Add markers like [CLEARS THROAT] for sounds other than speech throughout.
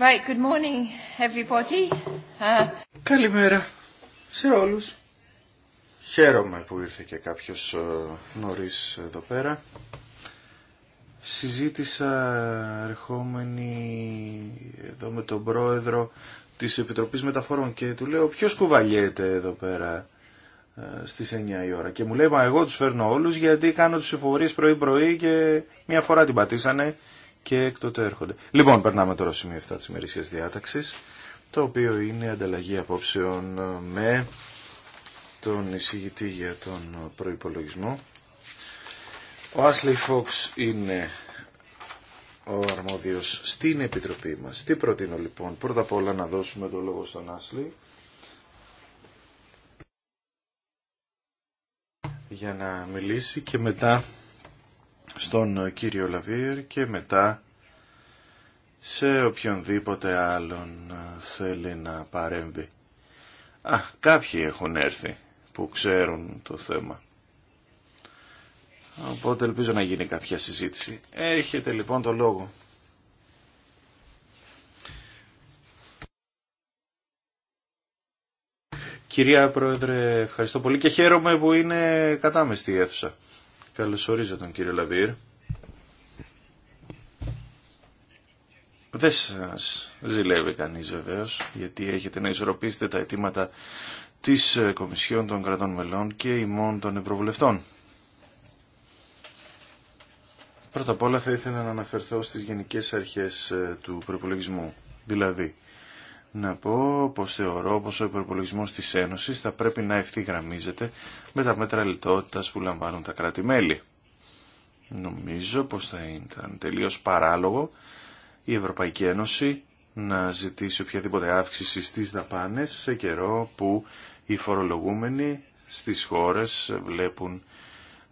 Right, good morning everybody. Uh, Καλημέρα σε όλους. Χαίρομαι που ήρθε και κάποιος ε, νωρίς εδώ πέρα. Συζήτησα ερχόμενη εδώ με τον πρόεδρο της Επιτροπής Μεταφορών και του λέω ποιος κουβαλιέται εδώ πέρα ε, στις 9 η ώρα. Και μου λέει, μα εγώ τους φέρνω όλους γιατί κάνω τις εφοριε πρωι πρωί-πρωί και μια φορά την πατήσανε και έκτοτε έρχονται. Λοιπόν, περνάμε τώρα στο σημείο 7 της ημερήσιας διάταξης, το οποίο είναι ανταλλαγή απόψεων με τον εισηγητή για τον προϋπολογισμό. Ο Άσλι Φόξ είναι ο αρμόδιος στην Επιτροπή μας. Τι προτείνω λοιπόν, πρώτα απ' όλα να δώσουμε το λόγο στον Άσλι. για να μιλήσει και μετά στον κύριο Λαβίερ και μετά σε οποιονδήποτε άλλον ε, θέλει να παρέμβει. Α, κάποιοι έχουν έρθει που ξέρουν το θέμα. Οπότε ελπίζω να γίνει κάποια συζήτηση. Έχετε λοιπόν το λόγο. Κυρία Πρόεδρε, ευχαριστώ πολύ και χαίρομαι που είναι κατάμεστη η αίθουσα. Καλωσορίζω τον κύριο Λαβίρ. Δεν σας ζηλεύει κανείς βεβαίως, γιατί έχετε να ισορροπήσετε τα αιτήματα της Κομισιόν των Κρατών Μελών και ημών των Ευρωβουλευτών. Πρώτα απ' όλα θα ήθελα να αναφερθώ στις γενικές αρχές ε, του προπολογισμού, δηλαδή να πω πως θεωρώ πως ο υπερπολογισμός της Ένωσης θα πρέπει να ευθυγραμμίζεται με τα μέτρα λιτότητας που λαμβάνουν τα κράτη-μέλη. Νομίζω πως θα ήταν τελείως παράλογο η Ευρωπαϊκή Ένωση να ζητήσει οποιαδήποτε αύξηση στις δαπάνες σε καιρό που οι φορολογούμενοι στις χώρες βλέπουν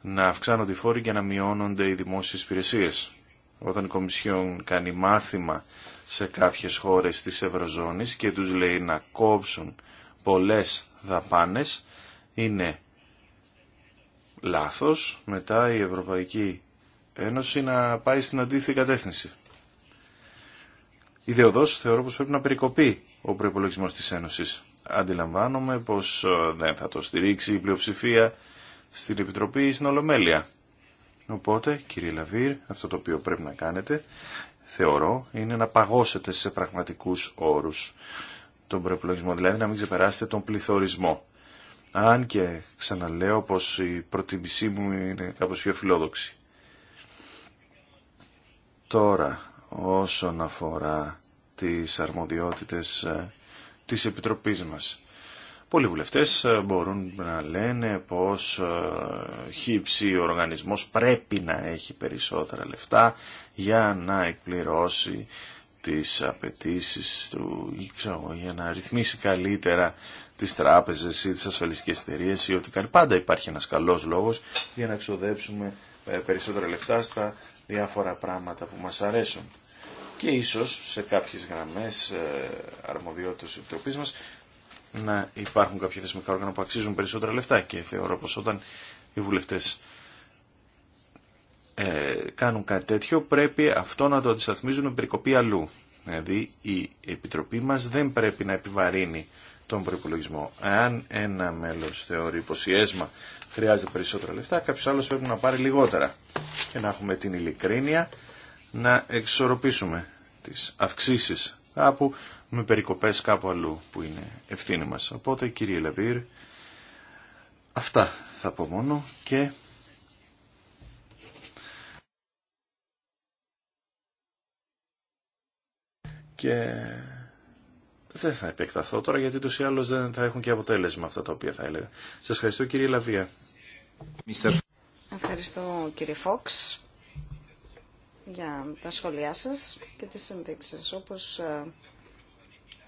να αυξάνονται οι φόροι και να μειώνονται οι δημόσιες υπηρεσίες. Όταν η Κομισιόν κάνει μάθημα σε κάποιες χώρες της Ευρωζώνης και τους λέει να κόψουν πολλές δαπάνες είναι λάθος μετά η Ευρωπαϊκή Ένωση να πάει στην αντίθετη κατεύθυνση. Ιδεοδός θεωρώ πως πρέπει να περικοπεί ο προϋπολογισμός της Ένωσης. Αντιλαμβάνομαι πως ε, δεν θα το στηρίξει η πλειοψηφία στην Επιτροπή ή στην Ολομέλεια. Οπότε, κύριε αυτό το οποίο πρέπει να κάνετε θεωρώ, είναι να παγώσετε σε πραγματικούς όρους τον προπολογισμό, δηλαδή να μην ξεπεράσετε τον πληθωρισμό. Αν και ξαναλέω πως η προτίμησή μου είναι κάπως πιο φιλόδοξη. Τώρα, όσον αφορά τις αρμοδιότητες ε, της Επιτροπής μας πολλοί βουλευτέ ε, μπορούν να λένε πως ε, χύψη ο οργανισμός πρέπει να έχει περισσότερα λεφτά για να εκπληρώσει τις απαιτήσει του ή για να ρυθμίσει καλύτερα τις τράπεζες ή τις ασφαλιστικές εταιρείε ή ό,τι κάνει. Πάντα υπάρχει ένας καλός λόγος για να εξοδέψουμε ε, περισσότερα λεφτά στα διάφορα πράγματα που μα αρέσουν. Και ίσω σε κάποιε γραμμέ αρμοδιότητας της επιτροπή μας να υπάρχουν κάποια θεσμικά όργανα που αξίζουν περισσότερα λεφτά και θεωρώ πως όταν οι βουλευτές ε, κάνουν κάτι τέτοιο πρέπει αυτό να το αντισταθμίζουν με περικοπή αλλού. Δηλαδή η Επιτροπή μας δεν πρέπει να επιβαρύνει τον προπολογισμό. Αν ένα μέλος θεωρεί πως η ΕΣΜΑ χρειάζεται περισσότερα λεφτά, κάποιο άλλο πρέπει να πάρει λιγότερα. Και να έχουμε την ειλικρίνεια να εξορροπήσουμε τις αυξήσεις κάπου με περικοπές κάπου αλλού που είναι ευθύνη μας. Οπότε κύριε Λαβίρ, αυτά θα πω μόνο και... Και δεν θα επεκταθώ τώρα γιατί τους ή άλλως δεν θα έχουν και αποτέλεσμα αυτά τα οποία θα έλεγα. Σας ευχαριστώ κύριε Λαβία. Ευχαριστώ κύριε Φόξ για τα σχόλιά σας και τις συνδέξεις. Όπως ε,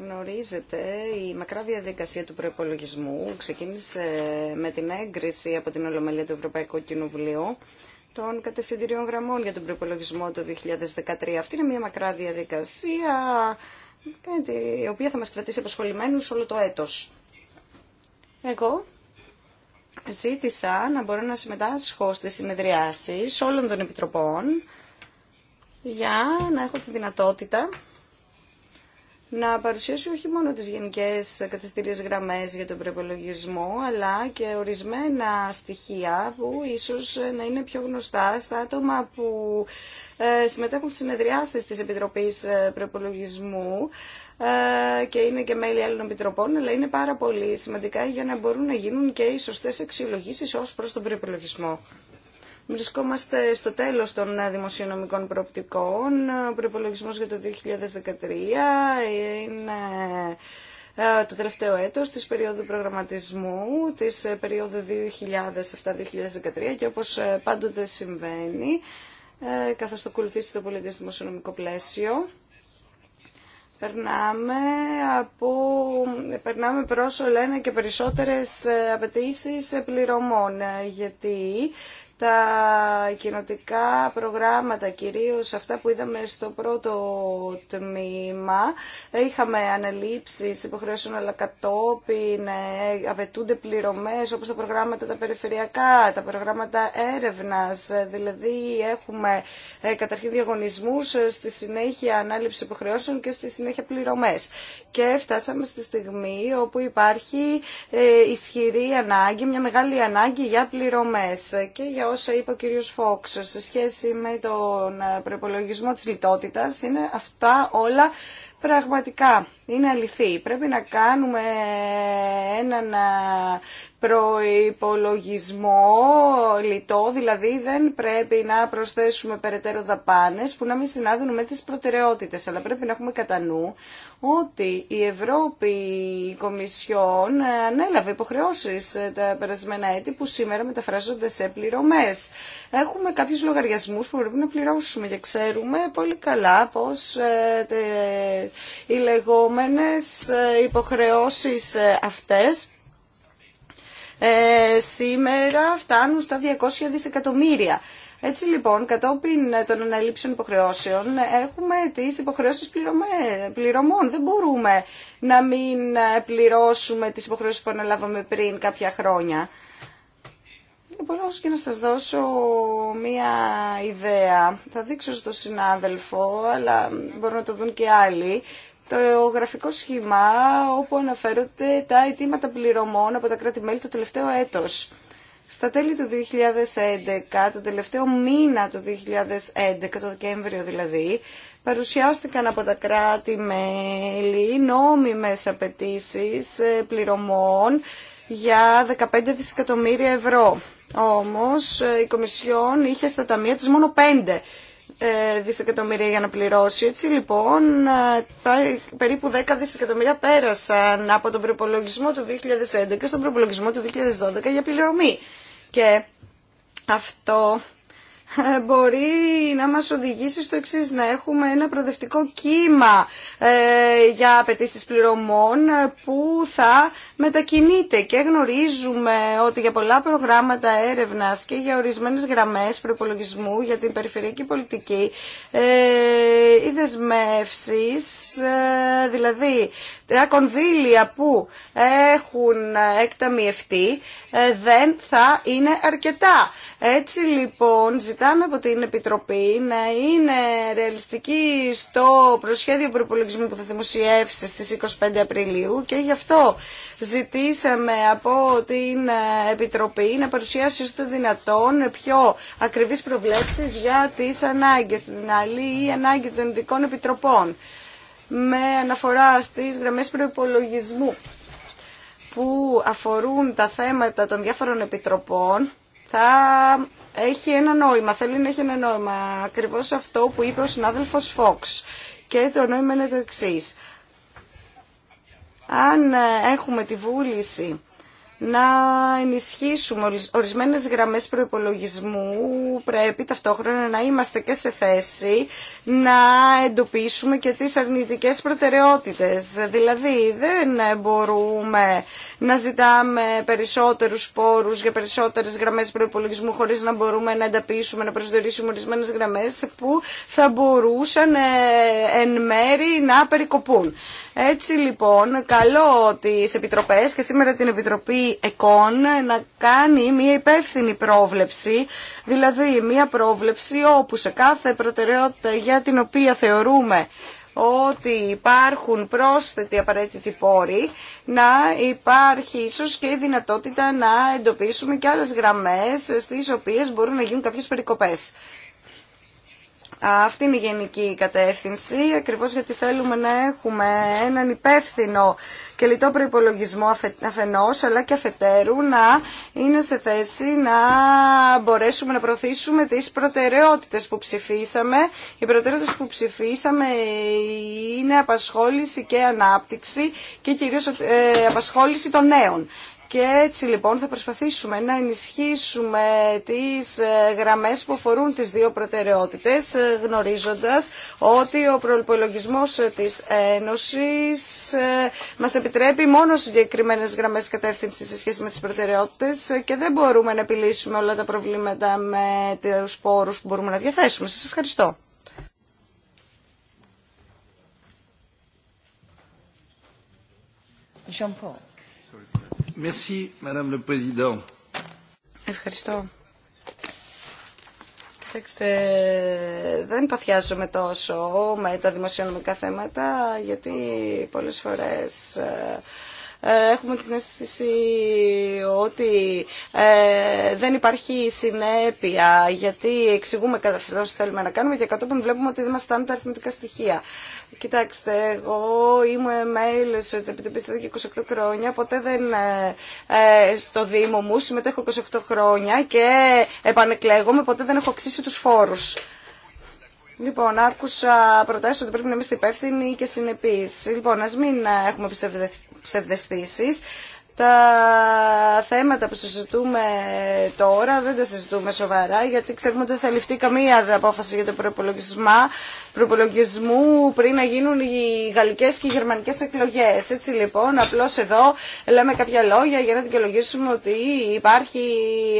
Γνωρίζετε, η μακρά διαδικασία του προπολογισμού ξεκίνησε με την έγκριση από την Ολομελία του Ευρωπαϊκού Κοινοβουλίου των κατευθυντηριών γραμμών για τον προπολογισμό το 2013. Αυτή είναι μια μακρά διαδικασία η οποία θα μας κρατήσει απασχολημένου όλο το έτος. Εγώ ζήτησα να μπορώ να συμμετάσχω στις συνεδριάσεις όλων των επιτροπών για να έχω τη δυνατότητα να παρουσιάσει όχι μόνο τις γενικές κατευθυντήριες γραμμές για τον προπολογισμό, αλλά και ορισμένα στοιχεία που ίσως να είναι πιο γνωστά στα άτομα που ε, συμμετέχουν στις συνεδριάσεις της Επιτροπής ε, Προπολογισμού ε, και είναι και μέλη άλλων επιτροπών, αλλά είναι πάρα πολύ σημαντικά για να μπορούν να γίνουν και οι σωστές αξιολογήσεις ως προς τον προπολογισμό. Βρισκόμαστε στο τέλος των δημοσιονομικών προοπτικών. Ο προπολογισμό για το 2013 είναι ε, το τελευταίο έτος της περίοδου προγραμματισμού, της ε, περίοδου 2007-2013 και όπως ε, πάντοτε συμβαίνει, καθώς το ακολουθήσει το πολιτικό δημοσιονομικό πλαίσιο, Περνάμε, από, περνάμε προς όλα και περισσότερες απαιτήσει πληρωμών, γιατί τα κοινοτικά προγράμματα, κυρίως αυτά που είδαμε στο πρώτο τμήμα. Είχαμε αναλήψεις υποχρεώσεων, αλλά κατόπιν ε, απαιτούνται πληρωμές, όπως τα προγράμματα τα περιφερειακά, τα προγράμματα έρευνας. Δηλαδή έχουμε ε, καταρχήν διαγωνισμούς, ε, στη συνέχεια ανάληψη υποχρεώσεων και στη συνέχεια πληρωμές. Και φτάσαμε στη στιγμή όπου υπάρχει ισχυρή ανάγκη, μια μεγάλη ανάγκη για πληρωμές και για όσα είπε ο κύριος Φόξ σε σχέση με τον ε, προπολογισμό της λιτότητας είναι αυτά όλα πραγματικά είναι αληθή. Πρέπει να κάνουμε ε, έναν ε, προϋπολογισμό λιτό, δηλαδή δεν πρέπει να προσθέσουμε περαιτέρω δαπάνες που να μην συνάδουν με τις προτεραιότητες, αλλά πρέπει να έχουμε κατά νου ότι η Ευρώπη η Κομισιόν ε, ανέλαβε υποχρεώσεις ε, τα περασμένα έτη που σήμερα μεταφράζονται σε πληρωμές. Έχουμε κάποιους λογαριασμούς που πρέπει να πληρώσουμε και ξέρουμε πολύ καλά πως ε, οι λεγόμενες υποχρεώσεις αυτές σήμερα φτάνουν στα 200 δισεκατομμύρια. Έτσι λοιπόν, κατόπιν ε, των αναλήψεων υποχρεώσεων, ε, έχουμε τις υποχρεώσεις πληρωμών. Δεν μπορούμε να μην ε, πληρώσουμε τις υποχρεώσεις που αναλάβαμε πριν κάποια χρόνια. Μπορώ λοιπόν, και να σας δώσω μία ιδέα. Θα δείξω στον συνάδελφο, αλλά μπορούν να το δουν και άλλοι, το γραφικό σχήμα όπου αναφέρονται τα αιτήματα πληρωμών από τα κράτη-μέλη το τελευταίο έτος. Στα τέλη του 2011, τον τελευταίο μήνα του 2011, το Δεκέμβριο δηλαδή, παρουσιάστηκαν από τα κράτη-μέλη νόμιμες απαιτήσει ε, πληρωμών για 15 δισεκατομμύρια ευρώ. Όμως ε, η Κομισιόν είχε στα ταμεία της μόνο 5 ε, δισεκατομμύρια για να πληρώσει. Έτσι λοιπόν ε, περίπου 10 δισεκατομμύρια πέρασαν από τον προπολογισμό του 2011 στον προπολογισμό του 2012 για πληρωμή. Και αυτό ε, μπορεί να μας οδηγήσει στο εξή να έχουμε ένα προοδευτικό κύμα ε, για απαιτήσει πληρωμών ε, που θα μετακινείται και γνωρίζουμε ότι για πολλά προγράμματα έρευνας και για ορισμένες γραμμές προπολογισμού για την περιφερειακή πολιτική οι δεσμεύσει, δηλαδή τα κονδύλια που έχουν εκταμιευτεί ε, δεν θα είναι αρκετά. Έτσι λοιπόν ζητάμε από την Επιτροπή να είναι ρεαλιστική στο προσχέδιο προπολογισμού που θα δημοσιεύσει στις 25 Απριλίου και γι' αυτό ζητήσαμε από την ε, Επιτροπή να παρουσιάσει στο δυνατόν πιο ακριβείς προβλέψεις για τις ανάγκες, την άλλη ή ανάγκη των ειδικών επιτροπών με αναφορά στις γραμμές προϋπολογισμού που αφορούν τα θέματα των διάφορων επιτροπών θα έχει ένα νόημα, θέλει να έχει ένα νόημα. Ακριβώς αυτό που είπε ο συνάδελφος Φόξ. Και το νόημα είναι το εξής. Αν έχουμε τη βούληση να ενισχύσουμε ορισμένες γραμμές προϋπολογισμού πρέπει ταυτόχρονα να είμαστε και σε θέση να εντοπίσουμε και τις αρνητικές προτεραιότητες. Δηλαδή δεν μπορούμε να ζητάμε περισσότερους πόρους για περισσότερες γραμμές προϋπολογισμού χωρίς να μπορούμε να ενταπίσουμε, να προσδιορίσουμε ορισμένες γραμμές που θα μπορούσαν ε, εν μέρη να περικοπούν. Έτσι λοιπόν, καλό τι επιτροπές και σήμερα την Επιτροπή ΕΚΟΝ να κάνει μια υπεύθυνη πρόβλεψη, δηλαδή μια πρόβλεψη όπου σε κάθε προτεραιότητα για την οποία θεωρούμε ότι υπάρχουν πρόσθετοι απαραίτητοι πόροι, να υπάρχει ίσως και η δυνατότητα να εντοπίσουμε και άλλες γραμμές στις οποίες μπορούν να γίνουν κάποιες περικοπές. Αυτή είναι η γενική κατεύθυνση, ακριβώς γιατί θέλουμε να έχουμε έναν υπεύθυνο και λιτό προϋπολογισμό αφενός, αλλά και αφετέρου να είναι σε θέση να μπορέσουμε να προωθήσουμε τις προτεραιότητες που ψηφίσαμε. Οι προτεραιότητες που ψηφίσαμε είναι απασχόληση και ανάπτυξη και κυρίως ε, απασχόληση των νέων. Και έτσι λοιπόν θα προσπαθήσουμε να ενισχύσουμε τις ε, γραμμές που αφορούν τις δύο προτεραιότητες ε, γνωρίζοντας ότι ο προϋπολογισμός ε, της Ένωσης μας επιτρέπει μόνο συγκεκριμένες γραμμές κατεύθυνση σε σχέση με τις προτεραιότητες και δεν μπορούμε να επιλύσουμε όλα τα προβλήματα με τους πόρους που μπορούμε να διαθέσουμε. Σας ευχαριστώ. Ευχαριστώ. Κοιτάξτε, δεν παθιάζομαι τόσο με τα δημοσιονομικά θέματα, γιατί πολλές φορές ε, έχουμε την αίσθηση ότι ε, δεν υπάρχει συνέπεια γιατί εξηγούμε κατά θέλουμε να κάνουμε και κατόπιν βλέπουμε ότι δεν μας στάνουν τα αριθμητικά στοιχεία. Κοιτάξτε, εγώ είμαι μέλο του Επιτροπή εδώ και 28 χρόνια. Ποτέ δεν ε, ε, στο Δήμο μου συμμετέχω 28 χρόνια και επανεκλέγομαι. Ποτέ δεν έχω αυξήσει του φόρου. Λοιπόν, άκουσα προτάσει ότι πρέπει να είμαστε υπεύθυνοι και συνεπεί. Λοιπόν, α μην έχουμε ψευδεστήσει. Τα θέματα που συζητούμε τώρα δεν τα συζητούμε σοβαρά, γιατί ξέρουμε ότι δεν θα ληφθεί καμία απόφαση για το προπολογισμό προπολογισμού πριν να γίνουν οι γαλλικές και οι γερμανικές εκλογές. Έτσι λοιπόν, απλώς εδώ λέμε κάποια λόγια για να δικαιολογήσουμε ότι υπάρχει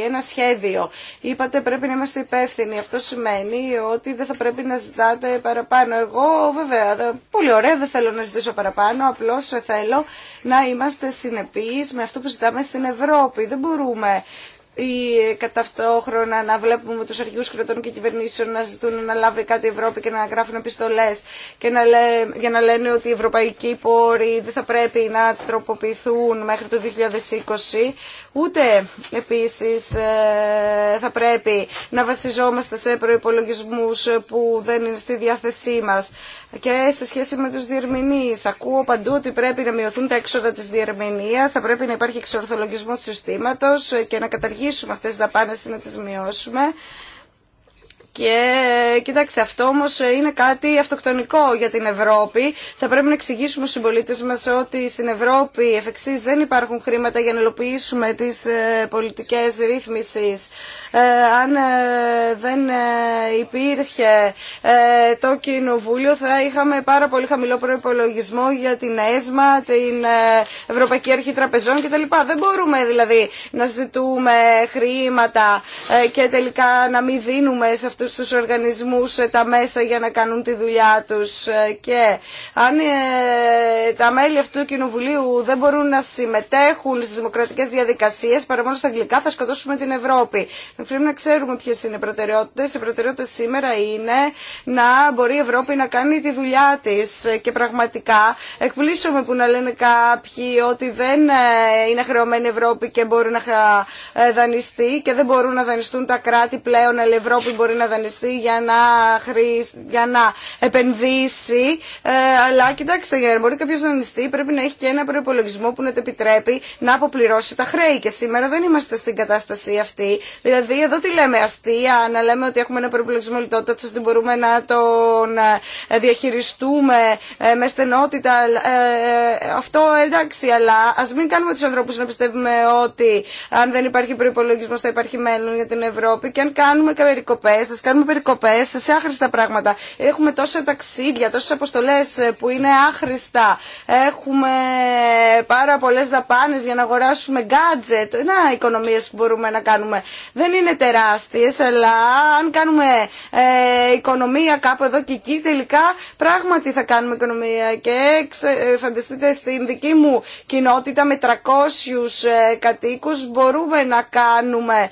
ένα σχέδιο. Είπατε πρέπει να είμαστε υπεύθυνοι. Αυτό σημαίνει ότι δεν θα πρέπει να ζητάτε παραπάνω. Εγώ βέβαια, πολύ ωραία, δεν θέλω να ζητήσω παραπάνω, απλώς θέλω να είμαστε συνεπείς με αυτό που ζητάμε στην Ευρώπη. Δεν μπορούμε ή ε, καταυτόχρονα να βλέπουμε τους αρχηγούς κρατών και κυβερνήσεων να ζητούν να λάβει κάτι η Ευρώπη και να γράφουν επιστολές και να για να λένε ότι οι ευρωπαϊκοί πόροι δεν θα πρέπει να τροποποιηθούν μέχρι το 2020 ούτε επίσης ε, θα πρέπει να βασιζόμαστε σε προϋπολογισμούς που δεν είναι στη διάθεσή μας και σε σχέση με τους διερμηνείς. Ακούω παντού ότι πρέπει να μειωθούν τα έξοδα της Διερμηνείας, θα πρέπει να υπάρχει εξορθολογισμό του συστήματος και να καταργήσουμε αυτές τις δαπάνες ή να τις μειώσουμε. Και κοιτάξτε, αυτό όμω είναι κάτι αυτοκτονικό για την Ευρώπη. Θα πρέπει να εξηγήσουμε στου συμπολίτε μα ότι στην Ευρώπη εφ' δεν υπάρχουν χρήματα για να υλοποιήσουμε τι ε, πολιτικέ ρύθμιση. Ε, αν ε, δεν υπήρχε το Κοινοβούλιο, θα είχαμε πάρα πολύ χαμηλό προπολογισμό για την ΕΣΜΑ, την Ευρωπαϊκή Αρχή Τραπεζών κτλ. Δεν μπορούμε δηλαδή να ζητούμε χρήματα και τελικά να μην δίνουμε σε αυτού στους οργανισμούς ε, τα μέσα για να κάνουν τη δουλειά τους ε, και αν ε, τα μέλη αυτού του κοινοβουλίου δεν μπορούν να συμμετέχουν στις δημοκρατικές διαδικασίες παρά μόνο στα αγγλικά θα σκοτώσουμε την Ευρώπη. Πρέπει να ξέρουμε ποιες είναι οι προτεραιότητες. Οι προτεραιότητες σήμερα είναι να μπορεί η Ευρώπη να κάνει τη δουλειά της και πραγματικά Εκπλήσουμε που να λένε κάποιοι ότι δεν είναι χρεωμένη η Ευρώπη και μπορεί να δανειστεί και δεν μπορούν να δανειστούν τα κράτη πλέον αλλά η Ευρώπη μπορεί να δανειστεί για να, για να επενδύσει. Ε, αλλά κοιτάξτε, για να μπορεί κάποιο να δανειστεί πρέπει να έχει και ένα προπολογισμό που να το επιτρέπει να αποπληρώσει τα χρέη. Και σήμερα δεν είμαστε στην κατάσταση αυτή. Δηλαδή, εδώ τι λέμε αστεία, να λέμε ότι έχουμε ένα προπολογισμό λιτότητα, ότι μπορούμε να τον ε, διαχειριστούμε ε, με στενότητα. Ε, ε, αυτό εντάξει, αλλά α μην κάνουμε του ανθρώπου να πιστεύουμε ότι αν δεν υπάρχει προπολογισμό θα υπάρχει μέλλον για την Ευρώπη. Και αν κάνουμε καμερικοπέ, α κάνουμε περικοπές σε άχρηστα πράγματα. Έχουμε τόσα ταξίδια, τόσες αποστολές που είναι άχρηστα. Έχουμε πάρα πολλές δαπάνες για να αγοράσουμε gadget. Να, οικονομίες που μπορούμε να κάνουμε. Δεν είναι τεράστιες, αλλά αν κάνουμε ε, οικονομία κάπου εδώ και εκεί, τελικά πράγματι θα κάνουμε οικονομία. Και ε, φανταστείτε στην δική μου κοινότητα με 300 ε, κατοίκους μπορούμε να κάνουμε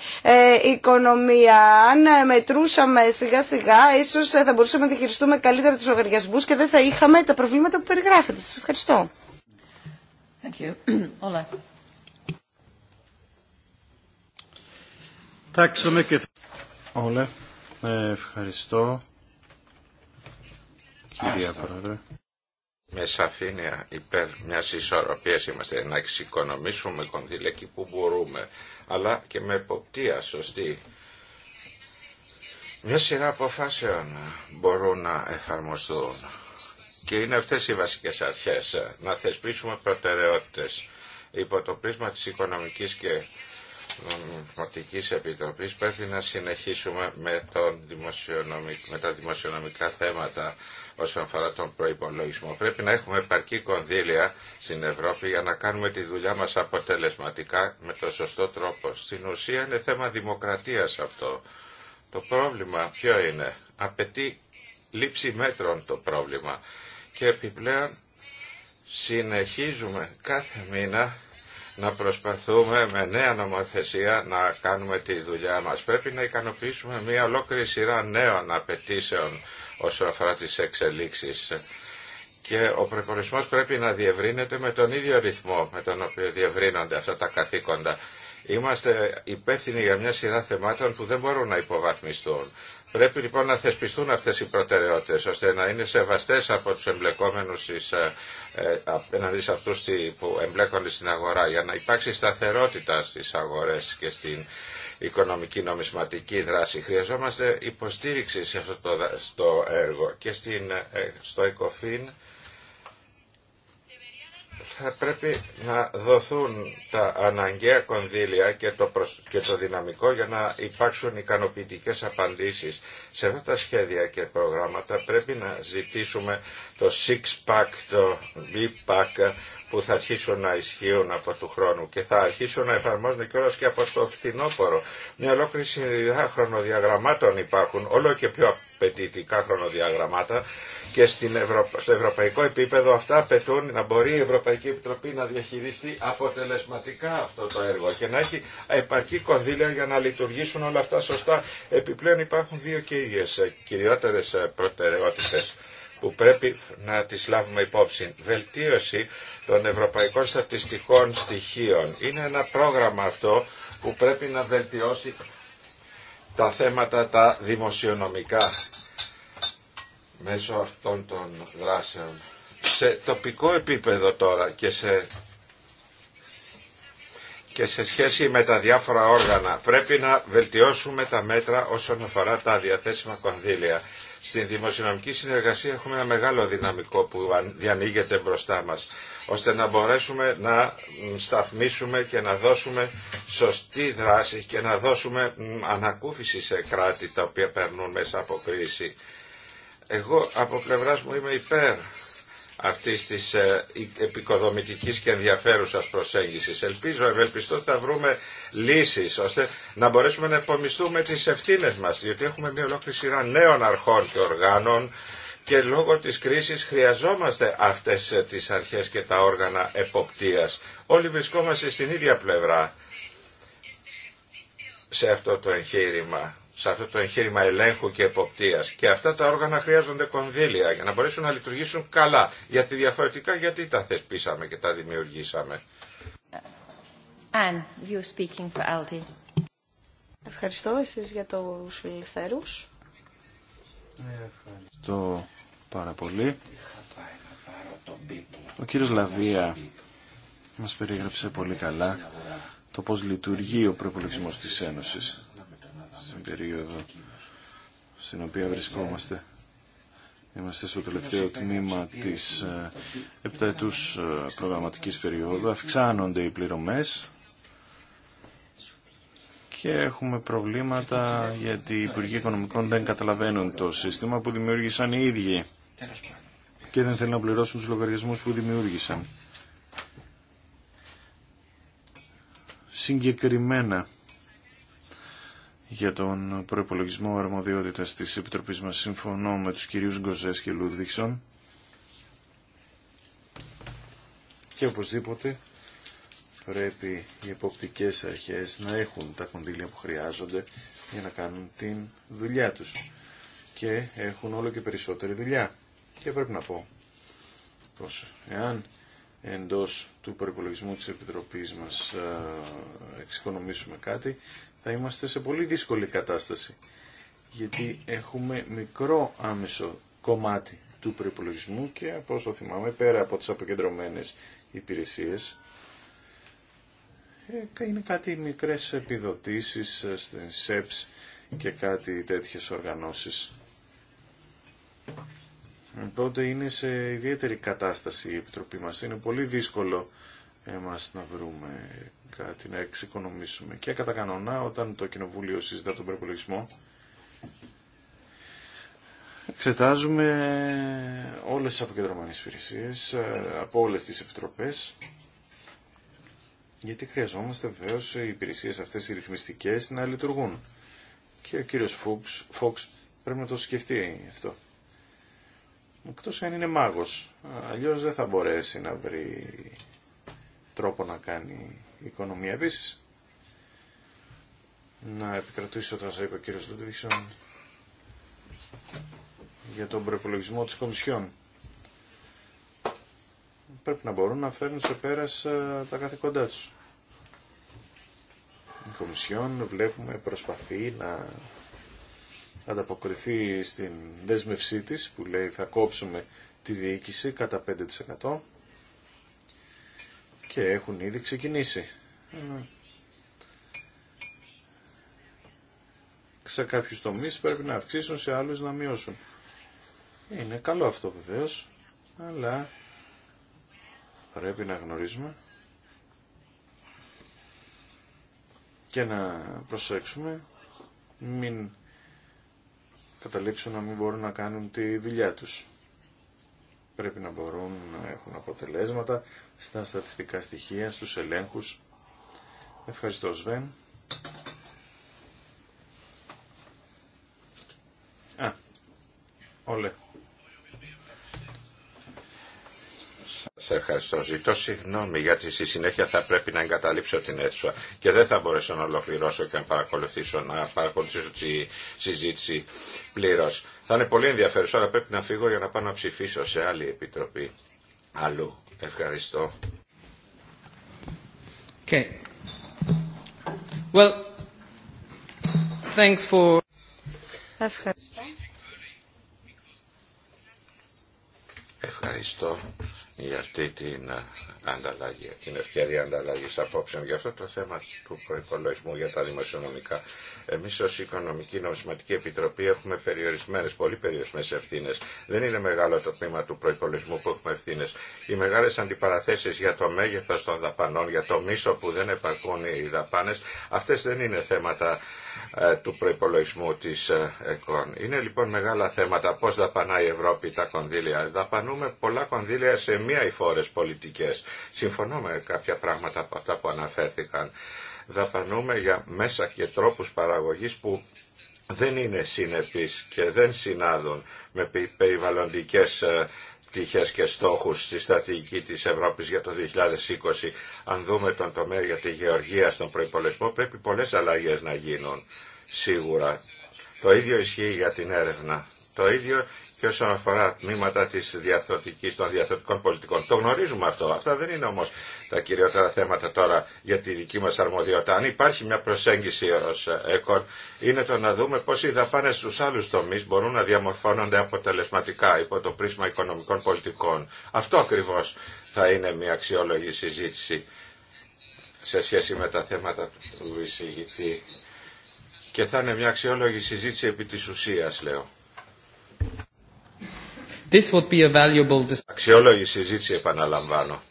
οικονομία. Αν μετρούσα προχωρούσαμε σιγά σιγά, ίσω ε, θα μπορούσαμε να διαχειριστούμε καλύτερα του λογαριασμού και δεν θα είχαμε τα προβλήματα που περιγράφετε. Σα ευχαριστώ. Thank [CLEARS THROAT] ε, Ευχαριστώ. Κυρία Πρόεδρε. Με σαφήνεια υπέρ μια ισορροπία είμαστε να εξοικονομήσουμε κονδύλια εκεί που μπορούμε, αλλά και με εποπτεία σωστή μια σειρά αποφάσεων μπορούν να εφαρμοστούν και είναι αυτές οι βασικές αρχές να θεσπίσουμε προτεραιότητες υπό το πρίσμα της Οικονομικής και Νομιματικής Επιτροπής πρέπει να συνεχίσουμε με, τα δημοσιονομικά θέματα όσον αφορά τον προϋπολογισμό. Πρέπει να έχουμε επαρκή κονδύλια στην Ευρώπη για να κάνουμε τη δουλειά μας αποτελεσματικά με το σωστό τρόπο. Στην ουσία είναι θέμα δημοκρατίας αυτό το πρόβλημα ποιο είναι. Απαιτεί λήψη μέτρων το πρόβλημα. Και επιπλέον συνεχίζουμε κάθε μήνα να προσπαθούμε με νέα νομοθεσία να κάνουμε τη δουλειά μας. Πρέπει να ικανοποιήσουμε μια ολόκληρη σειρά νέων απαιτήσεων όσον αφορά τις εξελίξεις. Και ο προπολισμός πρέπει να διευρύνεται με τον ίδιο ρυθμό με τον οποίο διευρύνονται αυτά τα καθήκοντα. Είμαστε υπεύθυνοι για μια σειρά θεμάτων που δεν μπορούν να υποβαθμιστούν. Πρέπει λοιπόν να θεσπιστούν αυτές οι προτεραιότητες ώστε να είναι σεβαστές από τους εμπλεκόμενους ε, ε, απέναντι σε αυτούς που εμπλέκονται στην αγορά για να υπάρξει σταθερότητα στις αγορές και στην οικονομική νομισματική δράση. Χρειαζόμαστε υποστήριξη σε αυτό το, έργο και στην, ε, ε, στο ΕΚΟΦΗΝ θα πρέπει να δοθούν τα αναγκαία κονδύλια και το, και το δυναμικό για να υπάρξουν ικανοποιητικές απαντήσεις. Σε αυτά τα σχέδια και προγράμματα πρέπει να ζητήσουμε το six-pack, το b-pack που θα αρχίσουν να ισχύουν από του χρόνου και θα αρχίσουν να εφαρμόζονται κιόλας και από το φθινόπωρο. Μια ολόκληρη σειρά χρονοδιαγραμμάτων υπάρχουν, όλο και πιο απαιτητικά χρονοδιαγραμμάτα και στην Ευρω... στο ευρωπαϊκό επίπεδο αυτά απαιτούν να μπορεί η Ευρωπαϊκή Επιτροπή να διαχειριστεί αποτελεσματικά αυτό το έργο και να έχει επαρκή κονδύλια για να λειτουργήσουν όλα αυτά σωστά. Επιπλέον υπάρχουν δύο και ίδιες κυριότερες προτεραιότητες που πρέπει να τις λάβουμε υπόψη. Βελτίωση των ευρωπαϊκών στατιστικών στοιχείων. Είναι ένα πρόγραμμα αυτό που πρέπει να βελτιώσει τα θέματα τα δημοσιονομικά μέσω αυτών των δράσεων. Σε τοπικό επίπεδο τώρα και σε, και σε σχέση με τα διάφορα όργανα πρέπει να βελτιώσουμε τα μέτρα όσον αφορά τα διαθέσιμα κονδύλια. Στην δημοσιονομική συνεργασία έχουμε ένα μεγάλο δυναμικό που διανοίγεται μπροστά μας ώστε να μπορέσουμε να σταθμίσουμε και να δώσουμε σωστή δράση και να δώσουμε ανακούφιση σε κράτη τα οποία περνούν μέσα από κρίση. Εγώ από πλευράς μου είμαι υπέρ αυτής της ε, επικοδομητικής και ενδιαφέρουσας προσέγγισης. Ελπίζω, ευελπιστώ ότι θα βρούμε λύσεις ώστε να μπορέσουμε να επομιστούμε τις ευθύνες μας, διότι έχουμε μια ολόκληρη σειρά νέων αρχών και οργάνων και λόγω της κρίσης χρειαζόμαστε αυτές τις αρχές και τα όργανα εποπτείας. Όλοι βρισκόμαστε στην ίδια πλευρά σε αυτό το εγχείρημα σε αυτό το εγχείρημα ελέγχου και εποπτείας. Και αυτά τα όργανα χρειάζονται κονδύλια για να μπορέσουν να λειτουργήσουν καλά. Γιατί διαφορετικά γιατί τα θεσπίσαμε και τα δημιουργήσαμε. Ευχαριστώ εσείς για τους φιλελευθέρους. Ευχαριστώ πάρα πολύ. Ο κύριος Λαβία μας περιγράψε πολύ καλά το πώς λειτουργεί ο προπολογισμός της Ένωσης στην περίοδο στην οποία βρισκόμαστε. Είμαστε στο τελευταίο τμήμα της ε, επταετούς ε, προγραμματικής περίοδου. Αυξάνονται οι πληρωμές και έχουμε προβλήματα γιατί οι Υπουργοί Οικονομικών δεν καταλαβαίνουν το σύστημα που δημιούργησαν οι ίδιοι και δεν θέλω να πληρώσουν τους λογαριασμούς που δημιούργησαν. Συγκεκριμένα για τον προϋπολογισμό αρμοδιότητας της Επιτροπής μας συμφωνώ με τους κυρίους Γκοζές και Λούδβιξον και οπωσδήποτε πρέπει οι εποπτικές αρχές να έχουν τα κονδύλια που χρειάζονται για να κάνουν την δουλειά τους και έχουν όλο και περισσότερη δουλειά. Και πρέπει να πω πως εάν εντός του προπολογισμού της Επιτροπής μας εξοικονομήσουμε κάτι, θα είμαστε σε πολύ δύσκολη κατάσταση. Γιατί έχουμε μικρό άμεσο κομμάτι του προπολογισμού και από όσο θυμάμαι, πέρα από τις αποκεντρωμένες υπηρεσίες, ε, είναι κάτι μικρές επιδοτήσεις ε, στην ΣΕΠΣ και κάτι τέτοιες οργανώσεις τότε είναι σε ιδιαίτερη κατάσταση η Επιτροπή μας. Είναι πολύ δύσκολο εμάς να βρούμε κάτι να εξοικονομήσουμε. Και κατά κανόνα όταν το Κοινοβούλιο συζητά τον προπολογισμό εξετάζουμε όλες τις αποκεντρωμένες υπηρεσίε από όλες τις επιτροπές γιατί χρειαζόμαστε βεβαίω οι υπηρεσίε αυτές οι ρυθμιστικές να λειτουργούν. Και ο κύριος Φόξ πρέπει να το σκεφτεί αυτό. Εκτός αν είναι μάγος. Αλλιώς δεν θα μπορέσει να βρει τρόπο να κάνει οικονομία. Επίσης, να επικρατήσει όταν σα είπε ο κύριος για τον προπολογισμό της Κομισιόν. Πρέπει να μπορούν να φέρουν σε πέρας τα καθήκοντά τους. Η Κομισιόν βλέπουμε προσπαθεί να ανταποκριθεί στην δέσμευσή της που λέει θα κόψουμε τη διοίκηση κατά 5% και έχουν ήδη ξεκινήσει. Σε κάποιους τομείς πρέπει να αυξήσουν, σε άλλους να μειώσουν. Είναι καλό αυτό βεβαίως, αλλά πρέπει να γνωρίζουμε και να προσέξουμε μην καταλήξουν να μην μπορούν να κάνουν τη δουλειά τους. Πρέπει να μπορούν να έχουν αποτελέσματα στα στατιστικά στοιχεία, στους ελέγχους. Ευχαριστώ Σβέν. Α, όλε. Σε ευχαριστώ. Ζητώ συγγνώμη γιατί στη συνέχεια θα πρέπει να εγκαταλείψω την αίθουσα και δεν θα μπορέσω να ολοκληρώσω και να παρακολουθήσω, να παρακολουθήσω τη συζήτηση πλήρω. Θα είναι πολύ ενδιαφέρουσα, αλλά πρέπει να φύγω για να πάω να ψηφίσω σε άλλη επιτροπή. Αλλού. Ευχαριστώ. Okay. Well, thanks for... Ευχαριστώ. Ευχαριστώ για αυτή την ε, ανταλλαγή, την ευκαιρία ανταλλαγής απόψεων για αυτό το θέμα του προϋπολογισμού για τα δημοσιονομικά. Εμείς ως Οικονομική Νομισματική Επιτροπή έχουμε περιορισμένες, πολύ περιορισμένες ευθύνες. Δεν είναι μεγάλο το τμήμα του προϋπολογισμού που έχουμε ευθύνες. Οι μεγάλες αντιπαραθέσεις για το μέγεθος των δαπανών, για το μίσο που δεν επαρκούν οι δαπάνες, αυτές δεν είναι θέματα ε, του προπολογισμού της ε, ΕΚΟΝ. Είναι λοιπόν μεγάλα θέματα πώς δαπανάει η Ευρώπη τα κονδύλια. Δαπανούμε πολλά κονδύλια σε μία ή πολιτικές. Συμφωνώ με κάποια πράγματα από αυτά που αναφέρθηκαν. Δαπανούμε για μέσα και τρόπους παραγωγής που δεν είναι συνεπείς και δεν συνάδουν με περιβαλλοντικές ε, πτυχές και στόχους στη στρατηγική της Ευρώπης για το 2020. Αν δούμε τον τομέα για τη γεωργία στον προϋπολογισμό πρέπει πολλές αλλαγές να γίνουν σίγουρα. Το ίδιο ισχύει για την έρευνα. Το ίδιο και όσον αφορά τμήματα της διαθωτικής, των διαθωτικών πολιτικών. Το γνωρίζουμε αυτό. Αυτά δεν είναι όμως τα κυριότερα θέματα τώρα για τη δική μας αρμοδιότητα. Αν υπάρχει μια προσέγγιση ως ΕΚΟΝ, είναι το να δούμε πώς οι δαπάνες στους άλλους τομείς μπορούν να διαμορφώνονται αποτελεσματικά υπό το πρίσμα οικονομικών πολιτικών. Αυτό ακριβώς θα είναι μια αξιόλογη συζήτηση σε σχέση με τα θέματα του εισηγητή. Και θα είναι μια αξιόλογη συζήτηση επί της ουσίας, λέω. Αξιόλογη συζήτηση επαναλαμβάνω.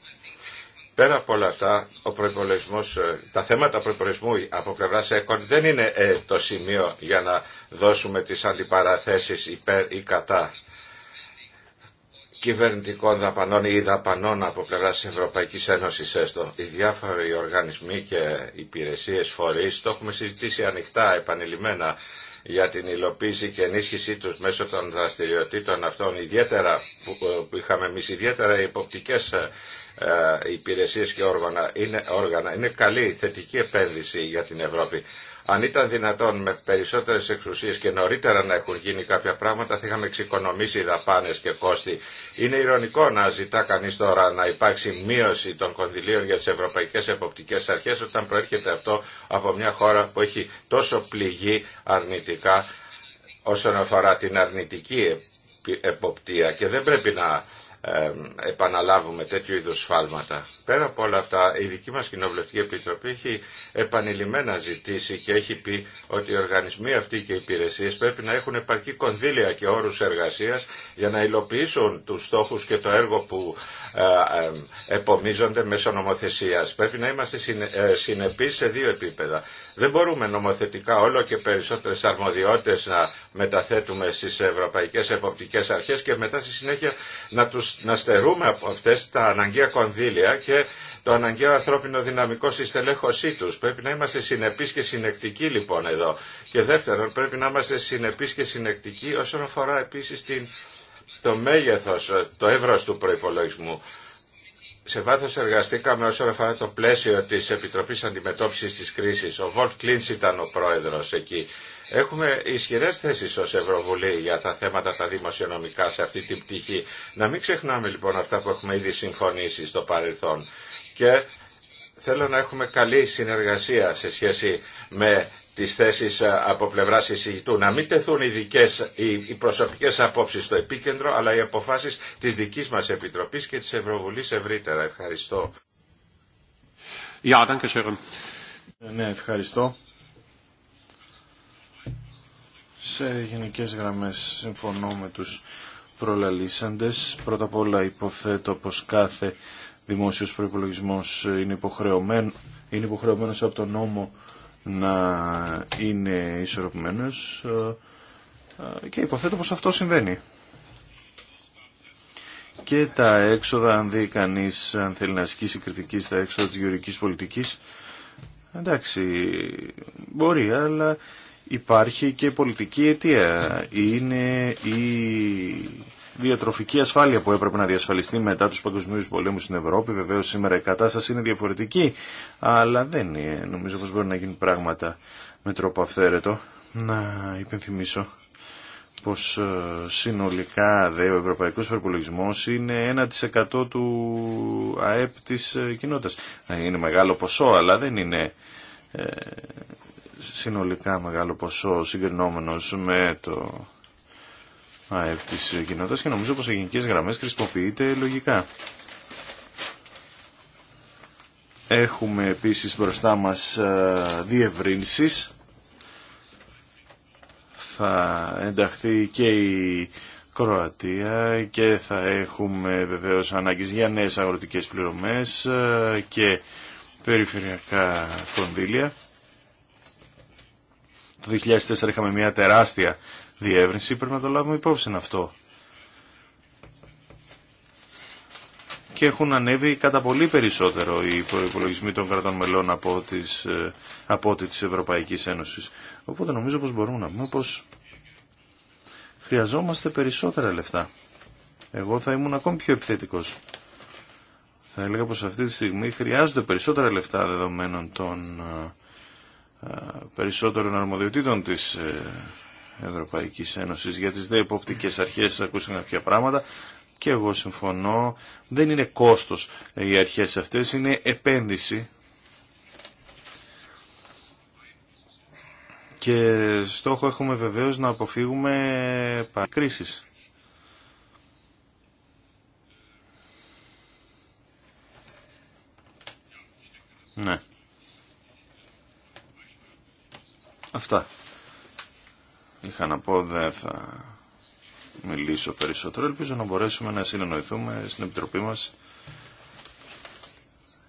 Πέρα από όλα αυτά, ο ε, τα θέματα προϋπολογισμού από πλευρά ΕΚΟΝ δεν είναι ε, το σημείο για να δώσουμε τις αντιπαραθέσεις υπέρ ή κατά κυβερνητικών δαπανών ή δαπανών από πλευρά τη Ευρωπαϊκή Ένωση έστω. Ε, οι διάφοροι οργανισμοί και υπηρεσίες φορείς, το έχουμε συζητήσει ανοιχτά, επανειλημμένα για την υλοποίηση και ενίσχυσή τους μέσω των δραστηριοτήτων αυτών, ιδιαίτερα που ε, είχαμε εμεί ιδιαίτερα οι υποπτικές ε, ε, υπηρεσίες και όργανα είναι, όργανα. είναι καλή θετική επένδυση για την Ευρώπη. Αν ήταν δυνατόν με περισσότερε εξουσίε και νωρίτερα να έχουν γίνει κάποια πράγματα, θα είχαμε εξοικονομήσει δαπάνε και κόστη. Είναι ηρωνικό να ζητά κανεί τώρα να υπάρξει μείωση των κονδυλίων για τι ευρωπαϊκέ εποπτικέ αρχέ, όταν προέρχεται αυτό από μια χώρα που έχει τόσο πληγεί αρνητικά όσον αφορά την αρνητική εποπτεία και δεν πρέπει να επαναλάβουμε τέτοιου είδους σφάλματα. Πέρα από όλα αυτά, η δική μας Κοινοβουλευτική Επιτροπή έχει επανειλημμένα ζητήσει και έχει πει ότι οι οργανισμοί αυτοί και οι υπηρεσίες πρέπει να έχουν επαρκή κονδύλια και όρους εργασίας για να υλοποιήσουν τους στόχους και το έργο που ε, ε, επομίζονται μέσω νομοθεσίας. Πρέπει να είμαστε ε, συνεπείς σε δύο επίπεδα. Δεν μπορούμε νομοθετικά όλο και περισσότερες αρμοδιότητες να μεταθέτουμε στις ευρωπαϊκές εποπτικές αρχές και μετά στη συνέχεια να, τους, να στερούμε από αυτές τα αναγκαία κονδύλια και το αναγκαίο ανθρώπινο δυναμικό στη στελέχωσή του. Πρέπει να είμαστε συνεπεί και συνεκτικοί λοιπόν εδώ. Και δεύτερον, πρέπει να είμαστε συνεπεί και συνεκτικοί όσον αφορά επίση την το μέγεθος, το εύρος του προϋπολογισμού. Σε βάθος εργαστήκαμε όσον αφορά το πλαίσιο της Επιτροπής Αντιμετώπισης της Κρίσης. Ο Βόλφ Κλίνς ήταν ο πρόεδρος εκεί. Έχουμε ισχυρέ θέσει ω Ευρωβουλή για τα θέματα τα δημοσιονομικά σε αυτή την πτυχή. Να μην ξεχνάμε λοιπόν αυτά που έχουμε ήδη συμφωνήσει στο παρελθόν. Και θέλω να έχουμε καλή συνεργασία σε σχέση με τις θέσεις ε, από πλευρά εισηγητού. Να μην τεθούν οι, δικές, οι προσωπικές απόψεις στο επίκεντρο, αλλά οι αποφάσεις της δικής μας Επιτροπής και της Ευρωβουλής ευρύτερα. Ευχαριστώ. Ε, ναι, ευχαριστώ. Σε γενικές γραμμές συμφωνώ με τους προλαλήσαντες. Πρώτα απ' όλα υποθέτω πως κάθε δημόσιος προϋπολογισμός είναι υποχρεωμένο, υποχρεωμένος από τον νόμο να είναι ισορροπημένος ε, ε, και υποθέτω πως αυτό συμβαίνει. Και τα έξοδα, αν δει κανείς, αν θέλει να ασκήσει κριτική στα έξοδα της γεωρικής πολιτικής, εντάξει, μπορεί, αλλά υπάρχει και πολιτική αιτία. Είναι η διατροφική ασφάλεια που έπρεπε να διασφαλιστεί μετά τους παγκοσμίους πολέμους στην Ευρώπη. Βεβαίω σήμερα η κατάσταση είναι διαφορετική, αλλά δεν είναι. νομίζω πως μπορεί να γίνουν πράγματα με τρόπο αυθαίρετο. Να υπενθυμίσω πως ε, συνολικά δε, ο Ευρωπαϊκό προπολογισμό είναι 1% του ΑΕΠ της ε, κοινότητας. Ε, είναι μεγάλο ποσό, αλλά δεν είναι συνολικά μεγάλο ποσό συγκρινόμενος με το ΑΕΠ τη κοινότητα και νομίζω πως σε γενικές γραμμές χρησιμοποιείται λογικά. Έχουμε επίσης μπροστά μας διευρύνσεις. Θα ενταχθεί και η Κροατία και θα έχουμε βεβαίως ανάγκες για νέες αγροτικές πληρωμές και περιφερειακά κονδύλια. Το 2004 είχαμε μια τεράστια διεύρυνση, πρέπει να το λάβουμε υπόψη αυτό. Και έχουν ανέβει κατά πολύ περισσότερο οι προπολογισμοί των κρατών μελών από, τις, ε, από ό,τι της Ευρωπαϊκής Ένωσης. Οπότε νομίζω πως μπορούμε να πούμε πως χρειαζόμαστε περισσότερα λεφτά. Εγώ θα ήμουν ακόμη πιο επιθετικός. Θα έλεγα πως αυτή τη στιγμή χρειάζονται περισσότερα λεφτά δεδομένων των ε, ε, περισσότερων αρμοδιοτήτων της Ευρωπαϊκή Ένωση Για τι δε υποπτικέ αρχές ακούσαμε κάποια πράγματα και εγώ συμφωνώ. Δεν είναι κόστος οι αρχές αυτές, είναι επένδυση. Και στόχο έχουμε βεβαίως να αποφύγουμε κρίσεις. Ναι. Αυτά είχα να πω δεν θα μιλήσω περισσότερο. Ελπίζω να μπορέσουμε να συνεννοηθούμε στην Επιτροπή μας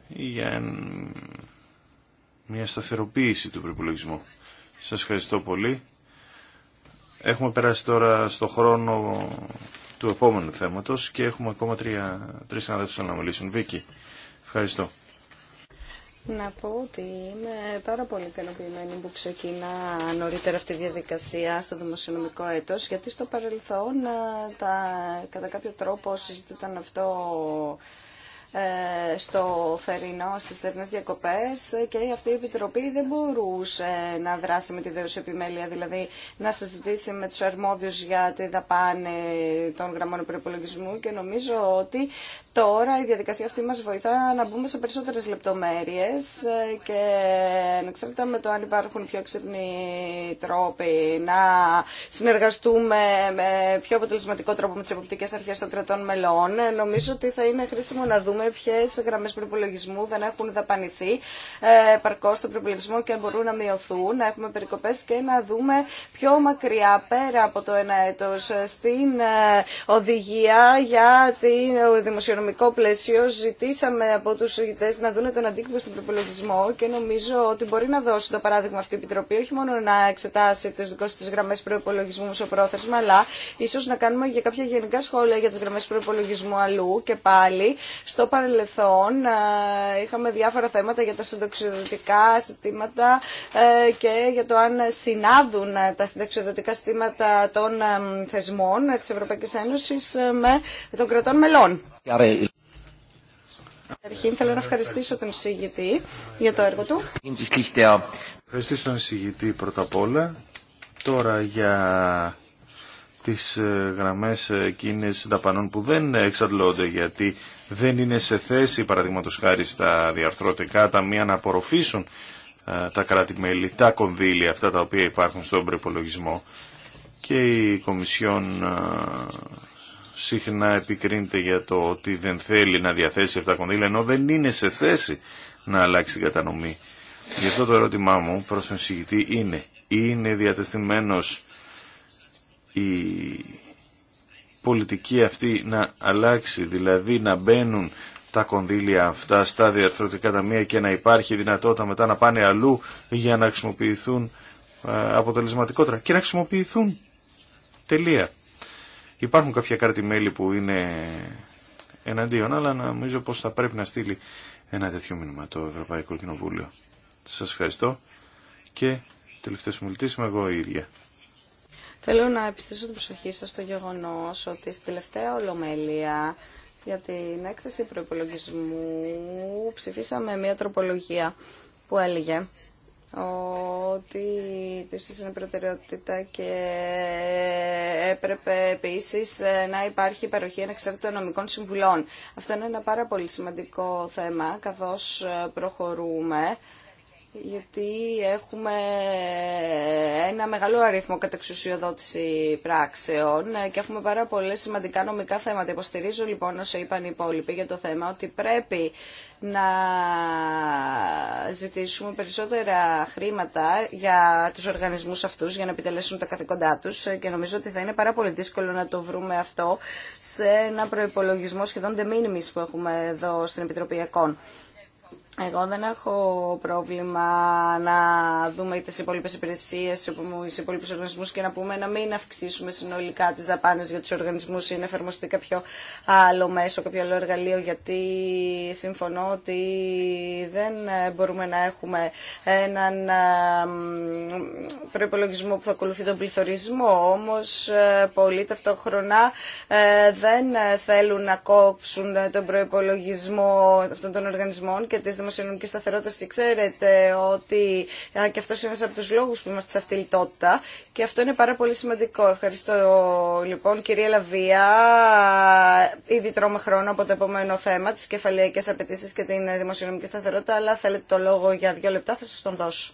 για μια σταθεροποίηση του προπολογισμού. Σας ευχαριστώ πολύ. Έχουμε περάσει τώρα στο χρόνο του επόμενου θέματος και έχουμε ακόμα τρία, τρεις συναδέλφους να μιλήσουν. Βίκη, ευχαριστώ. Να πω ότι είμαι πάρα πολύ ικανοποιημένη που ξεκινά νωρίτερα αυτή η διαδικασία στο δημοσιονομικό έτος, γιατί στο παρελθόν ε, τα, κατά κάποιο τρόπο συζητήταν αυτό ε, στο Φερινό, στις θερινές διακοπές και αυτή η Επιτροπή δεν μπορούσε να δράσει με τη δέωση επιμέλεια, δηλαδή να συζητήσει με τους αρμόδιους για τη δαπάνη των γραμμών προπολογισμού και νομίζω ότι Τώρα η διαδικασία αυτή μας βοηθά να μπούμε σε περισσότερες λεπτομέρειες ε, και ανεξάρτητα με το αν υπάρχουν πιο ξυπνοί τρόποι να συνεργαστούμε με πιο αποτελεσματικό τρόπο με τις εποπτικές αρχές των κρατών μελών. Ε, νομίζω ότι θα είναι χρήσιμο να δούμε ποιες γραμμές προπολογισμού δεν έχουν δαπανηθεί ε, παρκώς στον προπολογισμό και μπορούν να μειωθούν, να έχουμε περικοπές και να δούμε πιο μακριά πέρα από το ένα έτος στην οδηγία για τη δημοσιονομική οικονομικό πλαίσιο ζητήσαμε από του ηγητέ να δουν τον αντίκτυπο στον προπολογισμό και νομίζω ότι μπορεί να δώσει το παράδειγμα αυτή η Επιτροπή όχι μόνο να εξετάσει τι δικέ τη γραμμέ προπολογισμού σε πρόθεσμα αλλά ίσω να κάνουμε και κάποια γενικά σχόλια για τι γραμμέ προπολογισμού αλλού και πάλι στο παρελθόν είχαμε διάφορα θέματα για τα συνταξιοδοτικά συστήματα ε, και για το αν συνάδουν τα συνταξιοδοτικά συστήματα των θεσμών τη Ευρωπαϊκή Ένωση ε, με τον κρατών μελών. Καταρχήν θέλω να ευχαριστήσω τον συγγητή για το έργο του. Ευχαριστήσω τον συγγητή πρώτα απ' όλα. Τώρα για τις ε, γραμμές εκείνες δαπανών που δεν εξαντλώνται γιατί δεν είναι σε θέση παραδείγματο χάρη στα διαρθρωτικά ταμεία να απορροφήσουν ε, τα κράτη-μέλη, τα κονδύλια αυτά τα οποία υπάρχουν στον προπολογισμό και η Κομισιόν ε, συχνά επικρίνεται για το ότι δεν θέλει να διαθέσει αυτά τα κονδύλια ενώ δεν είναι σε θέση να αλλάξει την κατανομή. Γι' αυτό το ερώτημά μου προς τον συγητή είναι είναι διατεθειμένος η πολιτική αυτή να αλλάξει, δηλαδή να μπαίνουν τα κονδύλια αυτά στα διαρθρωτικά ταμεία και να υπάρχει δυνατότητα μετά να πάνε αλλού για να χρησιμοποιηθούν ε, αποτελεσματικότερα και να χρησιμοποιηθούν τελεία. Υπάρχουν κάποια κράτη-μέλη που είναι εναντίον, αλλά νομίζω πως θα πρέπει να στείλει ένα τέτοιο μήνυμα το Ευρωπαϊκό Κοινοβούλιο. Σας ευχαριστώ και τελευταίος μιλητής είμαι εγώ η ίδια. Θέλω να επιστήσω την προσοχή σας στο γεγονός ότι στη τελευταία ολομέλεια για την έκθεση προπολογισμού ψηφίσαμε μια τροπολογία που έλεγε ότι το είναι προτεραιότητα και έπρεπε επίσης ε, να υπάρχει παροχή ανεξάρτητων νομικών συμβουλών. Αυτό είναι ένα πάρα πολύ σημαντικό θέμα καθώς ε, προχωρούμε γιατί έχουμε ένα μεγάλο αριθμό κατεξουσιοδότηση πράξεων και έχουμε πάρα πολλέ σημαντικά νομικά θέματα. Υποστηρίζω λοιπόν όσο είπαν οι υπόλοιποι για το θέμα ότι πρέπει να ζητήσουμε περισσότερα χρήματα για τους οργανισμούς αυτούς για να επιτελέσουν τα καθήκοντά τους και νομίζω ότι θα είναι πάρα πολύ δύσκολο να το βρούμε αυτό σε ένα προϋπολογισμό σχεδόν de που έχουμε εδώ στην Επιτροπή ΕΚΟΝ. Εγώ δεν έχω πρόβλημα να δούμε τι υπόλοιπε υπηρεσίε, του υπόλοιπου οργανισμού και να πούμε να μην αυξήσουμε συνολικά τι δαπάνε για του οργανισμού ή να εφαρμοστεί κάποιο άλλο μέσο, κάποιο άλλο εργαλείο, γιατί συμφωνώ ότι δεν μπορούμε να έχουμε έναν προπολογισμό που θα ακολουθεί τον πληθωρισμό. Όμω ε, πολλοί ταυτόχρονα ε, δεν θέλουν να κόψουν τον προπολογισμό αυτών των οργανισμών και τι δημοσιονομική σταθερότητα και ξέρετε ότι και αυτό είναι ένα από του λόγου που είμαστε σε αυτή τη λιτότητα και αυτό είναι πάρα πολύ σημαντικό. Ευχαριστώ λοιπόν κυρία Λαβία. Ήδη τρώμε χρόνο από το επόμενο θέμα, τι κεφαλαϊκέ απαιτήσει και την δημοσιονομική σταθερότητα, αλλά θέλετε το λόγο για δύο λεπτά, θα σα τον δώσω.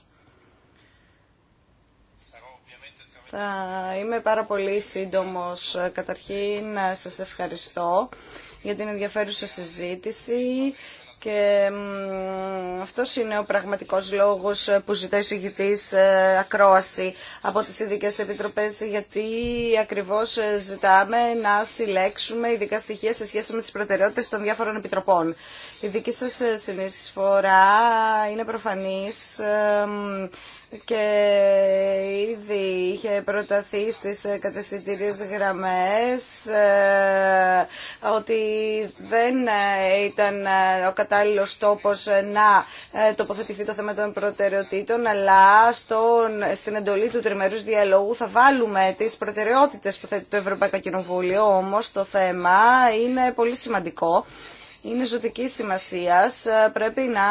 Θα είμαι πάρα πολύ σύντομος. Καταρχήν, σας ευχαριστώ για την ενδιαφέρουσα συζήτηση και αυτό είναι ο πραγματικός λόγος που ζητάει ο συγγητή ε, ακρόαση από τις ειδικέ επιτροπές, γιατί ακριβώς ε, ζητάμε να συλλέξουμε ειδικά στοιχεία σε σχέση με τις προτεραιότητε των διάφορων επιτροπών. Η δική σα ε, συνεισφορά είναι προφανής και ήδη είχε προταθεί στις κατευθυντηρίες γραμμές ε, ότι δεν ήταν ε, ο κατάλληλος τόπος να ε, τοποθετηθεί το θέμα των προτεραιοτήτων αλλά στον, στην εντολή του τριμερούς διαλόγου θα βάλουμε τις προτεραιότητες που θέτει το Ευρωπαϊκό Κοινοβούλιο όμως το θέμα είναι πολύ σημαντικό είναι ζωτική σημασία. Ε, πρέπει να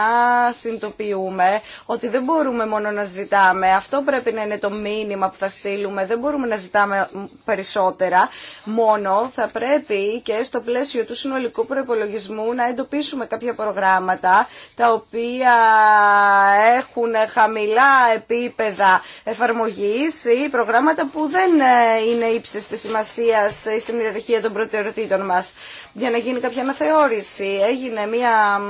συνειδητοποιούμε ότι δεν μπορούμε μόνο να ζητάμε. Αυτό πρέπει να είναι το μήνυμα που θα στείλουμε. Δεν μπορούμε να ζητάμε περισσότερα. Μόνο θα πρέπει και στο πλαίσιο του συνολικού προπολογισμού να εντοπίσουμε κάποια προγράμματα τα οποία έχουν χαμηλά επίπεδα εφαρμογής ή προγράμματα που δεν ε, είναι ύψης της σημασίας στην ιεραρχία των προτεραιοτήτων μας για να γίνει κάποια αναθεώρηση Έγινε μία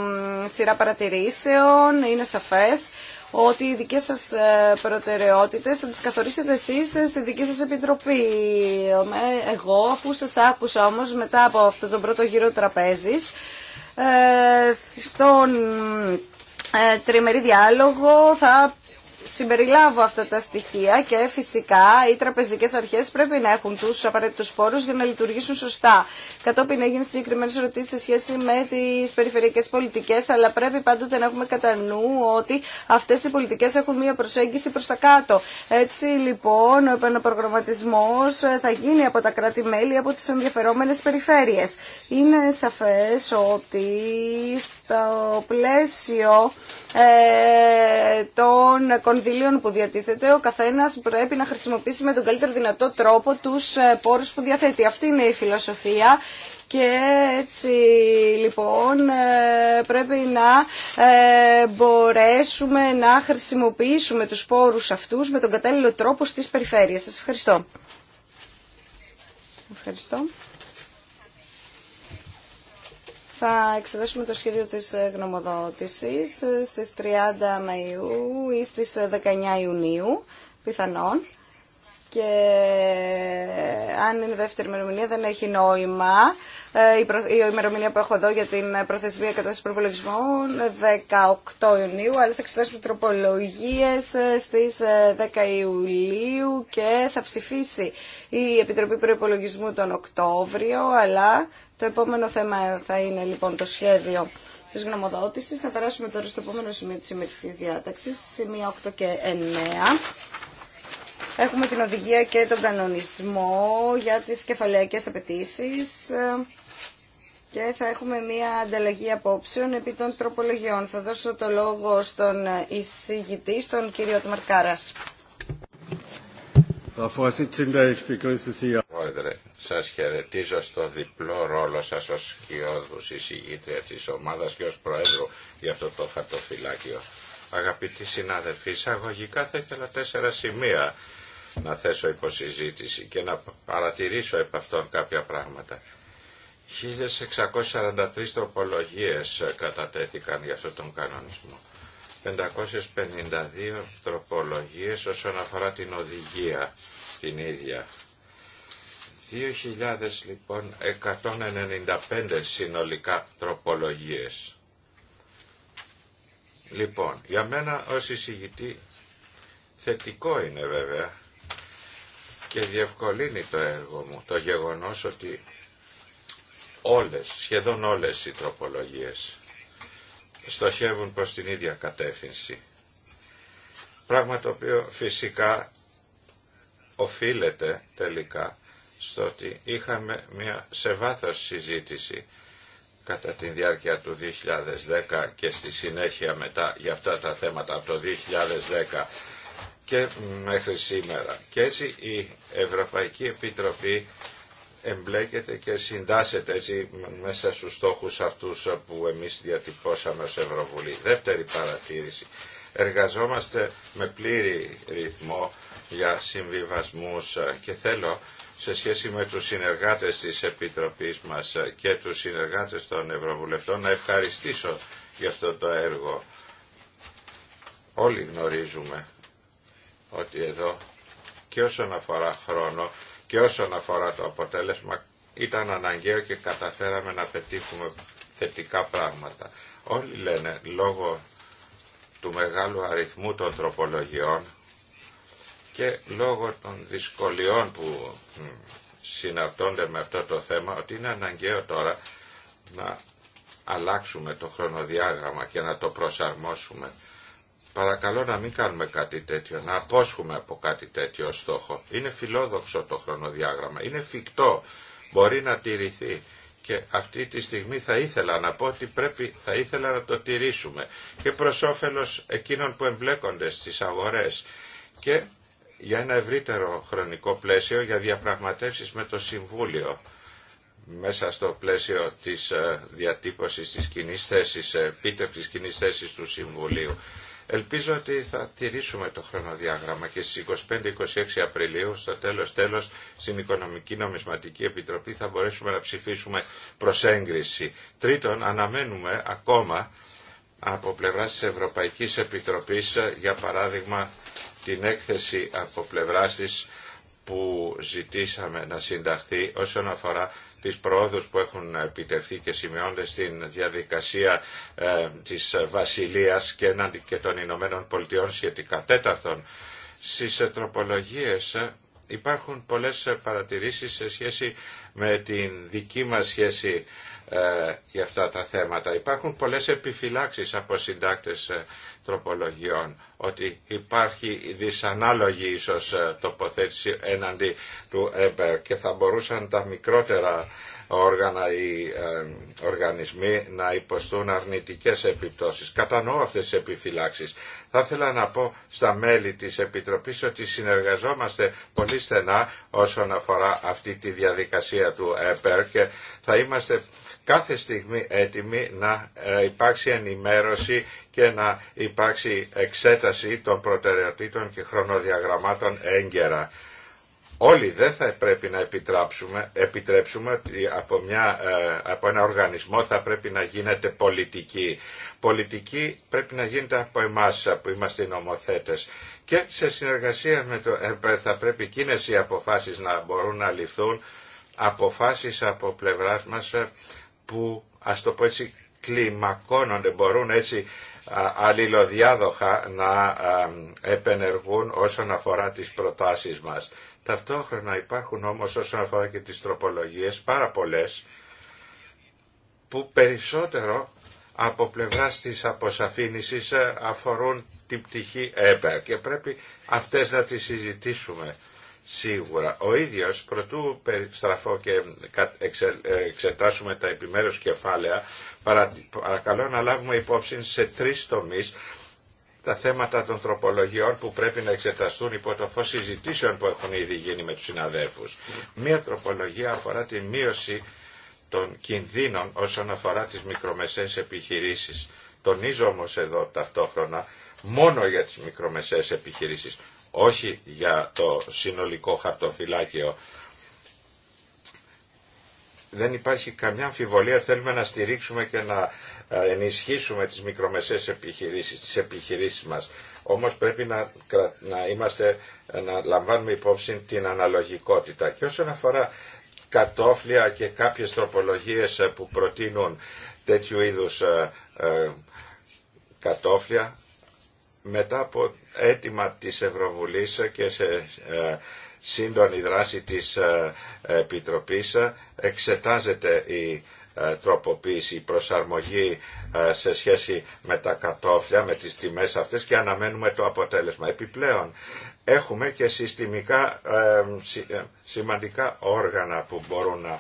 σειρά παρατηρήσεων, είναι σαφές ότι οι δικές σας ε, προτεραιότητες θα τις καθορίσετε εσείς ε, στη δική σας επιτροπή. Εγώ, αφού σας άκουσα όμως μετά από αυτό τον πρώτο γύρο τραπέζης, ε, στον τριμερή διάλογο θα συμπεριλάβω αυτά τα στοιχεία και φυσικά οι τραπεζικέ αρχέ πρέπει να έχουν του απαραίτητους φόρους για να λειτουργήσουν σωστά. Κατόπιν έγινε συγκεκριμένε ερωτήσει σε σχέση με τι περιφερειακές πολιτικέ, αλλά πρέπει πάντοτε να έχουμε κατά νου ότι αυτέ οι πολιτικέ έχουν μία προσέγγιση προ τα κάτω. Έτσι λοιπόν ο επαναπρογραμματισμό θα γίνει από τα κράτη-μέλη, από τι ενδιαφερόμενε περιφέρειες. Είναι σαφές ότι στο πλαίσιο ε, των κονδυλίων που διατίθεται, ο καθένα πρέπει να χρησιμοποιήσει με τον καλύτερο δυνατό τρόπο του ε, πόρου που διαθέτει. Αυτή είναι η φιλοσοφία. Και έτσι λοιπόν ε, πρέπει να ε, μπορέσουμε να χρησιμοποιήσουμε τους πόρους αυτούς με τον κατάλληλο τρόπο στις περιφέρειες. Σας ευχαριστώ. Ευχαριστώ θα εξετάσουμε το σχέδιο της ε, γνωμοδότησης ε, στις 30 Μαΐου ή στις 19 ε, Ιουνίου, πιθανόν. Και αν είναι δεύτερη ημερομηνία δεν έχει νόημα. Η ημερομηνία που έχω εδώ για την προθεσμία κατάσταση προπολογισμών 18 Ιουνίου, αλλά θα εξετάσουμε τροπολογίες στις 10 Ιουλίου και θα ψηφίσει η Επιτροπή Προπολογισμού τον Οκτώβριο, αλλά το επόμενο θέμα θα είναι λοιπόν το σχέδιο τη γνωμοδότηση. Θα περάσουμε τώρα στο επόμενο σημείο τη ημερησία διάταξη, σημεία 8 και 9. Έχουμε την οδηγία και τον κανονισμό για τις κεφαλαϊκές απαιτήσει και θα έχουμε μία ανταλλαγή απόψεων επί των τροπολογιών. Θα δώσω το λόγο στον εισηγητή, στον κύριο Τμαρκάρας. Πρόεδρε, σας χαιρετίζω στο διπλό ρόλο σας ως κοιόδους εισηγήτρια της ομάδας και ως πρόεδρο για αυτό το χαρτοφυλάκιο. Αγαπητοί συνάδελφοι, εισαγωγικά θα ήθελα τέσσερα σημεία να θέσω υποσυζήτηση και να παρατηρήσω επ' αυτών κάποια πράγματα. 1643 τροπολογίες κατατέθηκαν για αυτόν τον κανονισμό. 552 τροπολογίες όσον αφορά την οδηγία την ίδια. 2.195 λοιπόν συνολικά τροπολογίες. Λοιπόν, για μένα ως εισηγητή θετικό είναι βέβαια και διευκολύνει το έργο μου το γεγονός ότι όλες, σχεδόν όλες οι τροπολογίες στοχεύουν προς την ίδια κατεύθυνση. Πράγμα το οποίο φυσικά οφείλεται τελικά στο ότι είχαμε μια σε βάθος συζήτηση κατά τη διάρκεια του 2010 και στη συνέχεια μετά για αυτά τα θέματα από το 2010 και μέχρι σήμερα. Και έτσι η Ευρωπαϊκή Επιτροπή εμπλέκεται και συντάσσεται έτσι μέσα στους στόχους αυτούς που εμείς διατυπώσαμε ως Ευρωβουλή. Δεύτερη παρατήρηση. Εργαζόμαστε με πλήρη ρυθμό για συμβιβασμούς και θέλω σε σχέση με τους συνεργάτες της Επιτροπής μας και τους συνεργάτες των Ευρωβουλευτών να ευχαριστήσω για αυτό το έργο. Όλοι γνωρίζουμε ότι εδώ και όσον αφορά χρόνο και όσον αφορά το αποτέλεσμα ήταν αναγκαίο και καταφέραμε να πετύχουμε θετικά πράγματα. Όλοι λένε λόγω του μεγάλου αριθμού των τροπολογιών και λόγω των δυσκολιών που συναρτώνται με αυτό το θέμα ότι είναι αναγκαίο τώρα να αλλάξουμε το χρονοδιάγραμμα και να το προσαρμόσουμε Παρακαλώ να μην κάνουμε κάτι τέτοιο, να απόσχουμε από κάτι τέτοιο στόχο. Είναι φιλόδοξο το χρονοδιάγραμμα, είναι φυκτό, μπορεί να τηρηθεί και αυτή τη στιγμή θα ήθελα να πω ότι πρέπει, θα ήθελα να το τηρήσουμε και προς όφελος εκείνων που εμπλέκονται στις αγορές και για ένα ευρύτερο χρονικό πλαίσιο για διαπραγματεύσεις με το Συμβούλιο μέσα στο πλαίσιο της ε, διατύπωσης της κοινής θέσης, ε, επίτευξης κοινής θέσης του Συμβουλίου. Ελπίζω ότι θα τηρήσουμε το χρονοδιάγραμμα και στις 25-26 Απριλίου στο τέλος τέλος στην Οικονομική Νομισματική Επιτροπή θα μπορέσουμε να ψηφίσουμε προς έγκριση. Τρίτον, αναμένουμε ακόμα από πλευράς της Ευρωπαϊκής Επιτροπής, για παράδειγμα την έκθεση από πλευράς της που ζητήσαμε να συνταχθεί όσον αφορά τις προόδους που έχουν επιτευχθεί και σημειώνται στην διαδικασία ε, της Βασιλείας και και των Ηνωμένων Πολιτειών σχετικά. Τέταρτον, στις τροπολογίες ε, υπάρχουν πολλές παρατηρήσεις σε σχέση με την δική μας σχέση ε, για αυτά τα θέματα. Υπάρχουν πολλές επιφυλάξεις από συντάκτες τροπολογιών ότι υπάρχει δυσανάλογη ίσως ε, τοποθέτηση έναντι του ΕΠΕΡ και θα μπορούσαν τα μικρότερα όργανα ή ε, οργανισμοί να υποστούν αρνητικές επιπτώσεις. Κατανοώ αυτές τις επιφυλάξεις. Θα ήθελα να πω στα μέλη της Επιτροπής ότι συνεργαζόμαστε πολύ στενά όσον αφορά αυτή τη διαδικασία του ΕΠΕΡ και θα είμαστε κάθε στιγμή έτοιμη να ε, υπάρξει ενημέρωση και να υπάρξει εξέταση των προτεραιοτήτων και χρονοδιαγραμμάτων έγκαιρα. Όλοι δεν θα πρέπει να επιτρέψουμε, επιτρέψουμε ότι από, μια, ε, από ένα οργανισμό θα πρέπει να γίνεται πολιτική. Πολιτική πρέπει να γίνεται από εμάς που είμαστε οι Και σε συνεργασία με το θα πρέπει εκείνες οι αποφάσεις να μπορούν να ληφθούν, αποφάσεις από πλευράς μας ε, που ας το πω έτσι κλιμακώνονται, μπορούν έτσι αλληλοδιάδοχα να επενεργούν όσον αφορά τις προτάσεις μας. Ταυτόχρονα υπάρχουν όμως όσον αφορά και τις τροπολογίες πάρα πολλές που περισσότερο από πλευρά της αποσαφήνισης ε, αφορούν την πτυχή ΕΠΕΡ και πρέπει αυτές να τις συζητήσουμε σίγουρα. Ο ίδιος, προτού περιστραφώ και εξετάσουμε τα επιμέρους κεφάλαια, παρακαλώ να λάβουμε υπόψη σε τρεις τομείς τα θέματα των τροπολογιών που πρέπει να εξεταστούν υπό το φως συζητήσεων που έχουν ήδη γίνει με τους συναδέρφους. Μία τροπολογία αφορά τη μείωση των κινδύνων όσον αφορά τις μικρομεσαίες επιχειρήσεις. Τονίζω όμως εδώ ταυτόχρονα μόνο για τις μικρομεσαίες επιχειρήσεις, όχι για το συνολικό χαρτοφυλάκιο. Δεν υπάρχει καμιά αμφιβολία, θέλουμε να στηρίξουμε και να ε, ενισχύσουμε τις μικρομεσαίες επιχειρήσεις, τις επιχειρήσεις μας. Όμως πρέπει να, να, είμαστε, ε, να λαμβάνουμε υπόψη την αναλογικότητα. Και όσον αφορά κατόφλια και κάποιες τροπολογίες ε, που προτείνουν τέτοιου είδους κατόφλια, μετά από αίτημα της Ευρωβουλής και σε ε, σύντονη δράση της ε, Επιτροπής ε, εξετάζεται η τροποποίηση, η προσαρμογή σε σχέση με τα κατόφλια, με τις τιμές αυτές και αναμένουμε το αποτέλεσμα. Επιπλέον έχουμε και συστημικά σημαντικά όργανα που μπορούν να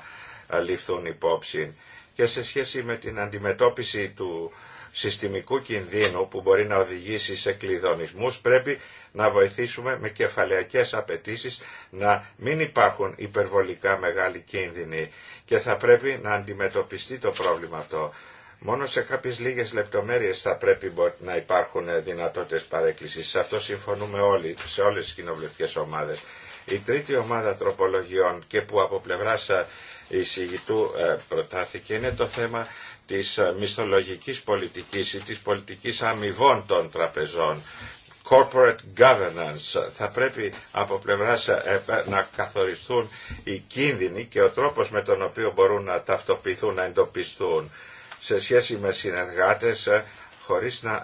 ληφθούν υπόψη και σε σχέση με την αντιμετώπιση του συστημικού κινδύνου που μπορεί να οδηγήσει σε κλειδονισμούς πρέπει να βοηθήσουμε με κεφαλαιακές απαιτήσεις να μην υπάρχουν υπερβολικά μεγάλοι κίνδυνοι και θα πρέπει να αντιμετωπιστεί το πρόβλημα αυτό. Μόνο σε κάποιες λίγες λεπτομέρειες θα πρέπει να υπάρχουν δυνατότητες παρέκκλησης. Σε αυτό συμφωνούμε όλοι, σε όλες τις κοινοβουλευτικές ομάδες. Η τρίτη ομάδα τροπολογιών και που από πλευράς ε, εισηγητού ε, προτάθηκε είναι το θέμα της ε, μισθολογικής πολιτικής ή της πολιτικής αμοιβών των τραπεζών corporate governance θα πρέπει από πλευράς ε, ε, να καθοριστούν οι κίνδυνοι και ο τρόπος με τον οποίο μπορούν να ταυτοποιηθούν, να εντοπιστούν σε σχέση με συνεργάτες χωρίς να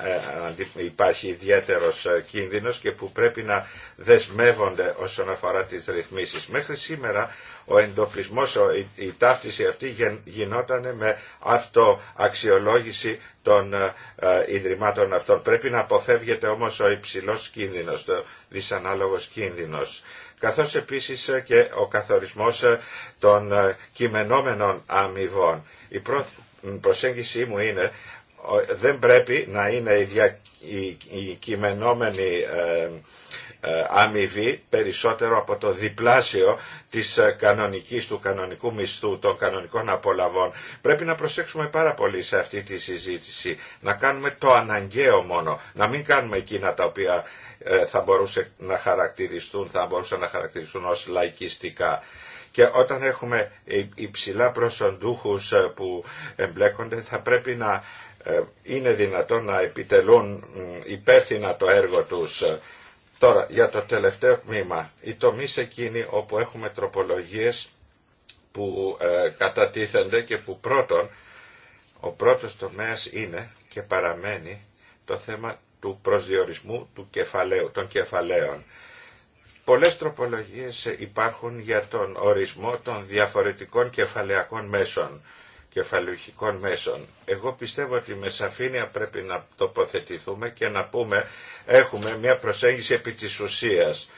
υπάρχει ιδιαίτερος κίνδυνος και που πρέπει να δεσμεύονται όσον αφορά τις ρυθμίσεις. Μέχρι σήμερα ο εντοπισμός, η ταύτιση αυτή γινόταν με αυτοαξιολόγηση των ε, ε, ιδρυμάτων αυτών. Πρέπει να αποφεύγεται όμως ο υψηλός κίνδυνος, το δυσανάλογος κίνδυνος καθώς επίσης ε, και ο καθορισμός των κειμενόμενων αμοιβών. Η προσέγγιση μου είναι δεν πρέπει να είναι η, δια, η κειμενόμενη ε, αμοιβή περισσότερο από το διπλάσιο της ε, κανονικής, του κανονικού μισθού, των κανονικών απολαβών. Πρέπει να προσέξουμε πάρα πολύ σε αυτή τη συζήτηση, να κάνουμε το αναγκαίο μόνο, να μην κάνουμε εκείνα τα οποία ε, θα μπορούσε να χαρακτηριστούν, θα μπορούσαν να χαρακτηριστούν ως λαϊκιστικά. Και όταν έχουμε υψηλά προσοντούχους που εμπλέκονται θα πρέπει να είναι δυνατόν να επιτελούν υπεύθυνα το έργο τους Τώρα, για το τελευταίο τμήμα, οι τομείς εκείνοι όπου έχουμε τροπολογίες που ε, κατατίθενται και που πρώτον, ο πρώτος τομέας είναι και παραμένει το θέμα του προσδιορισμού του κεφαλαίου, των κεφαλαίων. Πολλές τροπολογίες υπάρχουν για τον ορισμό των διαφορετικών κεφαλαιακών μέσων κεφαλουχικών μέσων. Εγώ πιστεύω ότι με σαφήνεια πρέπει να τοποθετηθούμε και να πούμε έχουμε μια προσέγγιση επί της ουσίας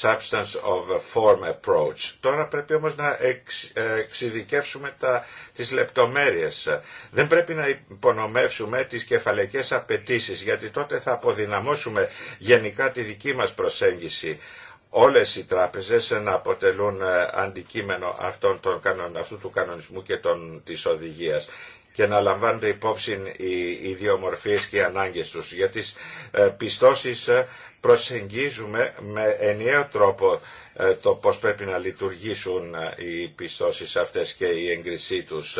substance of form approach. Τώρα πρέπει όμως να εξειδικεύσουμε τα, τις λεπτομέρειες. Δεν πρέπει να υπονομεύσουμε τις κεφαλαϊκές απαιτήσει, γιατί τότε θα αποδυναμώσουμε γενικά τη δική μας προσέγγιση όλες οι τράπεζες να αποτελούν ε, αντικείμενο αυτών των, αυτού του κανονισμού και των, της οδηγίας και να λαμβάνονται υπόψη οι μορφές και οι ανάγκες τους. Για τις ε, πιστώσεις ε, προσεγγίζουμε με ενιαίο τρόπο το πώς πρέπει να λειτουργήσουν οι πιστώσεις αυτές και η έγκρισή τους.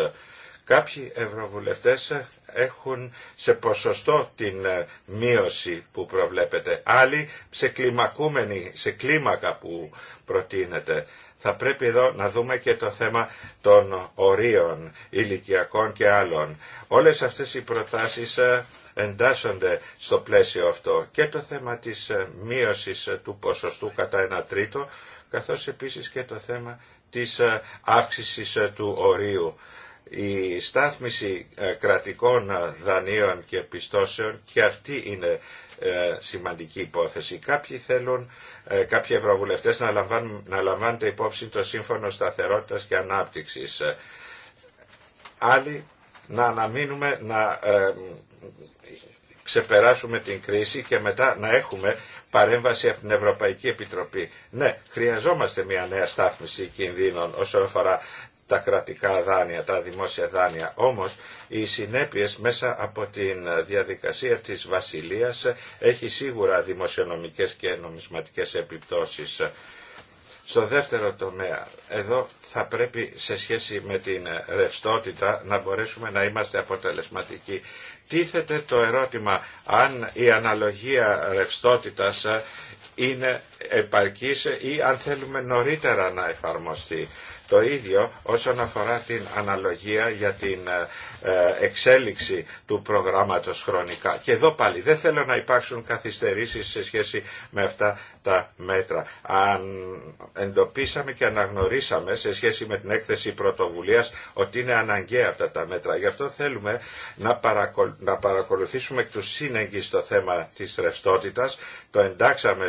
Κάποιοι ευρωβουλευτές έχουν σε ποσοστό την ε, μείωση που προβλέπεται. Άλλοι σε κλιμακούμενη, σε κλίμακα που προτείνεται. Θα πρέπει εδώ να δούμε και το θέμα των ορίων ηλικιακών και άλλων. Όλες αυτές οι προτάσεις ε, εντάσσονται στο πλαίσιο αυτό και το θέμα της ε, μείωσης του ποσοστού κατά ένα τρίτο καθώς επίσης και το θέμα της αύξησης του ορίου η στάθμιση ε, κρατικών ε, δανείων και πιστώσεων και αυτή είναι ε, σημαντική υπόθεση. Κάποιοι θέλουν, κάποιοι ευρωβουλευτές να, λαμβάνουν, να λαμβάνεται υπόψη το Σύμφωνο Σταθερότητας και Ανάπτυξης. Άλλοι να αναμείνουμε να ξεπεράσουμε την κρίση και μετά να έχουμε παρέμβαση από την Ευρωπαϊκή Επιτροπή. Ναι, χρειαζόμαστε μια νέα στάθμιση κινδύνων όσον αφορά τα κρατικά δάνεια, τα δημόσια δάνεια. Όμως οι συνέπειες μέσα από τη διαδικασία της Βασιλείας έχει σίγουρα δημοσιονομικές και νομισματικές επιπτώσεις. Στο δεύτερο τομέα, εδώ θα πρέπει σε σχέση με την ρευστότητα να μπορέσουμε να είμαστε αποτελεσματικοί. Τίθεται το ερώτημα αν η αναλογία ρευστότητας είναι επαρκής ή αν θέλουμε νωρίτερα να εφαρμοστεί. Το ίδιο όσον αφορά την αναλογία για την ε, ε, εξέλιξη του προγράμματος χρονικά. Και εδώ πάλι δεν θέλω να υπάρξουν καθυστερήσεις σε σχέση με αυτά τα μέτρα. Αν εντοπίσαμε και αναγνωρίσαμε σε σχέση με την έκθεση πρωτοβουλίας ότι είναι αναγκαία αυτά τα μέτρα. Γι' αυτό θέλουμε να παρακολουθήσουμε εκ του σύνεγγυ στο θέμα της ρευστότητα. Το εντάξαμε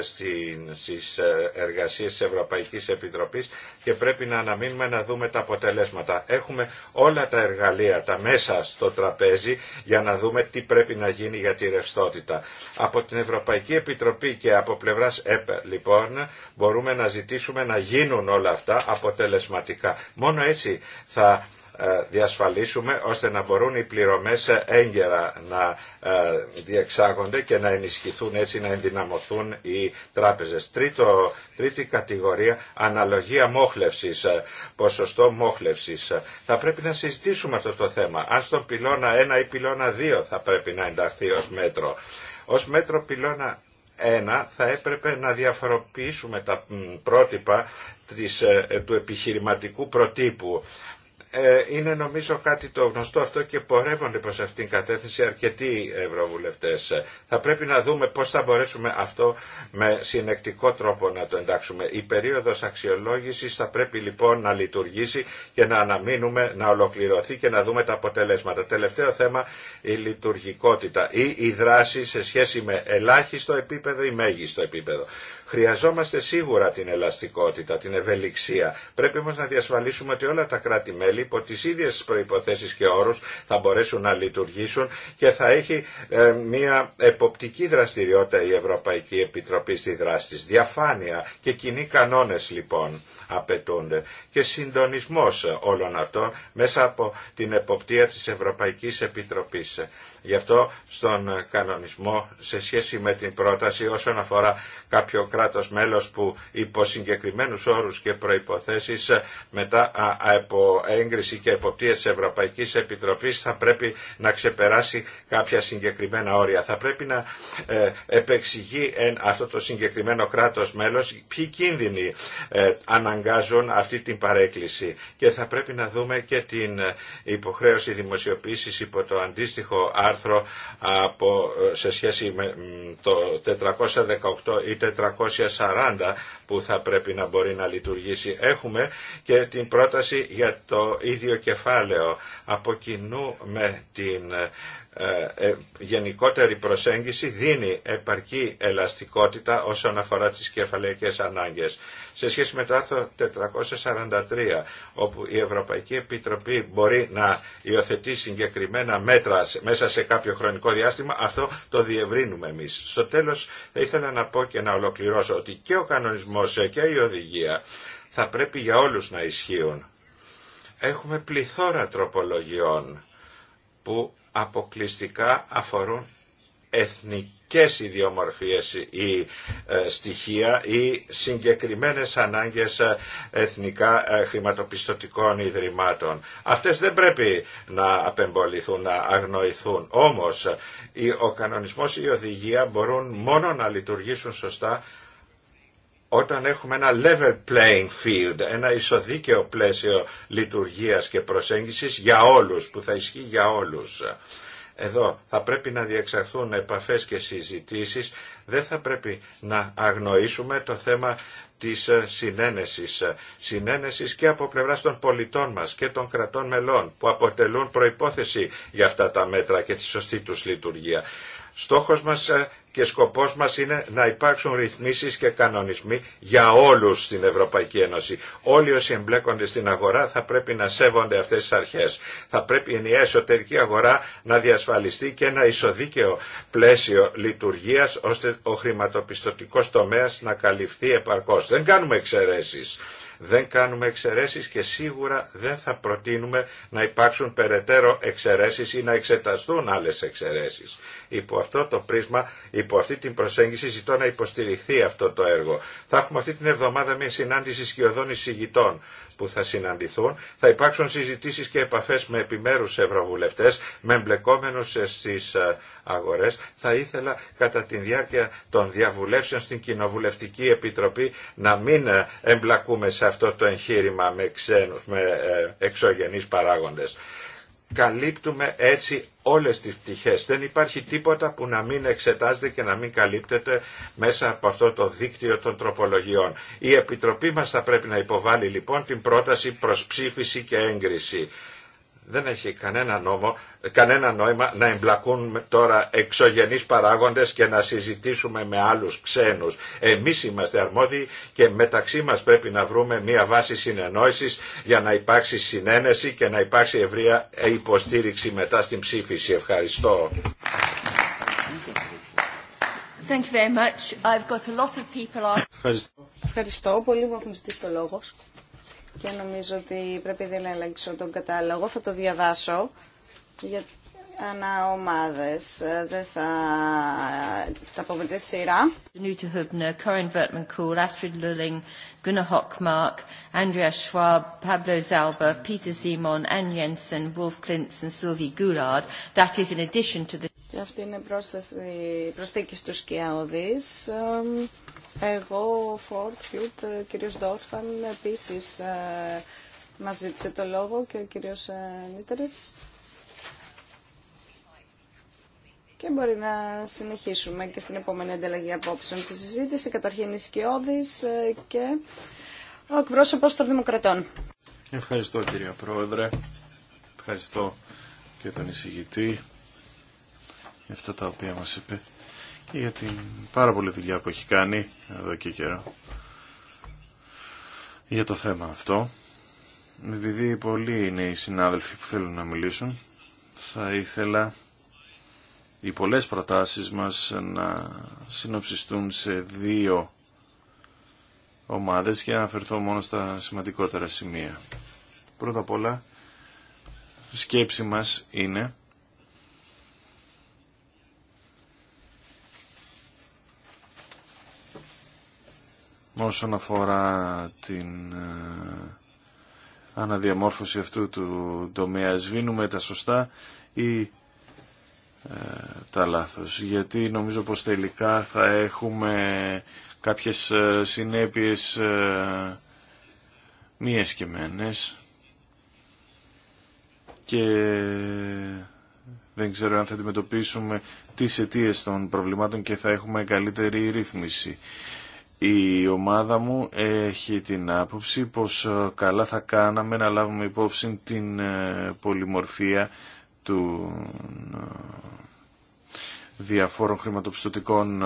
στις ε, εργασίες της Ευρωπαϊκής Επιτροπής και πρέπει να αναμείνουμε να δούμε τα αποτελέσματα. Έχουμε όλα τα εργαλεία, τα μέσα στο τραπέζι για να δούμε τι πρέπει να γίνει για τη ρευστότητα. Από την Ευρωπαϊκή Επιτροπή και από πλευράς ΕΠ λοιπόν μπορούμε να ζητήσουμε να γίνουν όλα αυτά αποτελεσματικά. Μόνο έτσι θα ε, διασφαλίσουμε ώστε να μπορούν οι πληρωμές έγκαιρα να ε, διεξάγονται και να ενισχυθούν έτσι να ενδυναμωθούν οι τράπεζες. Τρίτο, τρίτη κατηγορία, αναλογία μόχλευσης, ε, ποσοστό μόχλευσης. Θα πρέπει να συζητήσουμε αυτό το θέμα. Αν στον πυλώνα 1 ή πυλώνα 2 θα πρέπει να ενταχθεί ως μέτρο. Ως μέτρο πυλώνα ένα θα έπρεπε να διαφοροποιήσουμε τα πρότυπα της, ε, του επιχειρηματικού προτύπου ε, είναι νομίζω κάτι το γνωστό αυτό και πορεύονται προς αυτήν την κατεύθυνση αρκετοί ευρωβουλευτές. Θα πρέπει να δούμε πώς θα μπορέσουμε αυτό με συνεκτικό τρόπο να το εντάξουμε. Η περίοδος αξιολόγησης θα πρέπει λοιπόν να λειτουργήσει και να αναμείνουμε να ολοκληρωθεί και να δούμε τα αποτελέσματα. Τελευταίο θέμα η λειτουργικότητα ή η δράση σε σχέση με ελάχιστο επίπεδο ή μέγιστο επίπεδο. Χρειαζόμαστε σίγουρα την ελαστικότητα, την ευελιξία. Πρέπει όμως να διασφαλίσουμε ότι όλα τα κράτη-μέλη υπό τις ίδιες προϋποθέσεις και όρους θα μπορέσουν να λειτουργήσουν και θα έχει ε, μια εποπτική δραστηριότητα η Ευρωπαϊκή Επιτροπή στη δράση Διαφάνεια και κοινοί κανόνες λοιπόν απαιτούνται και συντονισμός όλων αυτών μέσα από την εποπτεία της Ευρωπαϊκής Επιτροπής. Γι' αυτό στον κανονισμό σε σχέση με την πρόταση όσον αφορά κάποιο κράτος μέλος που υπό συγκεκριμένους όρους και προϋποθέσεις ε, μετά από έγκριση και εποπτεία της Ευρωπαϊκής Επιτροπής θα πρέπει να ξεπεράσει κάποια συγκεκριμένα όρια. Θα πρέπει να ε, επεξηγεί αυτό το συγκεκριμένο κράτος μέλος ποιοι κίνδυνοι ε, αναγκάζουν αυτή την παρέκκληση και θα πρέπει να δούμε και την υποχρέωση δημοσιοποίησης υπό το αντίστοιχο άρθρο από, σε σχέση με το 418 ή 440 που θα πρέπει να μπορεί να λειτουργήσει. Έχουμε και την πρόταση για το ίδιο κεφάλαιο από κοινού με την ε, ε, γενικότερη προσέγγιση δίνει επαρκή ελαστικότητα όσον αφορά τις κεφαλαϊκές ανάγκες. Σε σχέση με το άρθρο 443, όπου η Ευρωπαϊκή Επιτροπή μπορεί να υιοθετεί συγκεκριμένα μέτρα μέσα σε κάποιο χρονικό διάστημα, αυτό το διευρύνουμε εμείς. Στο τέλος θα ήθελα να πω και να ολοκληρώσω ότι και ο κανονισμός και η οδηγία θα πρέπει για όλους να ισχύουν. Έχουμε πληθώρα τροπολογιών που αποκλειστικά αφορούν εθνικές ιδιομορφίες ή ε, στοιχεία ή συγκεκριμένες ανάγκες ε, εθνικά ε, χρηματοπιστωτικών ιδρυμάτων. Αυτές δεν πρέπει να απεμποληθούν, να αγνοηθούν. Όμως ο κανονισμός ή η οδηγία μπορούν μόνο να λειτουργήσουν σωστά όταν έχουμε ένα level playing field, ένα ισοδίκαιο πλαίσιο λειτουργίας και προσέγγισης για όλους, που θα ισχύει για όλους. Εδώ θα πρέπει να διεξαχθούν επαφές και συζητήσεις. Δεν θα πρέπει να αγνοήσουμε το θέμα της συνένεσης. Συνένεσης και από πλευράς των πολιτών μας και των κρατών μελών που αποτελούν προϋπόθεση για αυτά τα μέτρα και τη σωστή τους λειτουργία. Στόχος μας ε, και σκοπός μας είναι να υπάρξουν ρυθμίσεις και κανονισμοί για όλους στην Ευρωπαϊκή Ένωση. Όλοι όσοι εμπλέκονται στην αγορά θα πρέπει να σέβονται αυτές τις αρχές. Θα πρέπει η εσωτερική αγορά να διασφαλιστεί και ένα ισοδίκαιο πλαίσιο λειτουργίας ώστε ο χρηματοπιστωτικός τομέας να καλυφθεί επαρκώς. Δεν κάνουμε εξαιρέσεις δεν κάνουμε εξαιρέσεις και σίγουρα δεν θα προτείνουμε να υπάρξουν περαιτέρω εξαιρέσεις ή να εξεταστούν άλλες εξαιρέσεις. Υπό αυτό το πρίσμα, υπό αυτή την προσέγγιση ζητώ να υποστηριχθεί αυτό το έργο. Θα έχουμε αυτή την εβδομάδα μια συνάντηση σκιωδών εισηγητών που θα συναντηθούν, θα υπάρξουν συζητήσεις και επαφές με επιμέρους ευρωβουλευτές, με εμπλεκόμενους στις ε, αγορές. Θα ήθελα κατά τη διάρκεια των διαβουλεύσεων στην Κοινοβουλευτική Επιτροπή να μην ε, εμπλακούμε σε αυτό το εγχείρημα με ξένους, με ε, εξωγενείς παράγοντες καλύπτουμε έτσι όλες τις πτυχές. Δεν υπάρχει τίποτα που να μην εξετάζεται και να μην καλύπτεται μέσα από αυτό το δίκτυο των τροπολογιών. Η Επιτροπή μας θα πρέπει να υποβάλει λοιπόν την πρόταση προς ψήφιση και έγκριση δεν έχει κανένα, νόμο, κανένα νόημα να εμπλακούν τώρα εξωγενείς παράγοντες και να συζητήσουμε με άλλους ξένους. Εμείς είμαστε αρμόδιοι και μεταξύ μας πρέπει να βρούμε μια βάση συνεννόησης για να υπάρξει συνένεση και να υπάρξει ευρεία υποστήριξη μετά στην ψήφιση. Ευχαριστώ. Ευχαριστώ. Πολύ μου έχουν το λόγο και νομίζω ότι πρέπει να έλεγξω τον κατάλογο. Θα το διαβάσω για ανά ομάδες. Δεν θα τα πω με τη σειρά. Νούτα Χουμπνε, Κόριν Βερτμαν Κούλ, Αστρίντ Λούλινγκ, Γκούνα Χόκμαρκ, Άνδρια Σουάμπ, Παμπλο Ζάλμπα, Πίτερ Ζήμον, Άν Γένσεν, Βουλφ Κλίντσεν, Σίλβι Γκούλαρντ. That is in addition to the... Και αυτή είναι πρόσθεση, προσθήκη στους Κιαωδείς. Εγώ, Φόρτ, Φιούτ, ο κύριος Ντόρφαν επίσης ε, μας ζήτησε το λόγο και ο κύριος Νίτερης. Ε, και μπορεί να συνεχίσουμε και στην επόμενη ανταλλαγή απόψεων τη συζήτηση. Καταρχήν η ε, και ο εκπρόσωπος των Δημοκρατών. Ευχαριστώ κυρία Πρόεδρε. Ευχαριστώ και τον εισηγητή για αυτά τα οποία μας είπε για την πάρα πολλή δουλειά που έχει κάνει εδώ και καιρό για το θέμα αυτό. Επειδή πολλοί είναι οι συνάδελφοι που θέλουν να μιλήσουν, θα ήθελα οι πολλές προτάσεις μας να συνοψιστούν σε δύο ομάδες και να αφαιρθώ μόνο στα σημαντικότερα σημεία. Πρώτα απ' όλα, σκέψη μας είναι όσον αφορά την ε, αναδιαμόρφωση αυτού του τομέα. Σβήνουμε τα σωστά ή ε, τα λάθος. Γιατί νομίζω πως τελικά θα έχουμε κάποιες ε, συνέπειες μη εσκεμμένες και δεν ξέρω αν θα αντιμετωπίσουμε τις αιτίε των προβλημάτων και θα έχουμε καλύτερη ρύθμιση. Η ομάδα μου έχει την άποψη πως ε, καλά θα κάναμε να λάβουμε υπόψη την ε, πολυμορφία του ε, διαφόρων χρηματοπιστωτικών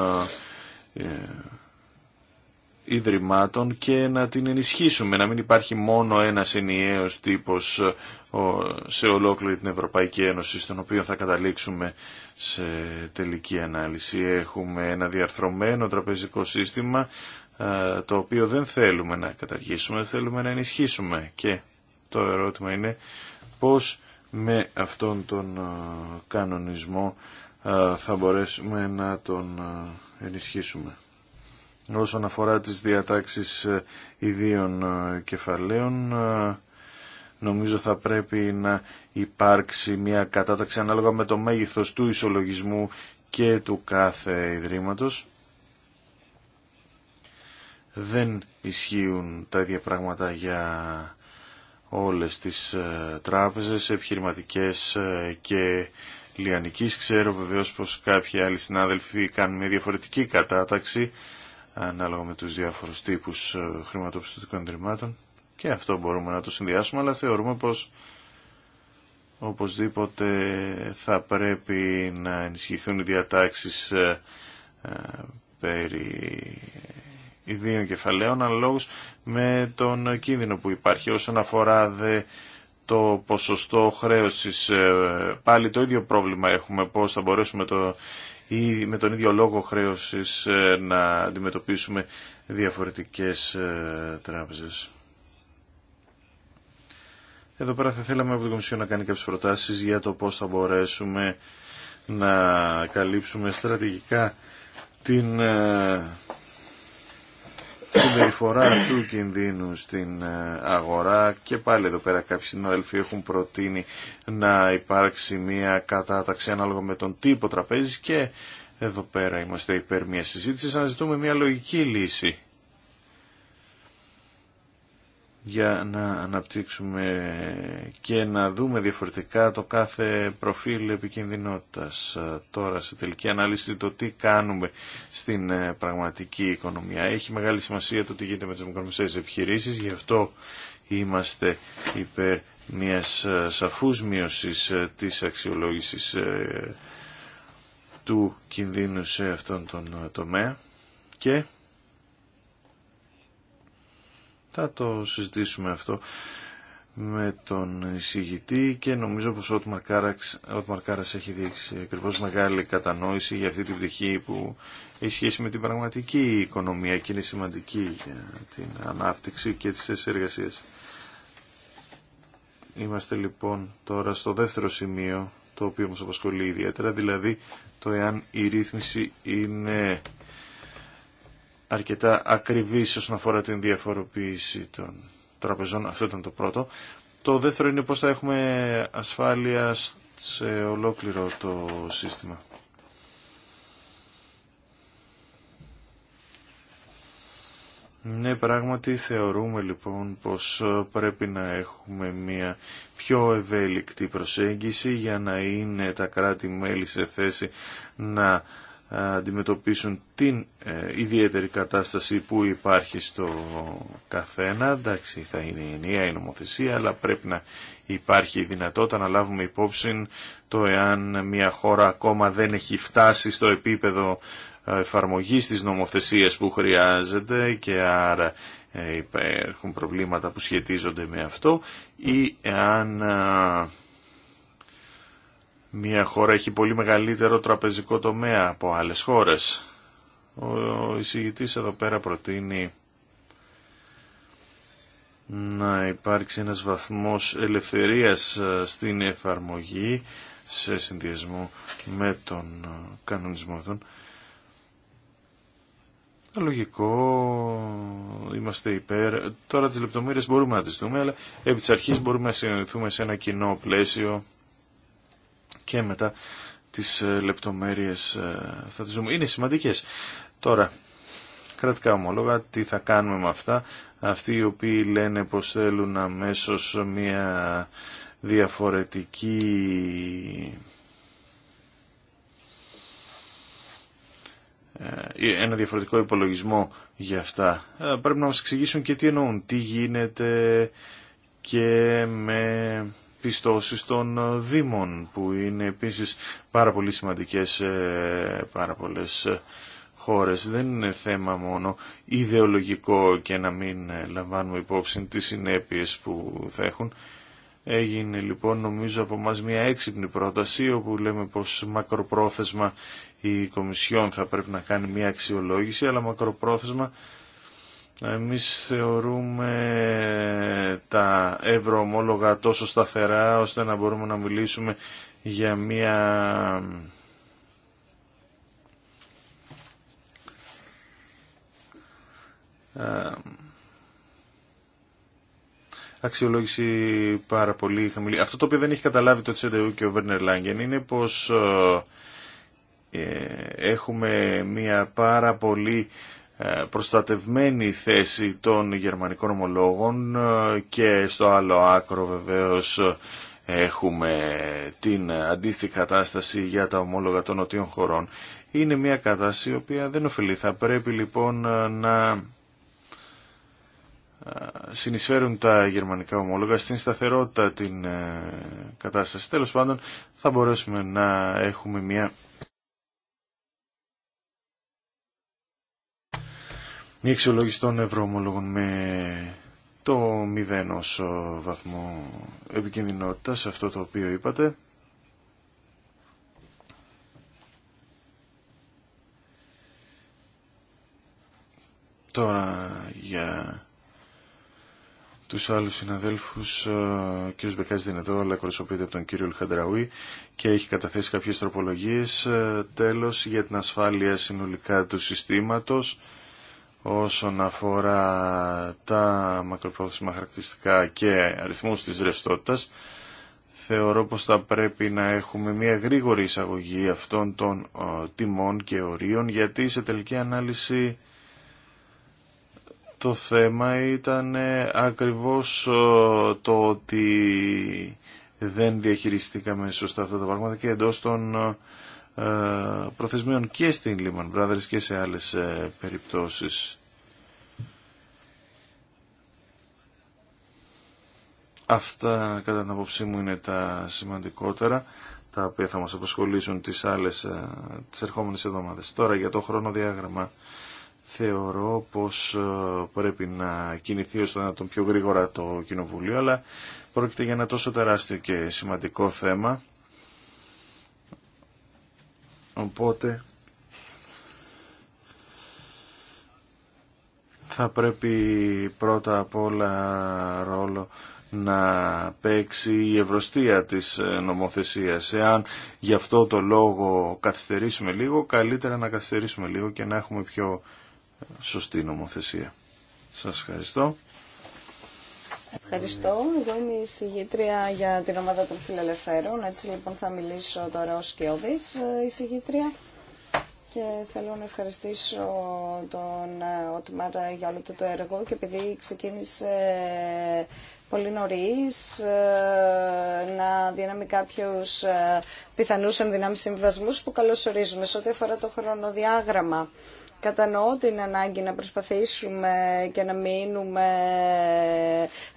Ιδρυμάτων και να την ενισχύσουμε, να μην υπάρχει μόνο ένα ενιαίος τύπος ε, σε ολόκληρη την Ευρωπαϊκή Ένωση, στον οποίο θα καταλήξουμε σε τελική ανάλυση. Έχουμε ένα διαρθρωμένο τραπεζικό σύστημα, ε, το οποίο δεν θέλουμε να καταργήσουμε, θέλουμε να ενισχύσουμε. Και το ερώτημα είναι πώς με αυτόν τον ε, κανονισμό θα μπορέσουμε να τον ενισχύσουμε όσον αφορά τις διατάξεις ε, ιδίων ε, κεφαλαίων ε, νομίζω θα πρέπει να υπάρξει μια κατάταξη ανάλογα με το μέγεθος του ισολογισμού και του κάθε ιδρύματος. Δεν ισχύουν τα ίδια πράγματα για όλες τις τράπεζες, επιχειρηματικές και λιανικής. Ξέρω βεβαίως πως κάποιοι άλλοι συνάδελφοι κάνουν μια διαφορετική κατάταξη ανάλογα με τους διάφορους τύπους ε, χρηματοπιστωτικών ιδρυμάτων και αυτό μπορούμε να το συνδυάσουμε αλλά θεωρούμε πως οπωσδήποτε θα πρέπει να ενισχυθούν οι διατάξεις ε, ε, περί ιδίων κεφαλαίων αναλόγως με τον κίνδυνο που υπάρχει όσον αφορά δε το ποσοστό χρέωσης πάλι το ίδιο πρόβλημα έχουμε πώς θα μπορέσουμε το ή με τον ίδιο λόγο χρέωσης ε, να αντιμετωπίσουμε διαφορετικές ε, τράπεζες. Εδώ πέρα θα θέλαμε από την Κομισιόν να κάνει κάποιες προτάσεις για το πώς θα μπορέσουμε να καλύψουμε στρατηγικά την ε, συμπεριφορά του κινδύνου στην ε, αγορά και πάλι εδώ πέρα κάποιοι συνάδελφοι έχουν προτείνει να υπάρξει μια κατάταξη ανάλογα με τον τύπο τραπέζης και εδώ πέρα είμαστε υπέρ μια συζήτηση να ζητούμε μια λογική λύση για να αναπτύξουμε και να δούμε διαφορετικά το κάθε προφίλ επικινδυνότητας. Τώρα σε τελική ανάλυση το τι κάνουμε στην ε, πραγματική οικονομία. Έχει μεγάλη σημασία το τι γίνεται με τις μικρομεσαίες επιχειρήσεις, γι' αυτό είμαστε υπέρ μιας ε, σαφούς μείωσης ε, της αξιολόγησης του κινδύνου σε αυτόν τον τομέα και θα το συζητήσουμε αυτό με τον εισηγητή και νομίζω πως ο Ότμαρ Κάρας έχει δείξει ακριβώ μεγάλη κατανόηση για αυτή την πτυχή που έχει σχέση με την πραγματική οικονομία και είναι σημαντική για την ανάπτυξη και τις εργασίες. Είμαστε λοιπόν τώρα στο δεύτερο σημείο το οποίο μας απασχολεί ιδιαίτερα, δηλαδή το εάν η ρύθμιση είναι αρκετά ακριβής όσον αφορά την διαφοροποίηση των τραπεζών. Αυτό ήταν το πρώτο. Το δεύτερο είναι πώς θα έχουμε ασφάλεια σε ολόκληρο το σύστημα. Ναι, πράγματι θεωρούμε λοιπόν πως πρέπει να έχουμε μια πιο ευέλικτη προσέγγιση για να είναι τα κράτη-μέλη σε θέση να ε, αντιμετωπίσουν την ε, ιδιαίτερη κατάσταση που υπάρχει στο καθένα. Εντάξει, θα είναι ενιαία η νομοθεσία, αλλά πρέπει να υπάρχει η δυνατότητα να λάβουμε υπόψη το εάν μια χώρα ακόμα δεν έχει φτάσει στο επίπεδο ε, εφαρμογής της νομοθεσίας που χρειάζεται και άρα υπάρχουν προβλήματα που σχετίζονται με αυτό ή εάν Μία χώρα έχει πολύ μεγαλύτερο τραπεζικό τομέα από άλλες χώρες. Ο εισηγητής εδώ πέρα προτείνει να υπάρξει ένας βαθμός ελευθερίας ε, στην εφαρμογή σε συνδυασμό με τον ε, κανονισμό αυτών. Λογικό, είμαστε υπέρ. Τώρα τις λεπτομέρειες μπορούμε να τις δούμε, αλλά επί της αρχής μπορούμε να συνοηθούμε σε ένα κοινό πλαίσιο και μετά τις ε, λεπτομέρειες ε, θα τις δούμε. Είναι σημαντικές. Τώρα, κρατικά ομόλογα, τι θα κάνουμε με αυτά. Αυτοί οι οποίοι λένε πως θέλουν αμέσως μια διαφορετική ε, ένα διαφορετικό υπολογισμό για αυτά. Πρέπει να μας εξηγήσουν και τι εννοούν, τι γίνεται και με πιστώσεις των ε, Δήμων που είναι επίσης πάρα πολύ σημαντικές σε πάρα πολλές ε, χώρες. Δεν είναι θέμα μόνο ιδεολογικό και να μην ε, λαμβάνουμε υπόψη τις συνέπειες που θα έχουν. Έγινε λοιπόν νομίζω από μας μια έξυπνη πρόταση όπου λέμε πως μακροπρόθεσμα η Κομισιόν θα πρέπει να κάνει μια αξιολόγηση αλλά μακροπρόθεσμα εμείς θεωρούμε τα ευρωομόλογα τόσο σταθερά ώστε να μπορούμε να μιλήσουμε για μια αξιολόγηση πάρα πολύ χαμηλή. Αυτό το οποίο δεν έχει καταλάβει το CDU και ο Βέρνερ Λάγκεν είναι πως ε, έχουμε μια πάρα πολύ ε, προστατευμένη θέση των γερμανικών ομολόγων ε, και στο άλλο άκρο βεβαίως ε, έχουμε την αντίστοιχη κατάσταση για τα ομόλογα των νοτιών χωρών. Είναι μια κατάσταση η οποία δεν ωφελεί. Θα πρέπει λοιπόν να συνεισφέρουν τα γερμανικά ομόλογα στην σταθερότητα την κατάσταση. Τέλος πάντων θα μπορέσουμε να έχουμε μια μια αξιολόγηση των ευρωομολόγων με το μηδέν ως βαθμό επικινδυνότητας, αυτό το οποίο είπατε. Τώρα για τους άλλους συναδέλφους, ε, ο κ. Μπεκάς δεν είναι εδώ, αλλά κορεσοποιείται από τον κύριο Λχαντραουή και έχει καταθέσει κάποιες τροπολογίες. Ε, τέλος, για την ασφάλεια συνολικά του συστήματος όσον αφορά τα μακροπρόθεσμα χαρακτηριστικά και αριθμούς της ρευστότητα. Θεωρώ πως θα πρέπει να έχουμε μια γρήγορη εισαγωγή αυτών των τιμών και ορίων γιατί σε τελική ανάλυση το θέμα ήταν ακριβώς το ότι δεν διαχειριστήκαμε σωστά αυτά τα πράγματα και εντός των ε, προθεσμίων και στην Lehman Brothers και σε άλλες ε, περιπτώσεις. Αυτά κατά την απόψή μου είναι τα σημαντικότερα τα οποία θα μας απασχολήσουν τις άλλες ε, τις ερχόμενες εβδομάδες. Τώρα για το χρονοδιάγραμμα θεωρώ πως πρέπει να κινηθεί ώστε να τον πιο γρήγορα το Κοινοβουλίο αλλά πρόκειται για ένα τόσο τεράστιο και σημαντικό θέμα Οπότε θα πρέπει πρώτα απ' όλα ρόλο να παίξει η ευρωστία της νομοθεσίας. Εάν γι' αυτό το λόγο καθυστερήσουμε λίγο, καλύτερα να καθυστερήσουμε λίγο και να έχουμε πιο σωστή νομοθεσία. Σας ευχαριστώ. Ευχαριστώ. Εγώ είμαι η συγγήτρια για την ομάδα των φιλελευθέρων. Έτσι λοιπόν θα μιλήσω τώρα ως Κιώδης ε, η συγγήτρια. Και θέλω να ευχαριστήσω τον ε, Οτμάρ για όλο το, το έργο και επειδή ξεκίνησε ε, πολύ νωρίς να δίναμε κάποιους πιθανούς ενδυνάμεις συμβασμούς που καλώς ορίζουμε σε ό,τι αφορά το χρονοδιάγραμμα. Κατανοώ την ανάγκη να προσπαθήσουμε και να μείνουμε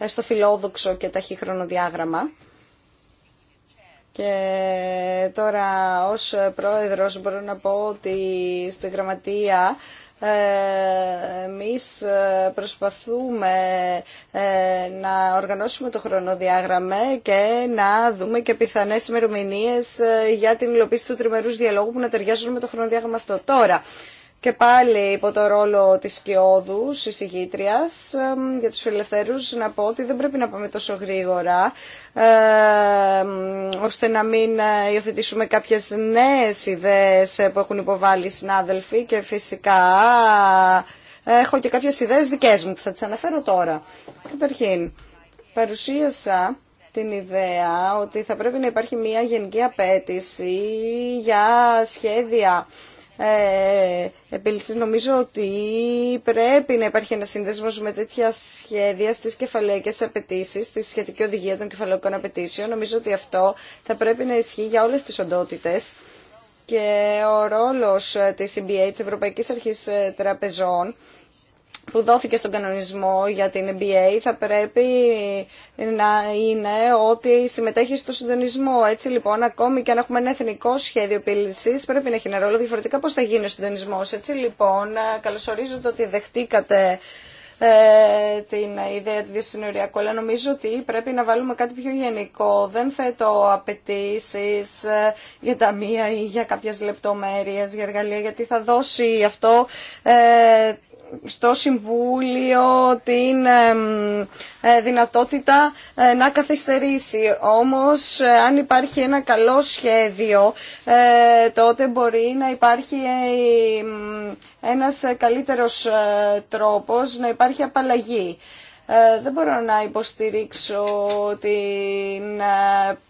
στο φιλόδοξο και ταχύχρονο διάγραμμα. Και τώρα ως πρόεδρος μπορώ να πω ότι στη γραμματεία ε, εμείς ε, προσπαθούμε ε, να οργανώσουμε το χρονοδιάγραμμα και να δούμε και πιθανές ημερομηνίε για την υλοποίηση του τριμερούς διαλόγου που να ταιριάζουν με το χρονοδιάγραμμα αυτό. Τώρα, και πάλι υπό το ρόλο της κιόδους εισηγήτριας, για τους φιλελευθέρους να πω ότι δεν πρέπει να πάμε τόσο γρήγορα, ώστε να μην ε, υιοθετήσουμε κάποιες νέες ιδέες ε, που έχουν υποβάλει οι συνάδελφοι και φυσικά ε, έχω και κάποιες ιδέες δικές μου που θα τις αναφέρω τώρα. Καταρχήν, παρουσίασα την ιδέα ότι θα πρέπει να υπάρχει μια γενική απέτηση για σχέδια ε, επίλυσης. Νομίζω ότι πρέπει να υπάρχει ένα σύνδεσμο με τέτοια σχέδια στις κεφαλαϊκές απαιτήσει, στη σχετική οδηγία των κεφαλαϊκών απαιτήσεων. Νομίζω ότι αυτό θα πρέπει να ισχύει για όλες τις οντότητες και ο ρόλος της EBA, της Ευρωπαϊκής Αρχής ε, Τραπεζών, που δόθηκε στον κανονισμό για την MBA θα πρέπει να είναι ότι συμμετέχει στο συντονισμό. Έτσι λοιπόν, ακόμη και αν έχουμε ένα εθνικό σχέδιο πύληση, πρέπει να έχει ένα ρόλο διαφορετικά πώ θα γίνει ο συντονισμό. Έτσι λοιπόν, καλωσορίζω το ότι δεχτήκατε ε, την ιδέα του διασυνοριακού, αλλά νομίζω ότι πρέπει να βάλουμε κάτι πιο γενικό. Δεν θέτω απαιτήσει ε, για ταμεία ή για κάποιε λεπτομέρειε, για εργαλεία, γιατί θα δώσει αυτό ε, στο Συμβούλιο την ε, δυνατότητα ε, να καθυστερήσει. Όμως, ε, αν υπάρχει ένα καλό σχέδιο, τότε μπορεί να υπάρχει ένας καλύτερος τρόπος να υπάρχει απαλλαγή. Δεν μπορώ να υποστηρίξω την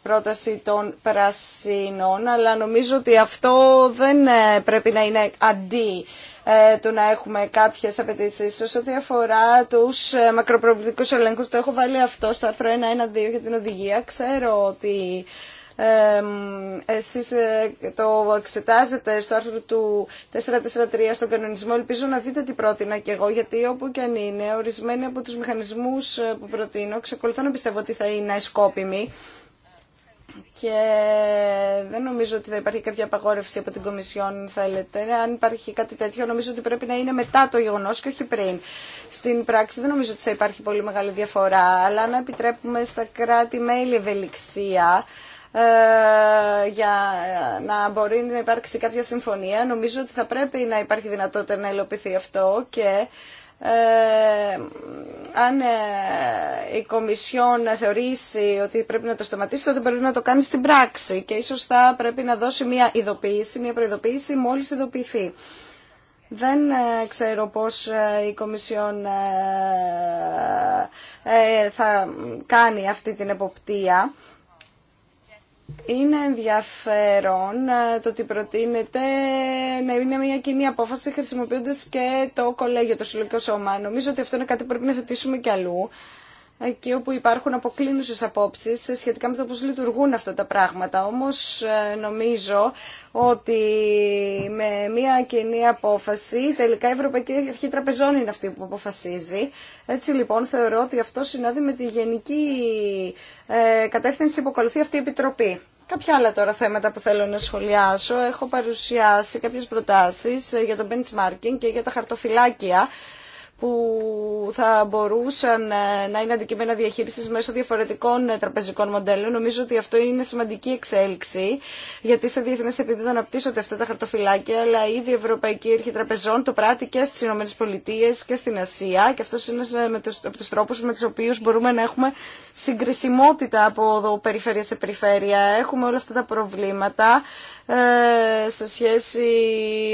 πρόταση των πρασίνων, αλλά νομίζω ότι αυτό δεν πρέπει να είναι αντί ε, του να έχουμε κάποιε απαιτήσει. Όσο ό,τι αφορά τους ε, μακροπροβλητικού ελέγχου, το έχω βάλει αυτό στο άρθρο 112 για την οδηγία. Ξέρω ότι ε, εσείς το εξετάζετε στο άρθρο του 443 στον κανονισμό. Ελπίζω να δείτε τι πρότεινα και εγώ, γιατί όπου και αν είναι, ορισμένοι από τους μηχανισμούς ε, που προτείνω, ξεκολουθώ να πιστεύω ότι θα είναι σκόπιμοι και δεν νομίζω ότι θα υπάρχει κάποια απαγόρευση από την Κομισιόν, θέλετε. Αν υπάρχει κάτι τέτοιο, νομίζω ότι πρέπει να είναι μετά το γεγονό και όχι πριν. Στην πράξη δεν νομίζω ότι θα υπάρχει πολύ μεγάλη διαφορά, αλλά να επιτρέπουμε στα κράτη-μέλη ευελιξία ε, για να μπορεί να υπάρξει κάποια συμφωνία. Νομίζω ότι θα πρέπει να υπάρχει δυνατότητα να υλοποιηθεί αυτό και ε, αν ε, η Κομισιόν θεωρήσει ότι πρέπει να το σταματήσει, τότε πρέπει να το κάνει στην πράξη και ίσως θα πρέπει να δώσει μια ειδοποίηση, μια προειδοποίηση μόλις ειδοποιηθεί. Δεν ε, ξέρω πώς η Κομισιόν θα κάνει αυτή την εποπτεία είναι ενδιαφέρον ε, το ότι προτείνεται να είναι μια κοινή απόφαση χρησιμοποιώντας και το κολέγιο, το συλλογικό σώμα. Νομίζω ότι αυτό είναι κάτι που πρέπει να θετήσουμε κι αλλού εκεί όπου υπάρχουν αποκλίνουσες απόψεις σχετικά με το πώς λειτουργούν αυτά τα πράγματα. Όμως ε, νομίζω ότι με μια κοινή απόφαση τελικά η Ευρωπαϊκή Αρχή Τραπεζών είναι αυτή που αποφασίζει. Έτσι λοιπόν θεωρώ ότι αυτό συνάδει με τη γενική ε, κατεύθυνση που ακολουθεί αυτή η Επιτροπή. Κάποια άλλα τώρα θέματα που θέλω να σχολιάσω. Έχω παρουσιάσει κάποιες προτάσεις ε, για το benchmarking και για τα χαρτοφυλάκια που θα μπορούσαν ε, να είναι αντικείμενα διαχείριση μέσω διαφορετικών ε, τραπεζικών μοντέλων. Νομίζω ότι αυτό είναι σημαντική εξέλιξη, γιατί σε διεθνέ επίπεδο αναπτύσσονται αυτά τα χαρτοφυλάκια, αλλά ήδη η Ευρωπαϊκή Έρχη Τραπεζών το πράττει και στι ΗΠΑ και στην Ασία, και αυτό είναι από του τρόπου με του οποίου μπορούμε να έχουμε συγκρισιμότητα από περιφέρεια σε περιφέρεια. Έχουμε όλα αυτά τα προβλήματα ε, σε σχέση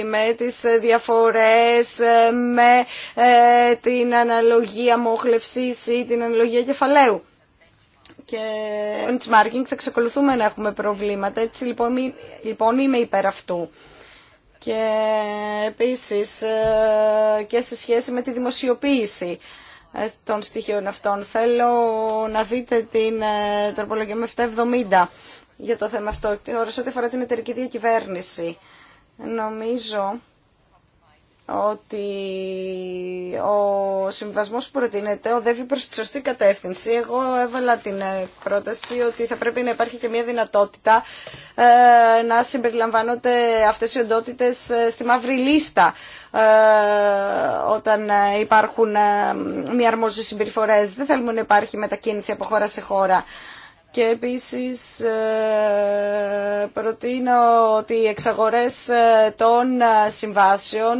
με τις διαφορές, ε, με ε, την αναλογία μόχλευσης ή την αναλογία κεφαλαίου και benchmarking θα ξεκολουθούμε να έχουμε προβλήματα. Έτσι λοιπόν, λοιπόν είμαι υπέρ αυτού. Και επίσης και σε σχέση με τη δημοσιοποίηση των στοιχείων αυτών. Θέλω να δείτε την τροπολογία με 770 για το θέμα αυτό, ώρες ό,τι αφορά την εταιρική διακυβέρνηση. Νομίζω ότι ο συμβασμός που προτείνεται οδεύει προς τη σωστή κατεύθυνση. Εγώ έβαλα την ε, πρόταση ότι θα πρέπει να υπάρχει και μια δυνατότητα ε, να συμπεριλαμβάνονται αυτές οι οντότητες ε, στη μαύρη λίστα όταν υπάρχουν μια αρμοζή συμπεριφορές. Δεν θέλουμε να υπάρχει μετακίνηση από χώρα σε χώρα. Και επίσης ε, προτείνω ότι οι εξαγορές ε, των ε, συμβάσεων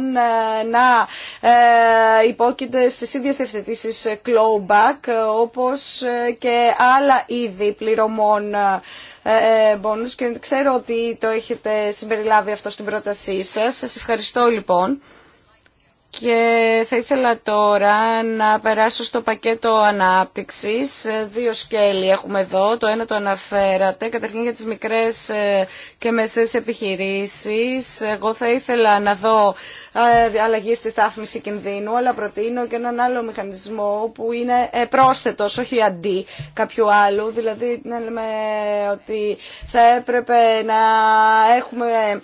να υπόκεινται στις ίδιες διευθετήσεις clawback όπως και άλλα είδη πληρωμών bonus και ξέρω ότι το έχετε συμπεριλάβει αυτό στην πρότασή σας. Σας ευχαριστώ λοιπόν. Και θα ήθελα τώρα να περάσω στο πακέτο ανάπτυξης. Δύο σκέλη έχουμε εδώ. Το ένα το αναφέρατε. Καταρχήν για τις μικρές ε, και μεσές επιχειρήσεις. Εγώ θα ήθελα να δω ε, αλλαγή στη στάθμιση κινδύνου, αλλά προτείνω και έναν άλλο μηχανισμό που είναι ε, πρόσθετος, όχι αντί κάποιου άλλου. Δηλαδή να λέμε ότι θα έπρεπε να έχουμε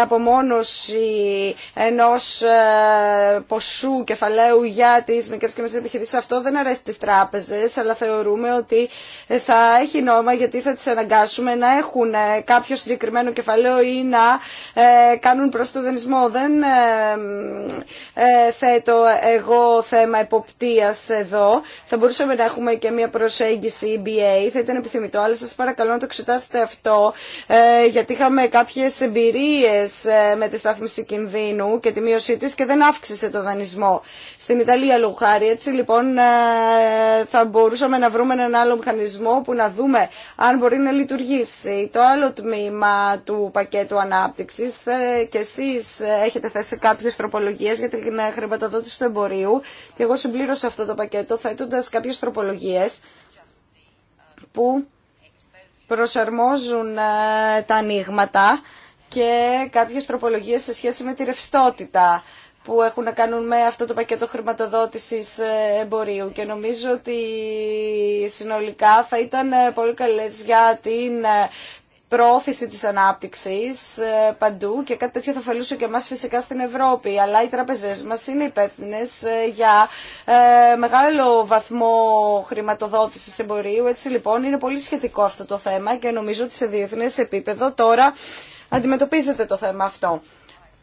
απομόνωση ενός ποσού κεφαλαίου για τι μικρέ και μεσαίε επιχειρήσει. Αυτό δεν αρέσει τι τράπεζε, αλλά θεωρούμε ότι θα έχει νόημα γιατί θα τις αναγκάσουμε να έχουν ε, κάποιο συγκεκριμένο κεφαλαίο ή να ε, κάνουν προ το δανεισμό. Δεν ε, θέτω εγώ θέμα εποπτεία εδώ. Θα μπορούσαμε να έχουμε και μια προσέγγιση EBA, θα ήταν επιθυμητό, αλλά σα παρακαλώ να το εξετάσετε αυτό, γιατί είχαμε κάποιες εμπειρίες με τη στάθμιση κινδύνου και τη μείωσή τη και δεν αύξησε σε το δανεισμό. Στην Ιταλία λόγω έτσι λοιπόν ε, θα μπορούσαμε να βρούμε έναν άλλο μηχανισμό που να δούμε αν μπορεί να λειτουργήσει. Το άλλο τμήμα του πακέτου ανάπτυξης και εσείς έχετε θέσει κάποιες τροπολογίες για την χρηματοδότηση του εμπορίου και εγώ συμπλήρωσα αυτό το πακέτο θέτοντας κάποιες τροπολογίες που προσαρμόζουν ε, τα ανοίγματα και κάποιες τροπολογίες σε σχέση με τη ρευστότητα που έχουν να κάνουν με αυτό το πακέτο χρηματοδότησης ε, εμπορίου και νομίζω ότι συνολικά θα ήταν ε, πολύ καλές για την ε, προώθηση της ανάπτυξης παντού και κάτι τέτοιο θα ωφελούσε και εμάς φυσικά στην Ευρώπη. Αλλά οι τραπεζές μας είναι υπεύθυνε για μεγάλο βαθμό χρηματοδότησης εμπορίου. Έτσι λοιπόν είναι πολύ σχετικό αυτό το θέμα και νομίζω ότι σε διεθνές επίπεδο τώρα αντιμετωπίζεται το θέμα αυτό.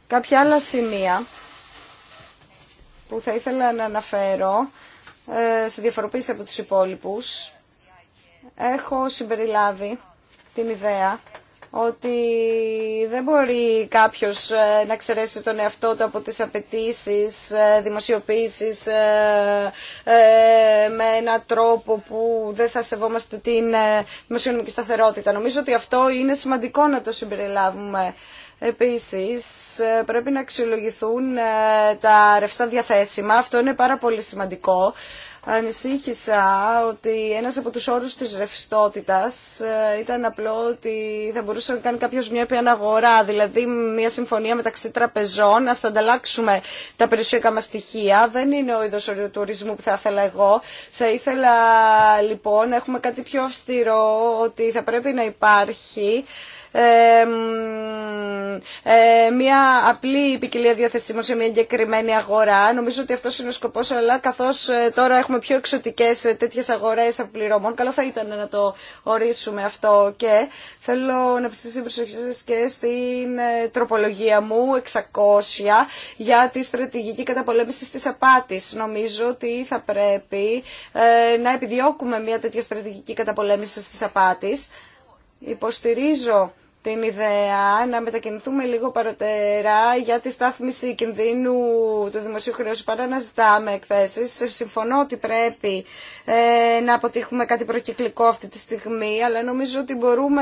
Κάποια άλλα σημεία που θα ήθελα να αναφέρω ε, σε διαφοροποίηση από τους υπόλοιπους. Έχω συμπεριλάβει την ιδέα ότι δεν μπορεί κάποιος ε, να εξαιρέσει τον εαυτό του από τις απαιτήσει ε, δημοσιοποίησης με έναν τρόπο που δεν θα σεβόμαστε την δημοσιονομική σταθερότητα. Νομίζω ότι αυτό είναι σημαντικό να το συμπεριλάβουμε Επίσης, ε, πρέπει να αξιολογηθούν ε, τα ρευστά διαθέσιμα. Αυτό είναι πάρα πολύ σημαντικό. Ανησύχησα ότι ένας από τους όρους της ρευστότητας ε, ήταν απλό ότι θα μπορούσε να κάνει κάποιος μια επαναγορά, δηλαδή μια συμφωνία μεταξύ τραπεζών, να ανταλλάξουμε τα περισσότερα μας στοιχεία. Δεν είναι ο είδος τουρισμού που θα ήθελα εγώ. Θα ήθελα λοιπόν να έχουμε κάτι πιο αυστηρό, ότι θα πρέπει να υπάρχει ε, μια απλή ποικιλία διαθεσιμών σε μια εγκεκριμένη αγορά. Νομίζω ότι αυτό είναι ο σκοπό, αλλά καθώ ε, τώρα έχουμε πιο εξωτικέ ε, τέτοιε αγορέ αυπληρώμων καλό θα ήταν να το ορίσουμε αυτό. Και θέλω να πιστήσω την προσοχή σα και στην τροπολογία μου 600 για τη στρατηγική καταπολέμηση τη απάτη. Νομίζω ότι θα πρέπει να επιδιώκουμε μια τέτοια στρατηγική καταπολέμηση τη απάτη. Υποστηρίζω την ιδέα να μετακινηθούμε λίγο παρατερά για τη στάθμιση κινδύνου του δημοσίου χρέους παρά να ζητάμε εκθέσεις. Συμφωνώ ότι πρέπει ε, να αποτύχουμε κάτι προκυκλικό αυτή τη στιγμή, αλλά νομίζω ότι μπορούμε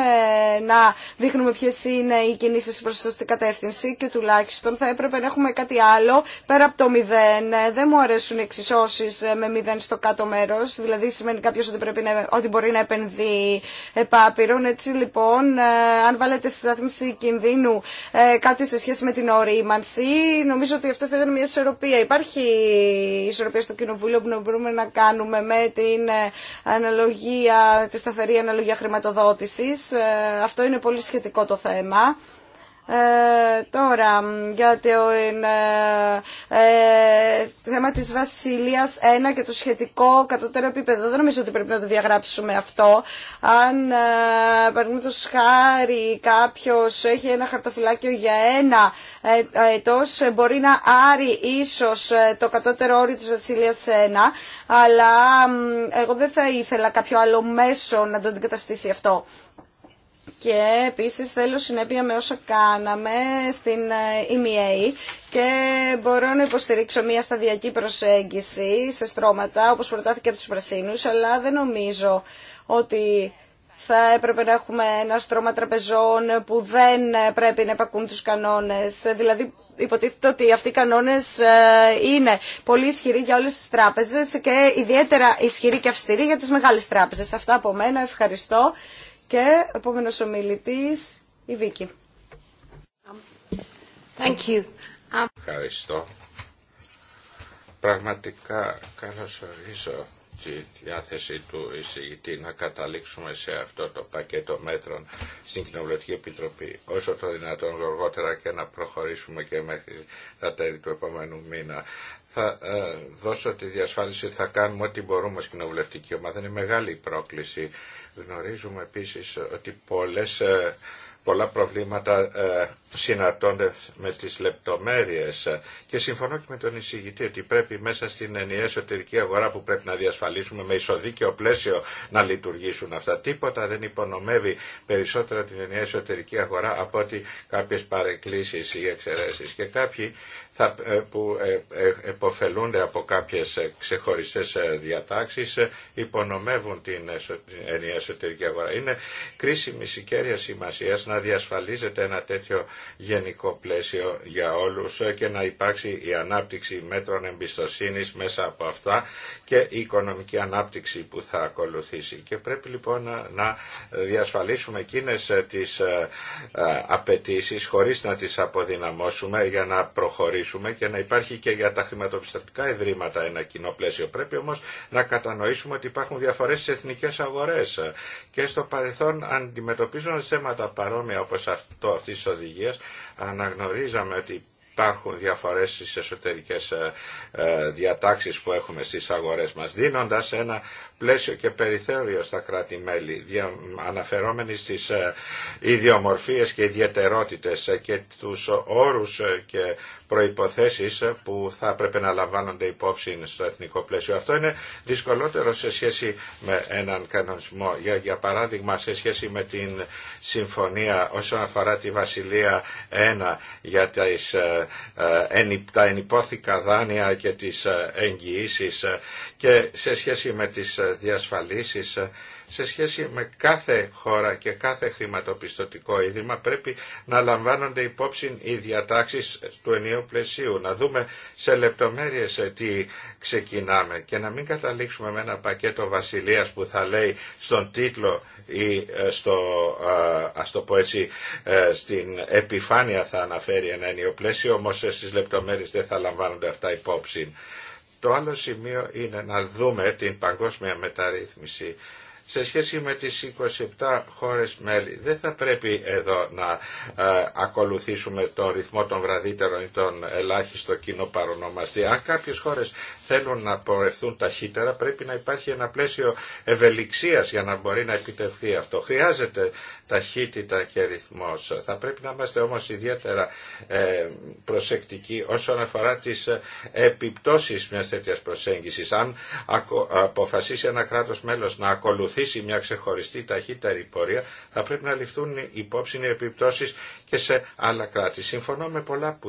να δείχνουμε ποιες είναι οι κινήσεις προς αυτή την κατεύθυνση και τουλάχιστον θα έπρεπε να έχουμε κάτι άλλο πέρα από το μηδέν. Δεν μου αρέσουν οι εξισώσεις ε, με μηδέν στο κάτω μέρος, δηλαδή σημαίνει κάποιο ότι, πρέπει ότι μπορεί να επενδύει επάπειρον. Έτσι λοιπόν, ε, αν στη στάθμιση κινδύνου ε, κάτι σε σχέση με την ορίμανση. Νομίζω ότι αυτό θα ήταν μια ισορροπία. Υπάρχει η ισορροπία στο Κοινοβούλιο που μπορούμε να κάνουμε με την ε, αναλογία, τη σταθερή αναλογία χρηματοδότησης. Ε, αυτό είναι πολύ σχετικό το θέμα. Ε, τώρα, για το ε, ε, θέμα της Βασιλείας 1 και το σχετικό κατώτερο επίπεδο, δεν νομίζω ότι πρέπει να το διαγράψουμε αυτό. Αν, ε, παραδείγματο χάρη, κάποιος έχει ένα χαρτοφυλάκιο για ένα ετός, μπορεί να άρει ίσως ε, το κατώτερο όριο της Βασιλείας 1, αλλά εγώ δεν θα ήθελα κάποιο άλλο μέσο να το αντικαταστήσει αυτό και επίσης θέλω συνέπεια με όσα κάναμε στην ε, EMEA και μπορώ να υποστηρίξω μια σταδιακή προσέγγιση σε στρώματα όπως προτάθηκε από τους Πρασίνους αλλά δεν νομίζω ότι θα έπρεπε να έχουμε ένα στρώμα τραπεζών που δεν πρέπει να επακούν τους κανόνες. Δηλαδή υποτίθεται ότι αυτοί οι κανόνες ε, είναι πολύ ισχυροί για όλες τις τράπεζες και ιδιαίτερα ισχυροί και αυστηροί για τις μεγάλες τράπεζες. Αυτά από μένα. Ευχαριστώ. Και επόμενος ομιλητής, η Βίκη. Thank you. Um, Ευχαριστώ. Πραγματικά καλωσορίζω τη διάθεση του εισηγητή να καταλήξουμε σε αυτό το πακέτο μέτρων στην Κοινοβουλευτική Επιτροπή όσο το δυνατόν γοργότερα και να προχωρήσουμε και μέχρι τα τέλη του επόμενου μήνα θα ε, δώσω τη διασφάλιση ότι θα κάνουμε ό,τι μπορούμε ως κοινοβουλευτική ομάδα. Είναι μεγάλη η πρόκληση. Γνωρίζουμε επίσης ότι πολλές, ε, πολλά προβλήματα ε, συναρτώνται με τις λεπτομέρειες και συμφωνώ και με τον εισηγητή ότι πρέπει μέσα στην ενιαία εσωτερική αγορά που πρέπει να διασφαλίσουμε με ισοδίκαιο πλαίσιο να λειτουργήσουν αυτά. Τίποτα δεν υπονομεύει περισσότερα την ενιαία εσωτερική αγορά από ότι κάποιες παρεκκλήσεις ή εξαιρέσεις και κάποιοι θα, ε, που ε, ε, εποφελούνται από κάποιες ξεχωριστές διατάξεις υπονομεύουν την ενιαία εσωτερική αγορά. Είναι κρίσιμη συγκέρια σημασία να διασφαλίζεται ένα τέτοιο γενικό πλαίσιο για όλους και να υπάρξει η ανάπτυξη μέτρων εμπιστοσύνης μέσα από αυτά και η οικονομική ανάπτυξη που θα ακολουθήσει. Και πρέπει λοιπόν να διασφαλίσουμε εκείνες ε, τις ε, ε, απαιτήσει χωρίς να τις αποδυναμώσουμε για να προχωρήσουμε και να υπάρχει και για τα χρηματοπιστωτικά ιδρύματα ένα κοινό πλαίσιο. Πρέπει όμως να κατανοήσουμε ότι υπάρχουν διαφορές στις εθνικές αγορές και στο παρελθόν αντιμετωπίζουν θέματα παρόμοια όπως αυτό αυτής της αναγνωρίζαμε ότι υπάρχουν διαφορές στις εσωτερικές ε, ε, διατάξεις που έχουμε στις αγορές μας, δίνοντας ένα πλαίσιο και περιθώριο στα κράτη-μέλη αναφερόμενοι στις ε, ιδιομορφίες και ιδιαιτερότητες ε, και τους όρους ε, και προϋποθέσεις που θα πρέπει να λαμβάνονται υπόψη στο εθνικό πλαίσιο. Αυτό είναι δυσκολότερο σε σχέση με έναν κανονισμό. Για, για παράδειγμα, σε σχέση με την συμφωνία όσον αφορά τη Βασιλεία 1 για τα ενυπόθηκα δάνεια και τις εγγυήσεις και σε σχέση με τις ε, διασφαλίσεις, ε, σε σχέση με κάθε χώρα και κάθε χρηματοπιστωτικό ίδρυμα πρέπει να λαμβάνονται υπόψη οι διατάξεις του ενίου πλαισίου, να δούμε σε λεπτομέρειες ε, τι ξεκινάμε και να μην καταλήξουμε με ένα πακέτο βασιλείας που θα λέει στον τίτλο ή στο, ας το στην επιφάνεια θα αναφέρει ένα ενίο πλαίσιο, όμως στις λεπτομέρειες δεν θα λαμβάνονται αυτά υπόψη. Το άλλο σημείο είναι να δούμε την παγκόσμια μεταρρύθμιση σε σχέση με τις 27 χώρες μέλη. Δεν θα πρέπει εδώ να ε, ακολουθήσουμε τον ρυθμό των βραδύτερων ή τον ελάχιστο κοινό παρονομαστή. Αν κάποιες χώρες θέλουν να πορευθούν ταχύτερα πρέπει να υπάρχει ένα πλαίσιο ευελιξίας για να μπορεί να επιτευχθεί αυτό. Χρειάζεται ταχύτητα και ρυθμός. Θα πρέπει να είμαστε όμως ιδιαίτερα ε, προσεκτικοί όσον αφορά τις ε, επιπτώσεις μιας τέτοιας προσέγγισης. Αν αποφασίσει ένα κράτος μέλος να ακολουθεί ακολουθήσει μια ξεχωριστή ταχύτερη πορεία, θα πρέπει να ληφθούν υπόψη οι επιπτώσεις και σε άλλα κράτη. Συμφωνώ με πολλά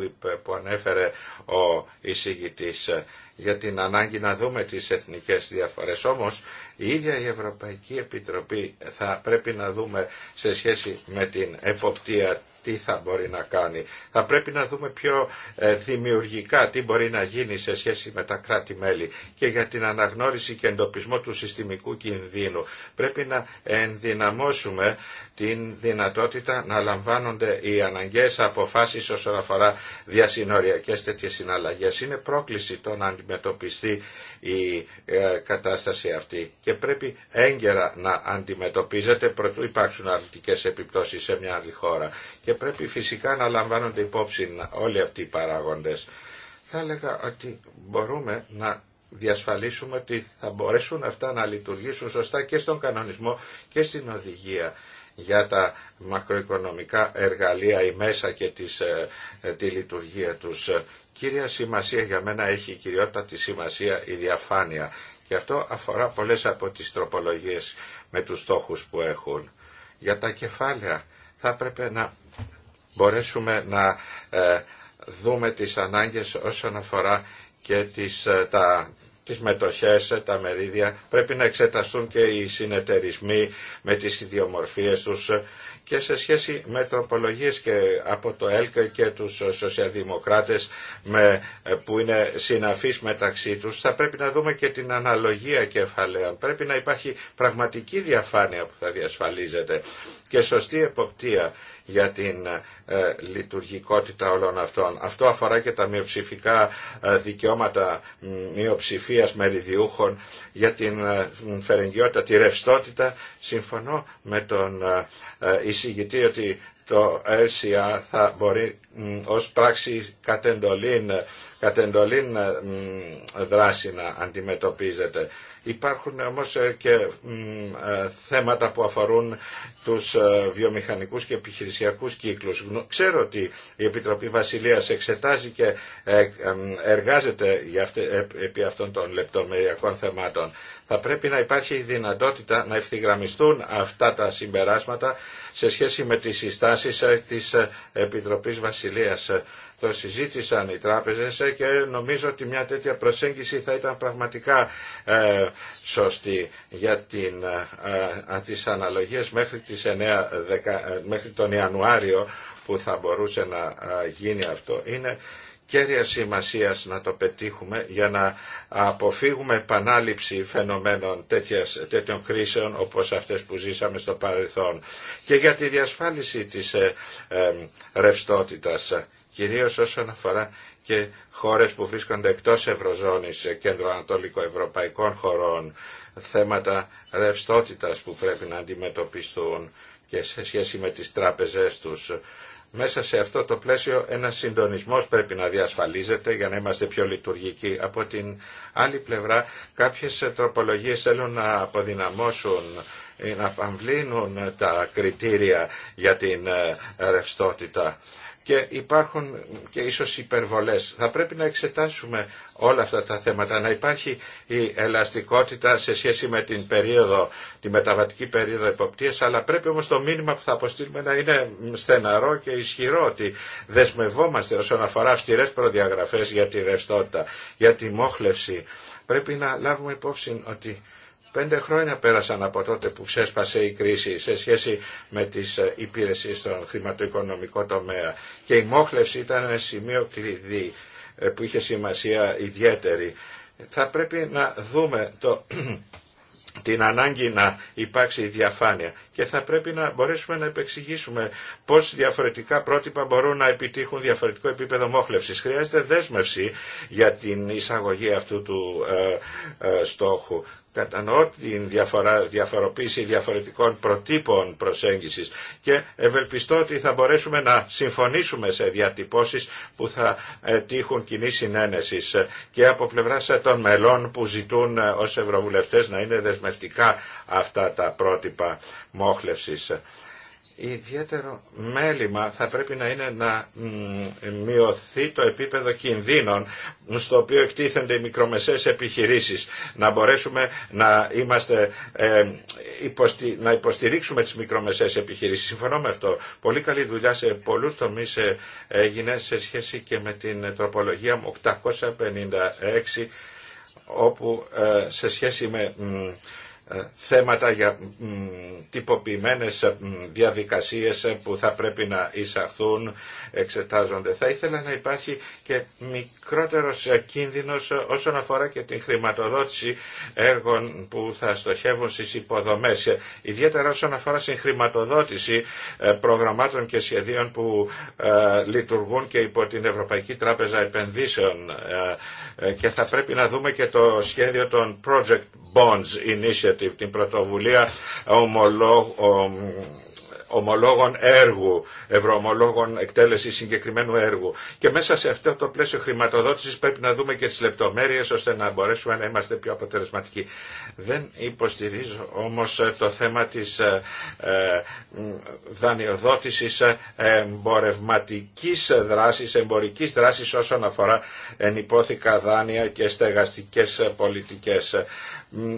που, ανέφερε ο εισηγητή ε, για την ανάγκη να δούμε τις εθνικές διαφορές. Όμως η ίδια η Ευρωπαϊκή Επιτροπή θα πρέπει να δούμε σε σχέση με την εποπτεία τι θα μπορεί να κάνει. Θα πρέπει να δούμε πιο ε, δημιουργικά τι μπορεί να γίνει σε σχέση με τα κράτη-μέλη και για την αναγνώριση και εντοπισμό του συστημικού κινδύνου. Πρέπει να ενδυναμώσουμε την δυνατότητα να λαμβάνονται οι αναγκαίες αποφάσεις όσον αφορά διασυνοριακές τέτοιες συναλλαγές. Είναι πρόκληση το να αντιμετωπιστεί η ε, κατάσταση αυτή και πρέπει έγκαιρα να αντιμετωπίζεται προτού υπάρξουν αρνητικές επιπτώσεις σε μια άλλη χώρα και πρέπει φυσικά να λαμβάνονται υπόψη όλοι αυτοί οι παράγοντες. Θα έλεγα ότι μπορούμε να διασφαλίσουμε ότι θα μπορέσουν αυτά να λειτουργήσουν σωστά και στον κανονισμό και στην οδηγία για τα μακροοικονομικά εργαλεία, η μέσα και τις, ε, ε, τη λειτουργία τους. Κύρια σημασία για μένα έχει η κυριότητα τη σημασία η διαφάνεια. Και αυτό αφορά πολλές από τις τροπολογίες με τους στόχους που έχουν. Για τα κεφάλαια θα έπρεπε να μπορέσουμε να ε, δούμε τις ανάγκες όσον αφορά και τις, τα τις μετοχές, τα μερίδια, πρέπει να εξεταστούν και οι συνεταιρισμοί με τις ιδιομορφίες τους και σε σχέση με τροπολογίες και από το ΕΛΚ και τους σοσιαλδημοκράτες με, που είναι συναφείς μεταξύ τους, θα πρέπει να δούμε και την αναλογία κεφαλαίων. Πρέπει να υπάρχει πραγματική διαφάνεια που θα διασφαλίζεται και σωστή εποπτεία για την ε, λειτουργικότητα όλων αυτών. Αυτό αφορά και τα μειοψηφικά ε, δικαιώματα μειοψηφίας μεριδιούχων για την ε, φερεγγιότητα, τη ρευστότητα. Συμφωνώ με τον εισηγητή ότι το LCR θα μπορεί ως πράξη κατ' εντολήν κατ' εντολήν ε, δράση να αντιμετωπίζεται. Υπάρχουν όμως ε, και ε, θέματα που αφορούν τους βιομηχανικούς και επιχειρησιακούς κύκλους. Ξέρω ότι η Επιτροπή Βασιλείας εξετάζει και εργάζεται επί αυτών των λεπτομεριακών θεμάτων. Θα πρέπει να υπάρχει η δυνατότητα να ευθυγραμμιστούν αυτά τα συμπεράσματα σε σχέση με τις συστάσεις της Επιτροπής Βασιλείας το συζήτησαν οι τράπεζες και νομίζω ότι μια τέτοια προσέγγιση θα ήταν πραγματικά ε, σωστή για την, ε, ε, τις αναλογίες μέχρι, τον Ιανουάριο που θα μπορούσε να γίνει αυτό. Είναι κέρια σημασία να το πετύχουμε για να αποφύγουμε επανάληψη φαινομένων τέτοιων κρίσεων όπως αυτές που ζήσαμε στο παρελθόν και για τη διασφάλιση της ε, ρευστότητας κυρίως όσον αφορά και χώρες που βρίσκονται εκτός Ευρωζώνης, κέντρο-ανατολικό ευρωπαϊκών χωρών, θέματα ρευστότητας που πρέπει να αντιμετωπιστούν και σε σχέση με τις τράπεζές τους. Μέσα σε αυτό το πλαίσιο ένα συντονισμός πρέπει να διασφαλίζεται για να είμαστε πιο λειτουργικοί. Από την άλλη πλευρά κάποιες τροπολογίες θέλουν να αποδυναμώσουν ή να παμβλύνουν τα κριτήρια για την ε, ρευστότητα και υπάρχουν και ίσως υπερβολές. Θα πρέπει να εξετάσουμε όλα αυτά τα θέματα, να υπάρχει η ελαστικότητα σε σχέση με την περίοδο, τη μεταβατική περίοδο εποπτείας, αλλά πρέπει όμως το μήνυμα που θα αποστείλουμε να είναι στεναρό και ισχυρό ότι δεσμευόμαστε όσον αφορά αυστηρές προδιαγραφές για τη ρευστότητα, για τη μόχλευση. Πρέπει να λάβουμε υπόψη ότι Πέντε χρόνια πέρασαν από τότε που ξέσπασε η κρίση σε σχέση με τις ε, υπηρεσίες στον χρηματοοικονομικό τομέα και η μόχλευση ήταν ένα σημείο κλειδί ε, που είχε σημασία ιδιαίτερη. Θα πρέπει να δούμε το, [CLEARS THROAT] την ανάγκη να υπάρξει διαφάνεια και θα πρέπει να μπορέσουμε να επεξηγήσουμε πώς διαφορετικά πρότυπα μπορούν να επιτύχουν διαφορετικό επίπεδο μόχλευσης. Χρειάζεται δέσμευση για την εισαγωγή αυτού του ε, στόχου κατανοώ την διαφοροποίηση διαφορετικών προτύπων προσέγγισης και ευελπιστώ ότι θα μπορέσουμε να συμφωνήσουμε σε διατυπώσεις που θα ε, τύχουν κοινή συνένεση ε, και από πλευρά ε, των μελών που ζητούν ως ευρωβουλευτές να είναι δεσμευτικά αυτά τα πρότυπα μόχλευσης ιδιαίτερο μέλημα θα πρέπει να είναι να μειωθεί το επίπεδο κινδύνων στο οποίο εκτίθενται οι μικρομεσαίες επιχειρήσεις. Να μπορέσουμε να, είμαστε, ε, υποστη, να υποστηρίξουμε τις μικρομεσαίες επιχειρήσεις. Συμφωνώ με αυτό. Πολύ καλή δουλειά σε πολλούς τομείς ε, έγινε σε σχέση και με την τροπολογία μου 856 όπου ε, σε σχέση με ε, θέματα για τυποποιημένες ε, διαδικασίες ε, που θα πρέπει να εισαχθούν, εξετάζονται. Θα ήθελα να υπάρχει και μικρότερος κίνδυνος όσον αφορά και την χρηματοδότηση έργων που θα στοχεύουν στις υποδομές. Ιδιαίτερα όσον αφορά στην χρηματοδότηση προγραμμάτων και σχεδίων που λειτουργούν και υπό την Ευρωπαϊκή Τράπεζα Επενδύσεων και θα πρέπει να δούμε και το σχέδιο των Project Bonds Initiative την πρωτοβουλία ομολόγων έργου, ευρωομολόγων εκτέλεση συγκεκριμένου έργου. Και μέσα σε αυτό το πλαίσιο χρηματοδότησης πρέπει να δούμε και τις λεπτομέρειες ώστε να μπορέσουμε να είμαστε πιο αποτελεσματικοί. Δεν υποστηρίζω όμως το θέμα της ε, ε δανειοδότησης ε, εμπορευματικής δράσης, εμπορικής δράσης όσον αφορά ενυπόθηκα δάνεια και στεγαστικές πολιτικές.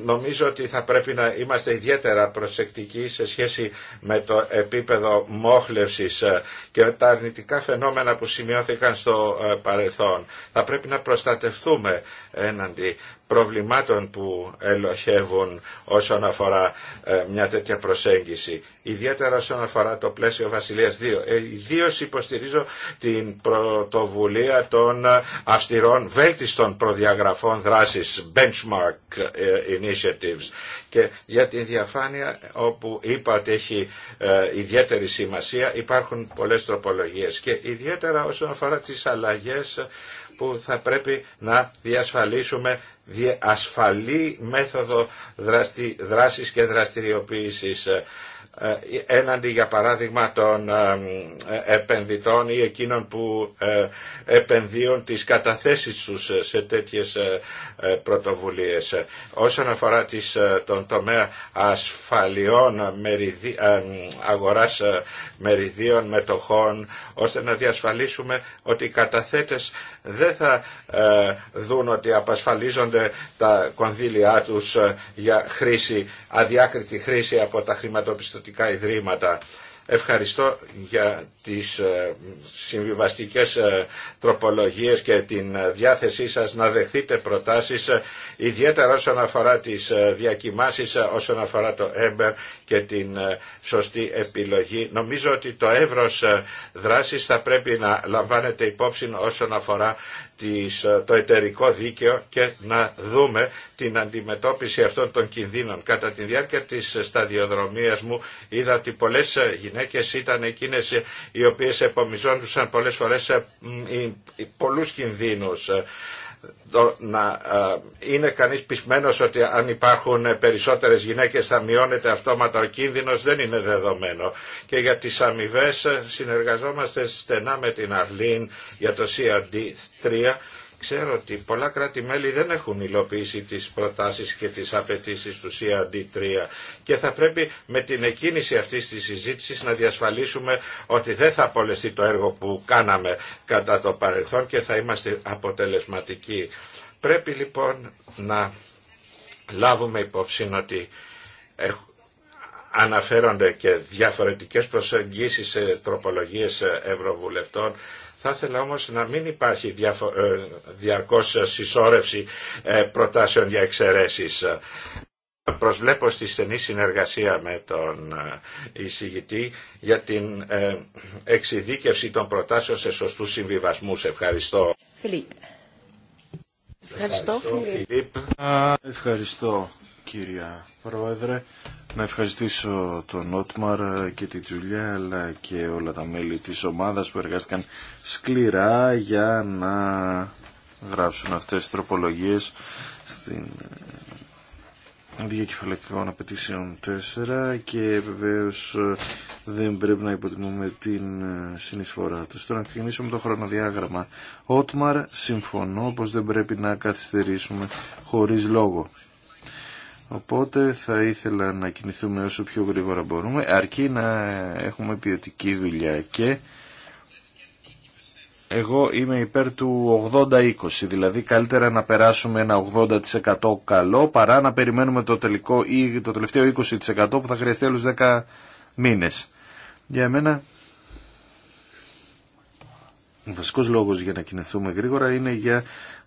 Νομίζω ότι θα πρέπει να είμαστε ιδιαίτερα προσεκτικοί σε σχέση με το επίπεδο μόχλευσης ε, και τα αρνητικά φαινόμενα που σημειώθηκαν στο ε, παρελθόν. Θα πρέπει να προστατευτούμε έναντι προβλημάτων που ελοχεύουν όσον αφορά ε, μια τέτοια προσέγγιση. Ιδιαίτερα όσον αφορά το πλαίσιο Βασιλείας 2. Ε, Ιδίω υποστηρίζω την πρωτοβουλία των αυστηρών βέλτιστων προδιαγραφών δράσης, benchmark ε, initiatives. Και για την διαφάνεια όπου είπα ότι έχει ιδιαίτερη σημασία υπάρχουν πολλές τροπολογίες και ιδιαίτερα όσον αφορά τις αλλαγές που θα πρέπει να διασφαλίσουμε ασφαλή μέθοδο δραστη, δράσης και δραστηριοποίησης ε, ε, έναντι για παράδειγμα των ε, επενδυτών ή εκείνων που επενδύουν τις καταθέσεις τους σε τέτοιες πρωτοβουλίες. Όσον αφορά τις, τον τομέα ασφαλιών μεριδι, αγοράς μεριδίων μετοχών ώστε να διασφαλίσουμε ότι οι καταθέτες δεν θα ε, δουν ότι απασφαλίζονται τα κονδύλια τους ε, για χρήση, αδιάκριτη χρήση από τα χρηματοπιστωτικά ιδρύματα. Ευχαριστώ για τις ε, συμβιβαστικές ε, τροπολογίες και την ε, διάθεσή σας να δεχθείτε προτάσεις ιδιαίτερα όσον αφορά τις διακοιμάσεις, όσον αφορά το έμπερ και την σωστή επιλογή. Νομίζω ότι το εύρος δράσης θα πρέπει να λαμβάνεται υπόψη όσον αφορά ε, το εταιρικό δίκαιο και να δούμε την αντιμετώπιση αυτών των κινδύνων. Κατά τη διάρκεια της σταδιοδρομίας μου είδα ότι πολλές ε, γυναίκες ήταν εκείνες ε, οι οποίες επομιζόντουσαν πολλές φορές πολλούς κινδύνους να ε, είναι κανείς πεισμένος ότι αν υπάρχουν περισσότερες γυναίκες θα μειώνεται αυτόματα ο κίνδυνος δεν είναι δεδομένο. Και για τις αμοιβέ ε, συνεργαζόμαστε στενά με την Αρλίν για το CRD3 Ξέρω ότι πολλά κράτη-μέλη δεν έχουν υλοποιήσει τις προτάσεις και τις απαιτήσεις του CRD3 και θα πρέπει με την εκκίνηση αυτής της συζήτησης να διασφαλίσουμε ότι δεν θα απολεστεί το έργο που κάναμε κατά το παρελθόν και θα είμαστε αποτελεσματικοί. Πρέπει λοιπόν να λάβουμε υπόψη ότι αναφέρονται και διαφορετικές προσεγγίσεις σε τροπολογίες ευρωβουλευτών θα ήθελα όμως να μην υπάρχει διαρκώ ε, διαρκώς συσσόρευση ε, προτάσεων για εξαιρέσεις. Προσβλέπω στη στενή συνεργασία με τον ε, εισηγητή για την εξειδίκευση των προτάσεων σε σωστούς συμβιβασμούς. Ευχαριστώ. Φιλίπ. Ευχαριστώ, Φιλίπ. Ευχαριστώ, κυρία Πρόεδρε. Να ευχαριστήσω τον Ότμαρ και τη Τζουλιά αλλά και όλα τα μέλη της ομάδας που εργάστηκαν σκληρά για να γράψουν αυτές τις τροπολογίες στην ε, διακεφαλαϊκών απαιτήσεων 4 και βεβαίω ε, δεν πρέπει να υποτιμούμε την ε, συνεισφορά του. Τώρα να ξεκινήσουμε το χρονοδιάγραμμα. Ότμαρ, συμφωνώ πως δεν πρέπει να καθυστερήσουμε χωρίς λόγο. Οπότε θα ήθελα να κινηθούμε όσο πιο γρήγορα μπορούμε, αρκεί να έχουμε ποιοτική δουλειά και εγώ είμαι υπέρ του 80-20, δηλαδή καλύτερα να περάσουμε ένα 80% καλό παρά να περιμένουμε το, τελικό, ή το τελευταίο 20% που θα χρειαστεί άλλους 10 μήνες. Για μένα ο βασικός λόγος για να κινηθούμε γρήγορα είναι για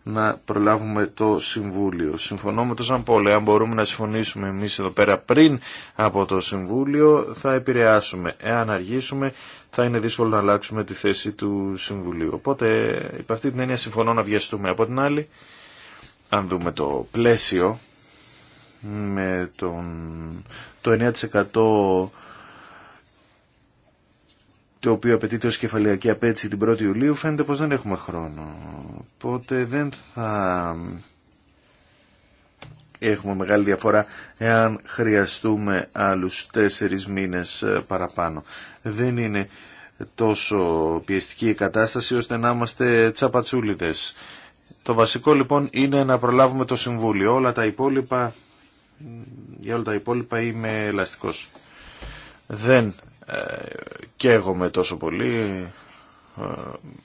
να προλάβουμε το Συμβούλιο. Συμφωνώ με τον Σαμπόλε, αν μπορούμε να συμφωνήσουμε εμείς εδώ πέρα πριν από το Συμβούλιο θα επηρεάσουμε. Εάν αργήσουμε θα είναι δύσκολο να αλλάξουμε τη θέση του Συμβουλίου. Οπότε υπ' αυτή την έννοια συμφωνώ να βιαστούμε. Από την άλλη, αν δούμε το πλαίσιο με τον, το 9% το οποίο απαιτείται ως κεφαλαιακή απέτηση την 1η Ιουλίου, φαίνεται πως δεν έχουμε χρόνο. Οπότε δεν θα έχουμε μεγάλη διαφορά εάν χρειαστούμε άλλους τέσσερις μήνες ε, παραπάνω. Δεν είναι τόσο πιεστική η κατάσταση ώστε να είμαστε τσαπατσούλιδες. Το βασικό λοιπόν είναι να προλάβουμε το Συμβούλιο. Όλα τα υπόλοιπα, για όλα τα υπόλοιπα είμαι ελαστικός. Δεν ε, καίγομαι τόσο πολύ ε,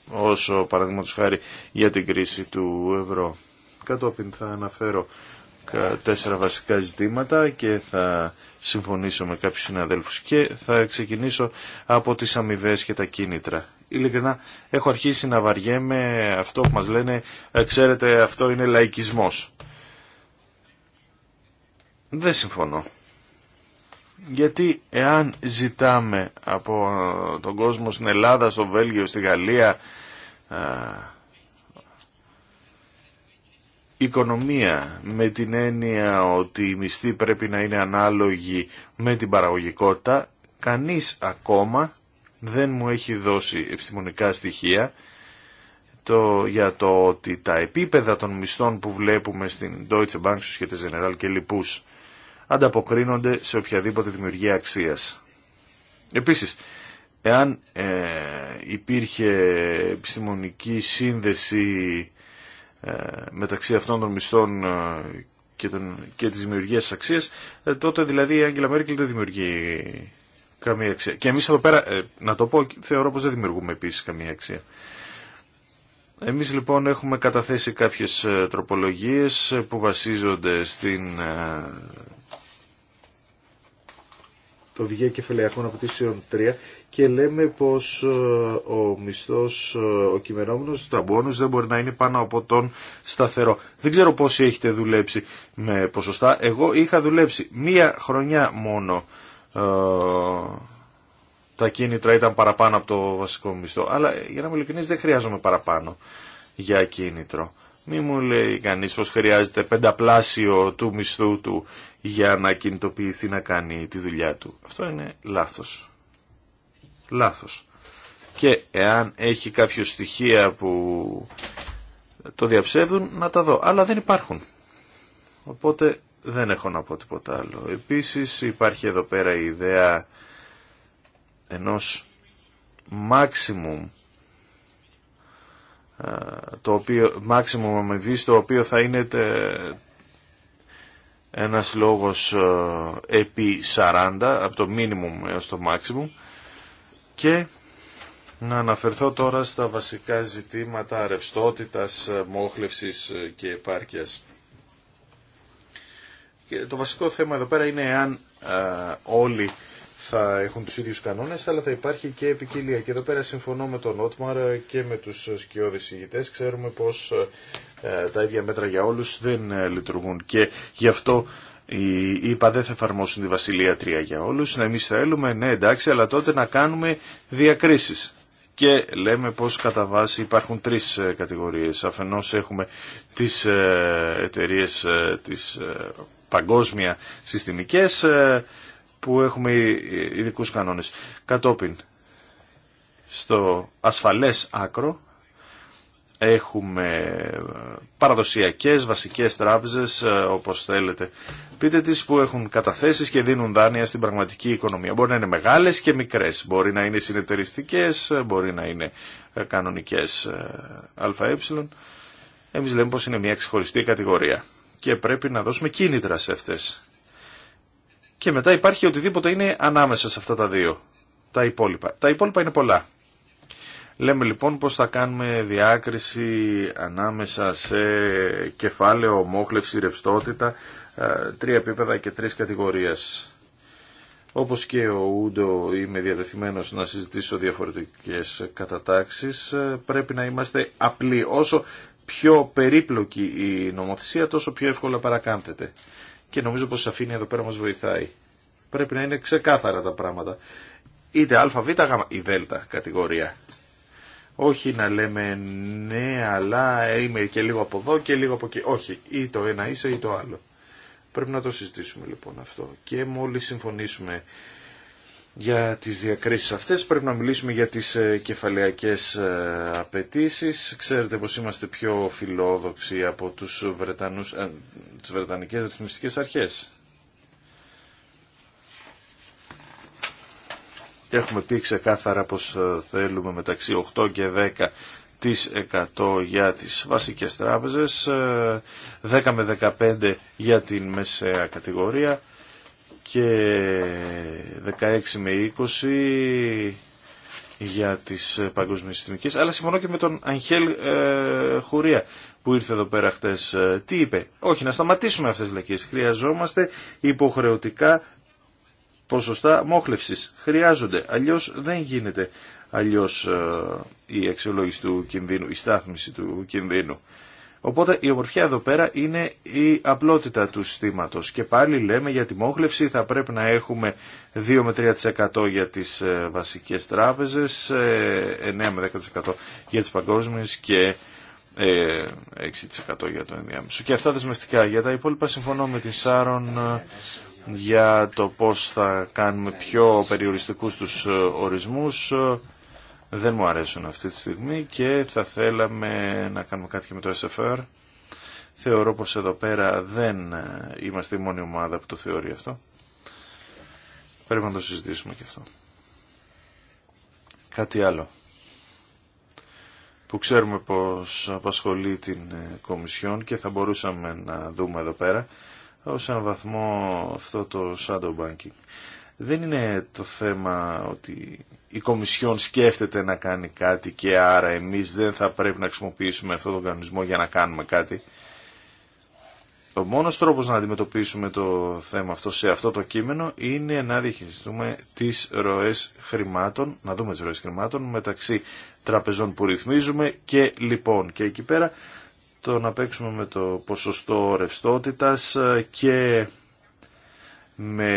όσο παραδείγματο χάρη για την κρίση του ευρώ. Κατόπιν θα αναφέρω τέσσερα βασικά ζητήματα και θα συμφωνήσω με κάποιους συναδέλφους και θα ξεκινήσω από τις αμοιβέ και τα κίνητρα. Ειλικρινά έχω αρχίσει να βαριέμαι αυτό που μας λένε ε, ξέρετε αυτό είναι λαϊκισμός. Δεν συμφωνώ. Γιατί εάν ζητάμε από τον κόσμο στην Ελλάδα, στο Βέλγιο, στη Γαλλία οικονομία με την έννοια ότι η μισθή πρέπει να είναι ανάλογη με την παραγωγικότητα, κανείς ακόμα δεν μου έχει δώσει επιστημονικά στοιχεία το, για το ότι τα επίπεδα των μισθών που βλέπουμε στην Deutsche Bank, στους General και λοιπούς ανταποκρίνονται σε οποιαδήποτε δημιουργία αξίας. Επίσης, εάν ε, υπήρχε επιστημονική σύνδεση ε, μεταξύ αυτών των μισθών ε, και, των, και της δημιουργίας αξίας, ε, τότε δηλαδή η Άγγελα Μέρκελ δεν δημιουργεί καμία αξία. Και εμείς εδώ πέρα, να το πω, θεωρώ πως δεν δημιουργούμε επίσης καμία αξία. Εμείς λοιπόν έχουμε καταθέσει κάποιες τροπολογίες που βασίζονται στην το οδηγία κεφαλαιακών αποτήσεων 3 και λέμε πως ε, ο μισθός, ε, ο κειμενόμενος, τα μπόνους δεν μπορεί να είναι πάνω από τον σταθερό. Δεν ξέρω πόσοι έχετε δουλέψει με ποσοστά. Εγώ είχα δουλέψει μία χρονιά μόνο ε, τα κίνητρα ήταν παραπάνω από το βασικό μισθό. Αλλά για να είμαι δεν χρειάζομαι παραπάνω για κίνητρο. Μη μου λέει κανείς πως χρειάζεται πενταπλάσιο του μισθού του για να κινητοποιηθεί να κάνει τη δουλειά του. Αυτό είναι λάθος. Λάθος. Και εάν έχει κάποιο στοιχεία που το διαψεύδουν να τα δω. Αλλά δεν υπάρχουν. Οπότε δεν έχω να πω τίποτα άλλο. Επίσης υπάρχει εδώ πέρα η ιδέα ενός maximum ε, το οποίο, maximum αμοιβή, το οποίο θα είναι ένας λόγος ε, επί 40, από το minimum έως το maximum. Και να αναφερθώ τώρα στα βασικά ζητήματα ρευστότητας, ε, μόχλευσης και επάρκειας. Και το βασικό θέμα εδώ πέρα είναι εάν όλοι θα έχουν τους ίδιους κανόνες, αλλά θα υπάρχει και επικοινία. Και εδώ πέρα συμφωνώ με τον Ότμαρ και με τους σκιώδεις ηγητές. Ξέρουμε πως ε, τα ίδια μέτρα για όλους δεν ε, λειτουργούν και γι' αυτό οι δεν θα εφαρμόσουν τη Βασιλεία 3 για όλους. Να εμείς θέλουμε, ναι εντάξει, αλλά τότε να κάνουμε διακρίσεις. Και λέμε πως κατά βάση υπάρχουν τρεις ε, κατηγορίες. Αφενός έχουμε τις εταιρείε τις παγκόσμια συστημικές που έχουμε ειδικού κανόνες. Κατόπιν, στο ασφαλές άκρο έχουμε ε, παραδοσιακές βασικές τράπεζες ε, όπως θέλετε πείτε τις που έχουν καταθέσεις και δίνουν δάνεια στην πραγματική οικονομία μπορεί να είναι μεγάλες και μικρές μπορεί να είναι συνεταιριστικές ε, μπορεί να είναι κανονικές αε εμείς λέμε πως είναι μια ξεχωριστή κατηγορία και πρέπει να δώσουμε κίνητρα σε αυτές και μετά υπάρχει οτιδήποτε είναι ανάμεσα σε αυτά τα δύο. Τα υπόλοιπα. Τα υπόλοιπα είναι πολλά. Λέμε λοιπόν πως θα κάνουμε διάκριση ανάμεσα σε κεφάλαιο, μόχλευση, ρευστότητα, ε, τρία επίπεδα και τρεις κατηγορίες. Όπως και ο Ούντο είμαι διατεθειμένος να συζητήσω διαφορετικές κατατάξεις, ε, πρέπει να είμαστε απλοί. Όσο πιο περίπλοκη η νομοθεσία, τόσο πιο εύκολα παρακάμπτεται και νομίζω πως η σαφήνεια εδώ πέρα μας βοηθάει. Πρέπει να είναι ξεκάθαρα τα πράγματα. Είτε α, β, γ ή δ κατηγορία. Όχι να λέμε ναι, αλλά ε, είμαι και λίγο από εδώ και λίγο από εκεί. Όχι, ή το ένα είσαι ή το άλλο. Πρέπει να το συζητήσουμε λοιπόν αυτό. Και μόλις συμφωνήσουμε για τις διακρίσεις αυτές. Πρέπει να μιλήσουμε για τις ε, κεφαλαιακές ε, απαιτήσει. Ξέρετε πως είμαστε πιο φιλόδοξοι από τους Βρετανούς, ε, τις Βρετανικές ρυθμιστικές αρχές. Έχουμε πει ξεκάθαρα πως ε, θέλουμε μεταξύ 8 και 10 τις 100 για τις βασικές τράπεζες, 10 με 15 για την μεσαία κατηγορία και 16 με 20 για τις παγκόσμιες συστημικές, αλλά συμφωνώ και με τον Αγχέλ ε, Χουρία που ήρθε εδώ πέρα χτες. Ε, τι είπε, όχι να σταματήσουμε αυτές τις λακίες, χρειαζόμαστε υποχρεωτικά ποσοστά μόχλευσης, χρειάζονται, αλλιώς δεν γίνεται αλλιώς ε, η αξιολόγηση του κινδύνου, η στάθμιση του κινδύνου. Οπότε η ομορφιά εδώ πέρα είναι η απλότητα του συστήματος. Και πάλι λέμε για τη μόχλευση θα πρέπει να έχουμε 2 με 3% για τις ε, βασικές τράπεζες, 9 ε, με 10% για τις παγκόσμιες και 6% ε, για το ενδιάμεσο. Και αυτά δεσμευτικά. Για τα υπόλοιπα συμφωνώ με την Σάρων για το πώς θα κάνουμε πιο περιοριστικούς τους ορισμούς δεν μου αρέσουν αυτή τη στιγμή και θα θέλαμε να κάνουμε κάτι και με το SFR. Θεωρώ πως εδώ πέρα δεν είμαστε η μόνη ομάδα που το θεωρεί αυτό. Πρέπει να το συζητήσουμε και αυτό. Κάτι άλλο που ξέρουμε πως απασχολεί την ε, Κομισιόν και θα μπορούσαμε να δούμε εδώ πέρα ως έναν βαθμό αυτό το shadow banking. Δεν είναι το θέμα ότι η Κομισιόν σκέφτεται να κάνει κάτι και άρα εμείς δεν θα πρέπει να χρησιμοποιήσουμε αυτόν τον κανονισμό για να κάνουμε κάτι. Ο μόνος τρόπος να αντιμετωπίσουμε το θέμα αυτό σε αυτό το κείμενο είναι να διαχειριστούμε τις ροές χρημάτων, να δούμε τις ροές χρημάτων μεταξύ τραπεζών που ρυθμίζουμε και λοιπόν. Και εκεί πέρα το να παίξουμε με το ποσοστό ρευστότητας και με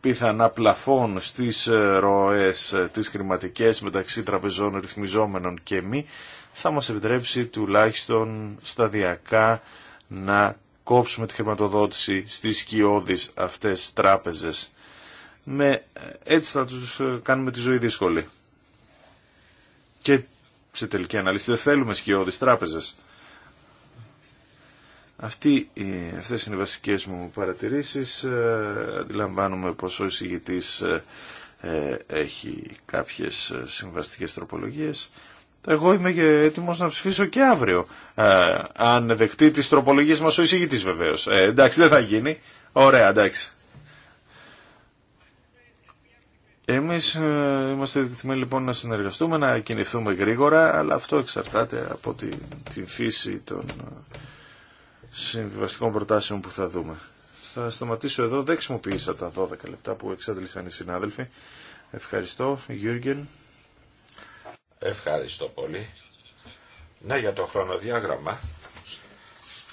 πιθανά πλαφών στις ε, ροές ε, τις χρηματικές μεταξύ τραπεζών ρυθμιζόμενων και μη θα μας επιτρέψει τουλάχιστον σταδιακά να κόψουμε τη χρηματοδότηση στις σκιώδεις αυτές τράπεζες. Με, ε, έτσι θα τους κάνουμε τη ζωή δύσκολη. Και σε τελική αναλύση δεν θέλουμε σκιώδεις τράπεζες. Αυτή, ε, αυτές είναι οι βασικές μου παρατηρήσεις. Ε, αντιλαμβάνομαι πως ο εισηγητής ε, έχει κάποιες συμβαστικές τροπολογίες. Εγώ είμαι και έτοιμος να ψηφίσω και αύριο. αν δεχτεί τις τροπολογίες μας ο εισηγητής βεβαίως. εντάξει δεν θα γίνει. Ωραία εντάξει. Εμείς είμαστε διεθνείς λοιπόν να συνεργαστούμε, να κινηθούμε γρήγορα, αλλά αυτό εξαρτάται από τη, τη φύση των συμβιβαστικών προτάσεων που θα δούμε. Θα σταματήσω εδώ. Δεν χρησιμοποίησα τα 12 λεπτά που εξάντλησαν οι συνάδελφοι. Ευχαριστώ. Γιούργεν. Ευχαριστώ πολύ. Ναι, για το χρονοδιάγραμμα.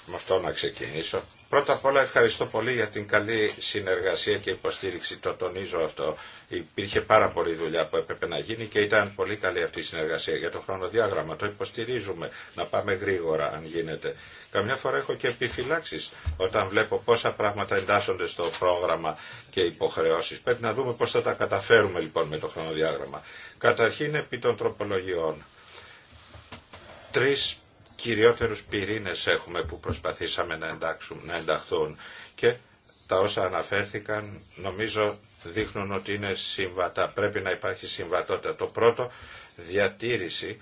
Με αυτό να ξεκινήσω. Πρώτα απ' όλα ευχαριστώ πολύ για την καλή συνεργασία και υποστήριξη. Το τονίζω αυτό. Υπήρχε πάρα πολλή δουλειά που έπρεπε να γίνει και ήταν πολύ καλή αυτή η συνεργασία. Για το χρονοδιάγραμμα το υποστηρίζουμε να πάμε γρήγορα αν γίνεται. Καμιά φορά έχω και επιφυλάξει όταν βλέπω πόσα πράγματα εντάσσονται στο πρόγραμμα και υποχρεώσει. Πρέπει να δούμε πώ θα τα καταφέρουμε λοιπόν με το χρονοδιάγραμμα. Καταρχήν επί των τροπολογιών κυριότερους πυρήνες έχουμε που προσπαθήσαμε να, εντάξουν, να ενταχθούν και τα όσα αναφέρθηκαν νομίζω δείχνουν ότι είναι συμβατά, πρέπει να υπάρχει συμβατότητα. Το πρώτο, διατήρηση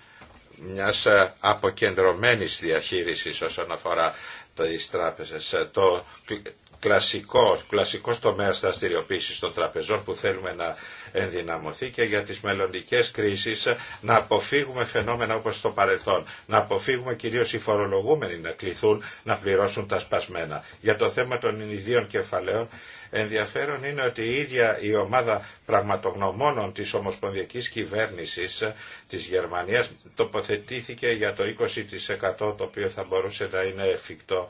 μιας ε, αποκεντρωμένης διαχείρισης όσον αφορά τις τράπεζες. Ε, το Κλασικό τομέα τομέας δραστηριοποίηση των τραπεζών που θέλουμε να ενδυναμωθεί και για τις μελλοντικές κρίσεις να αποφύγουμε φαινόμενα όπως στο παρελθόν. Να αποφύγουμε κυρίως οι φορολογούμενοι να κληθούν να πληρώσουν τα σπασμένα. Για το θέμα των ιδίων κεφαλαίων ενδιαφέρον είναι ότι η ίδια η ομάδα πραγματογνωμόνων της Ομοσπονδιακής Κυβέρνησης της Γερμανίας τοποθετήθηκε για το 20% το οποίο θα μπορούσε να είναι εφικτό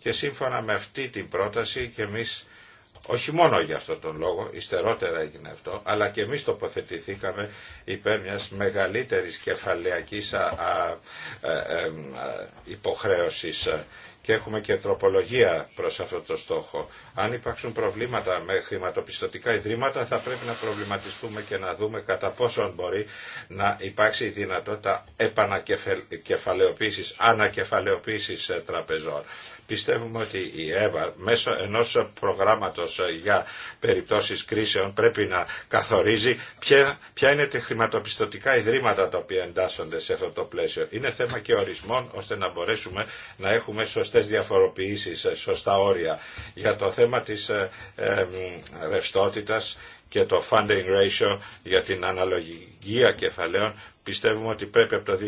και σύμφωνα με αυτή την πρόταση και εμείς όχι μόνο για αυτόν τον λόγο, υστερότερα έγινε αυτό, αλλά και εμείς τοποθετηθήκαμε υπέρ μιας μεγαλύτερης κεφαλαιακής υποχρέωση ε, υποχρέωσης και έχουμε και τροπολογία προς αυτό το στόχο. Αν υπάρξουν προβλήματα με χρηματοπιστωτικά ιδρύματα θα πρέπει να προβληματιστούμε και να δούμε κατά πόσον μπορεί να υπάρξει η δυνατότητα επανακεφαλαιοποίησης, ανακεφαλαιοποίησης ε, τραπεζών. Πιστεύουμε ότι η ΕΒΑ μέσω ενός προγράμματος για περιπτώσεις κρίσεων πρέπει να καθορίζει ποια, ποια είναι τα χρηματοπιστωτικά ιδρύματα τα οποία εντάσσονται σε αυτό το πλαίσιο. Είναι θέμα και ορισμών ώστε να μπορέσουμε να έχουμε σωστές διαφοροποιήσεις, σωστά όρια. Για το θέμα της ε, ρευστότητας και το funding ratio για την αναλογική κεφαλαίων Πιστεύουμε ότι πρέπει από το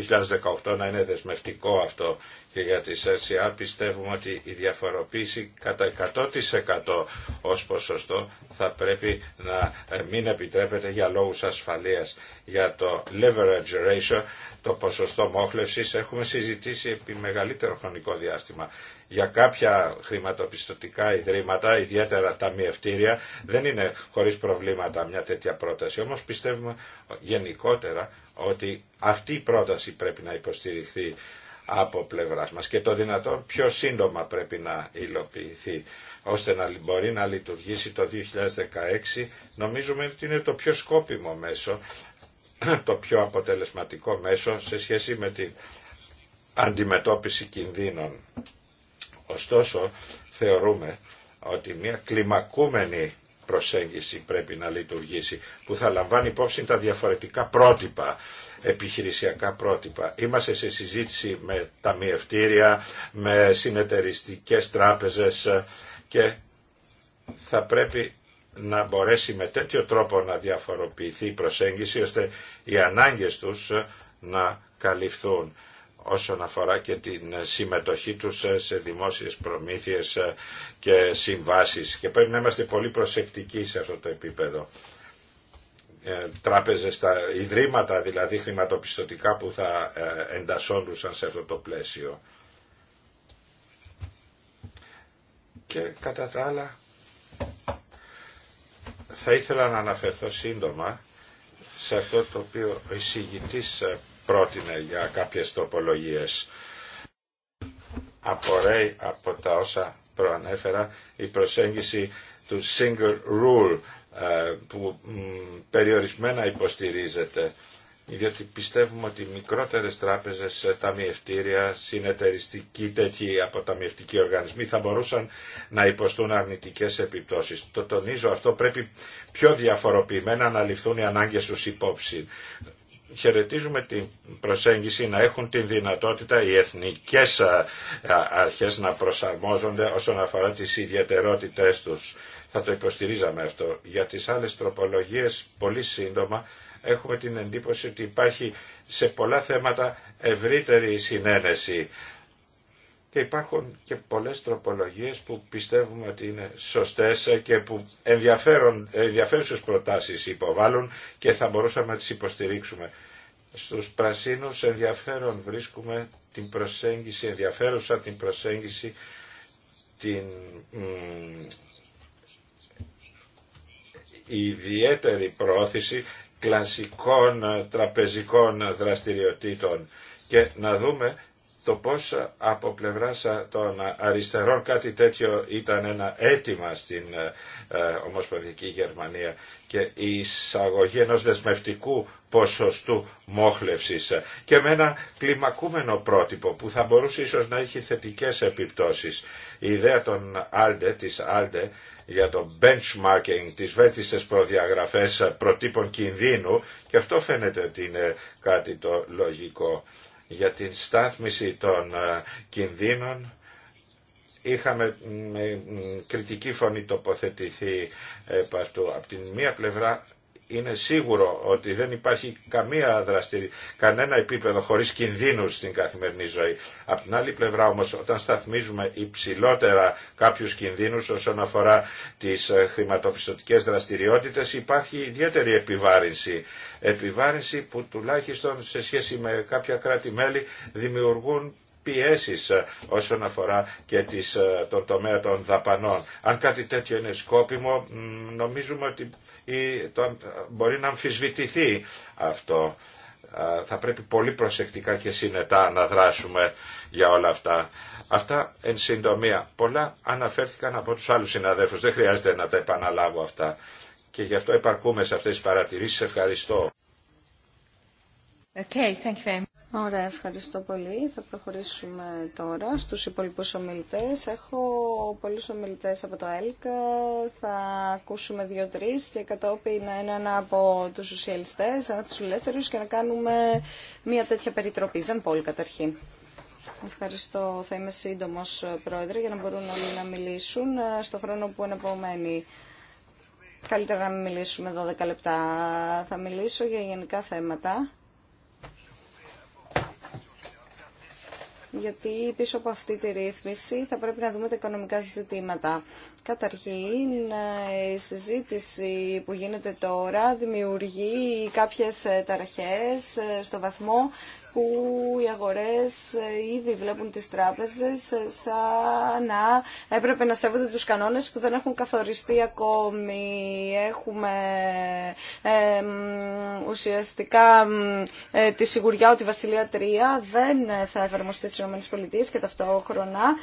2018 να είναι δεσμευτικό αυτό και για τη ΣΕΣΙΑ πιστεύουμε ότι η διαφοροποίηση κατά 100% ως ποσοστό θα πρέπει να ε, μην επιτρέπεται για λόγους ασφαλείας. Για το leverage ratio, το ποσοστό μόχλευσης, έχουμε συζητήσει επί μεγαλύτερο χρονικό διάστημα για κάποια χρηματοπιστωτικά ιδρύματα, ιδιαίτερα τα ταμιευτήρια, δεν είναι χωρίς προβλήματα μια τέτοια πρόταση. Όμως πιστεύουμε γενικότερα ότι αυτή η πρόταση πρέπει να υποστηριχθεί από πλευράς μας και το δυνατόν πιο σύντομα πρέπει να υλοποιηθεί ώστε να μπορεί να λειτουργήσει το 2016. Νομίζουμε ότι είναι το πιο σκόπιμο μέσο, [CLEARS THROAT] το πιο αποτελεσματικό μέσο σε σχέση με την αντιμετώπιση κινδύνων. Ωστόσο, θεωρούμε ότι μια κλιμακούμενη προσέγγιση πρέπει να λειτουργήσει που θα λαμβάνει υπόψη τα διαφορετικά πρότυπα επιχειρησιακά πρότυπα. Είμαστε σε συζήτηση με ταμιευτήρια, με συνεταιριστικές τράπεζες και θα πρέπει να μπορέσει με τέτοιο τρόπο να διαφοροποιηθεί η προσέγγιση ώστε οι ανάγκες τους να καλυφθούν όσον αφορά και την ε, συμμετοχή τους ε, σε δημόσιες προμήθειες ε, και συμβάσεις και πρέπει να είμαστε πολύ προσεκτικοί σε αυτό το επίπεδο τράπεζες, τα ιδρύματα δηλαδή χρηματοπιστωτικά που θα εντασσόντουσαν σε αυτό το πλαίσιο. Και κατά τα άλλα θα ήθελα να αναφερθώ σύντομα σε αυτό το οποίο ο εισηγητής πρότεινε για κάποιες τοπολογίες. Απορρέει από τα όσα προανέφερα η προσέγγιση του single rule ε, που περιορισμένα υποστηρίζεται διότι πιστεύουμε ότι μικρότερες τράπεζες, ε, ταμιευτήρια, συνεταιριστικοί τέτοιοι ταμιευτικοί οργανισμοί θα μπορούσαν να υποστούν αρνητικές επιπτώσεις. Το τονίζω αυτό πρέπει πιο διαφοροποιημένα να ληφθούν οι ανάγκες τους υπόψη χαιρετίζουμε την προσέγγιση να έχουν την δυνατότητα οι εθνικές αρχές να προσαρμόζονται όσον αφορά τις ιδιαιτερότητες τους. Θα το υποστηρίζαμε αυτό. Για τις άλλες τροπολογίες, πολύ σύντομα, έχουμε την εντύπωση ότι υπάρχει σε πολλά θέματα ευρύτερη συνένεση και υπάρχουν και πολλές τροπολογίες που πιστεύουμε ότι είναι σωστές και που ενδιαφέρουν ενδιαφέρουσες προτάσεις υποβάλλουν και θα μπορούσαμε να τις υποστηρίξουμε. Στους πρασίνους ενδιαφέρον βρίσκουμε την προσέγγιση, ενδιαφέρουσα την προσέγγιση την η ιδιαίτερη πρόθεση κλασικών τραπεζικών δραστηριοτήτων και να δούμε το πώς ε, από πλευράς ε, των αριστερών κάτι τέτοιο ήταν ένα αίτημα στην ε, Ομοσπονδιακή Γερμανία και η εισαγωγή ενός δεσμευτικού ποσοστού μόχλευσης και με ένα κλιμακούμενο πρότυπο που θα μπορούσε ίσως να έχει θετικές επιπτώσεις. Η ιδέα των ALDE, της ALDE για το benchmarking, τις βέλτιστες προδιαγραφές προτύπων κινδύνου και αυτό φαίνεται ότι είναι κάτι το λογικό για την στάθμιση των ε, κινδύνων είχαμε κριτική φωνή τοποθετηθεί ε, από αυτού. Από την μία πλευρά είναι σίγουρο ότι δεν υπάρχει καμία δραστηρι... κανένα επίπεδο χωρίς κινδύνους στην καθημερινή ζωή. Απ' την άλλη πλευρά όμως όταν σταθμίζουμε υψηλότερα κάποιους κινδύνους όσον αφορά τις ε, χρηματοπιστωτικές δραστηριότητες υπάρχει ιδιαίτερη επιβάρυνση. Επιβάρυνση που τουλάχιστον σε σχέση με κάποια κράτη-μέλη δημιουργούν πιέσεις ε, όσον αφορά και τις, ε, τον τομέα των δαπανών. Αν κάτι τέτοιο είναι σκόπιμο, νομίζουμε ότι ε, μπορεί να αμφισβητηθεί αυτό. Θα πρέπει πολύ προσεκτικά και συνετά να δράσουμε για όλα αυτά. Αυτά εν συντομία. Πολλά αναφέρθηκαν από τους άλλους συναδέλφους. Δεν χρειάζεται να τα επαναλάβω αυτά. Και γι' αυτό επαρκούμε σε αυτές τις παρατηρήσεις. Ευχαριστώ. Ωραία, ευχαριστώ πολύ. Θα προχωρήσουμε τώρα στους υπόλοιπους ομιλητές. Έχω πολλούς ομιλητές από το ΕΛΚ. Θα ακούσουμε δύο-τρεις και κατόπιν έναν από τους σοσιαλιστές, έναν από τους ελεύθερους και να κάνουμε μια τέτοια περιτροπή. Ζαν πολύ καταρχήν. Ευχαριστώ. Θα είμαι σύντομος, Πρόεδρε, για να μπορούν όλοι να μιλήσουν ε, στο χρόνο που είναι επόμενοι. Καλύτερα να μιλήσουμε 12 λεπτά. Θα μιλήσω για γενικά θέματα γιατί πίσω από αυτή τη ρύθμιση θα πρέπει να δούμε τα οικονομικά συζητήματα. Καταρχήν, ε, η συζήτηση που γίνεται τώρα δημιουργεί κάποιες ε, ταραχές ε, στο βαθμό που οι αγορές ε, ήδη βλέπουν τις τράπεζες ε, σαν να έπρεπε να σέβονται τους κανόνες που δεν έχουν καθοριστεί ακόμη. Έχουμε ουσιαστικά ε, τη σιγουριά ότι η Βασιλεία 3 δεν θα εφαρμοστεί στις ΗΠΑ και ταυτόχρονα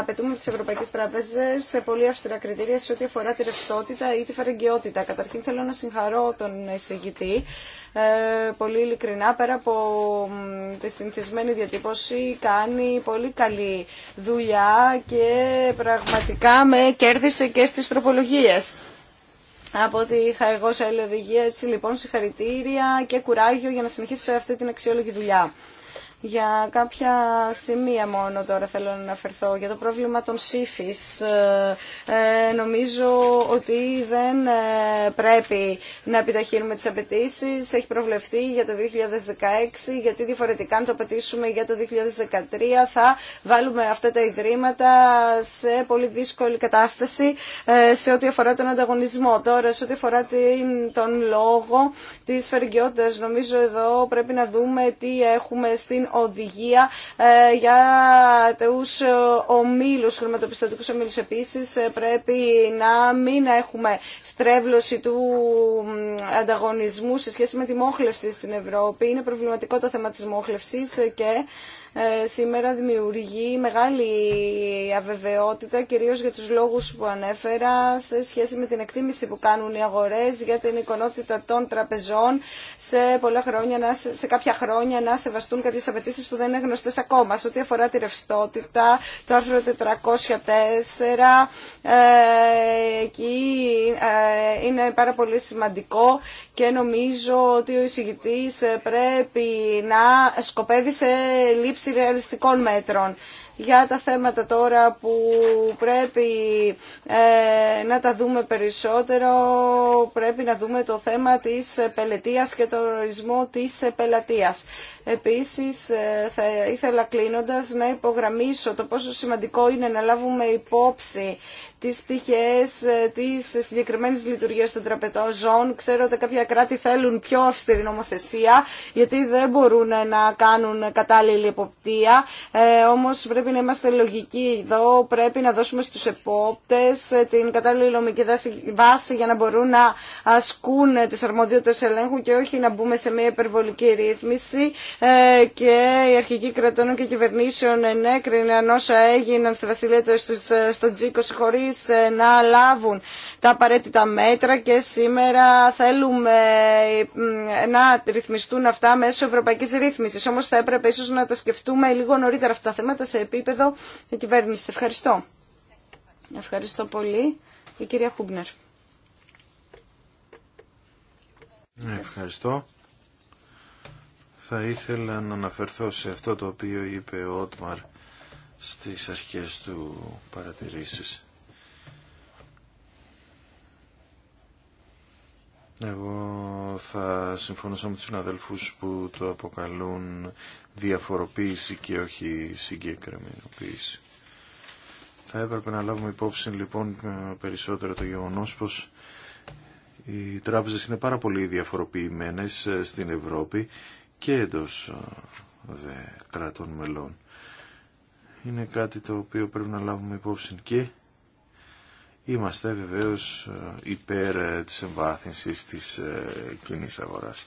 απαιτούμε από τις Ευρωπαϊκές Τράπεζες σε πολύ αυστηρά κριτήρια σε ό,τι αφορά τη ρευστότητα ή τη φαραγκαιότητα. Καταρχήν θέλω να συγχαρώ τον εισηγητή ε, πολύ ειλικρινά πέρα από τη συνηθισμένη διατύπωση κάνει πολύ καλή δουλειά και πραγματικά με κέρδισε και στις τροπολογίες. Από ό,τι είχα εγώ σε άλλη έτσι λοιπόν συγχαρητήρια και κουράγιο για να συνεχίσετε αυτή την αξιόλογη δουλειά. Για κάποια σημεία μόνο τώρα θέλω να αναφερθώ. Για το πρόβλημα των σύφης ε, ε, νομίζω ότι δεν ε, πρέπει να επιταχύνουμε τις απαιτήσει. Έχει προβλεφθεί για το 2016 γιατί διαφορετικά αν το απαιτήσουμε για το 2013 θα βάλουμε αυτά τα ιδρύματα σε πολύ δύσκολη κατάσταση σε ό,τι αφορά τον ανταγωνισμό. Τώρα σε ό,τι αφορά τον λόγο της φεργιότητας, νομίζω εδώ πρέπει να δούμε τι έχουμε στην οδηγία ε, για τους ε, ομίλους, χρηματοπιστωτικούς ομίλους. Επίσης ε, πρέπει να μην έχουμε στρέβλωση του ανταγωνισμού σε σχέση με τη μόχλευση στην Ευρώπη. Είναι προβληματικό το θέμα της μόχλευσης και ε, σήμερα δημιουργεί μεγάλη αβεβαιότητα, κυρίως για τους λόγους που ανέφερα, σε σχέση με την εκτίμηση που κάνουν οι αγορές για την εικονότητα των τραπεζών σε, πολλά χρόνια, σε κάποια χρόνια να σεβαστούν κάποιες απαιτήσει που δεν είναι γνωστές ακόμα. Σε ό,τι αφορά τη ρευστότητα, το άρθρο 404, ε, εκεί ε, είναι πάρα πολύ σημαντικό και νομίζω ότι ο εισηγητής πρέπει να σκοπεύει σε λήψη ρεαλιστικών μέτρων για τα θέματα τώρα που πρέπει ε, να τα δούμε περισσότερο. Πρέπει να δούμε το θέμα της πελετίας και το ορισμό της πελατείας. Επίσης, ε, ήθελα κλείνοντας να υπογραμμίσω το πόσο σημαντικό είναι να λάβουμε υπόψη τις πτυχές ε, της συγκεκριμένης λειτουργίας των τραπεζών. Ξέρω ότι κάποια κράτη θέλουν πιο αυστηρή νομοθεσία, γιατί δεν μπορούν να κάνουν κατάλληλη εποπτεία. όμως πρέπει να είμαστε λογικοί εδώ, πρέπει να δώσουμε στους επόπτες ε, την κατάλληλη νομική βάση για να μπορούν να ασκούν ε, τις αρμοδιότητες ελέγχου και όχι να μπούμε σε μια υπερβολική ρύθμιση ε, και οι αρχικοί κρατών και κυβερνήσεων ενέκριναν όσα έγιναν στη Βασιλεία του στο G20 χωρίς να λάβουν τα απαραίτητα μέτρα και σήμερα θέλουμε να ρυθμιστούν αυτά μέσω ευρωπαϊκής ρύθμισης. Όμως θα έπρεπε ίσως να τα σκεφτούμε λίγο νωρίτερα αυτά τα θέματα σε επίπεδο κυβέρνηση. Ευχαριστώ. Ευχαριστώ πολύ. Η κυρία Χούμπνερ. Ευχαριστώ. Θα ήθελα να αναφερθώ σε αυτό το οποίο είπε ο Ότμαρ στις αρχές του παρατηρήσεις. Εγώ θα συμφωνήσω με τους συναδελφούς που το αποκαλούν διαφοροποίηση και όχι συγκεκριμενοποίηση. Θα έπρεπε να λάβουμε υπόψη λοιπόν περισσότερο το γεγονός πως οι τράπεζες είναι πάρα πολύ διαφοροποιημένες ε, στην Ευρώπη και εντός ε, κρατών μελών. Είναι κάτι το οποίο πρέπει να λάβουμε υπόψη και Είμαστε βεβαίως ε, υπέρ ε, της εμβάθυνσης της ε, κοινή αγοράς.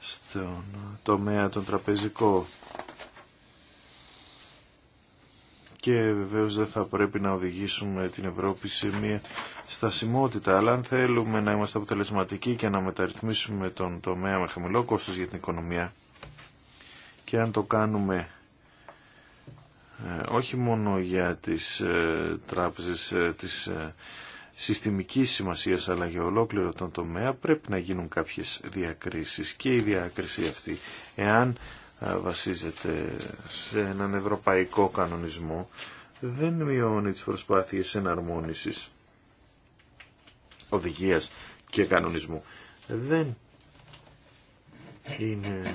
Στον τομέα των τραπεζικό και βεβαίως δεν θα πρέπει να οδηγήσουμε την Ευρώπη σε μια στασιμότητα. Αλλά αν θέλουμε να είμαστε αποτελεσματικοί και να μεταρρυθμίσουμε τον τομέα με χαμηλό κόστος για την οικονομία και αν το κάνουμε ε, όχι μόνο για τις ε, τράπεζες ε, της συστημικής σημασίας αλλά για ολόκληρο τον τομέα πρέπει να γίνουν κάποιες διακρίσεις και η διακρίση αυτή εάν βασίζεται σε έναν ευρωπαϊκό κανονισμό δεν μειώνει τις προσπάθειες εναρμόνισης οδηγίας και κανονισμού. Δεν είναι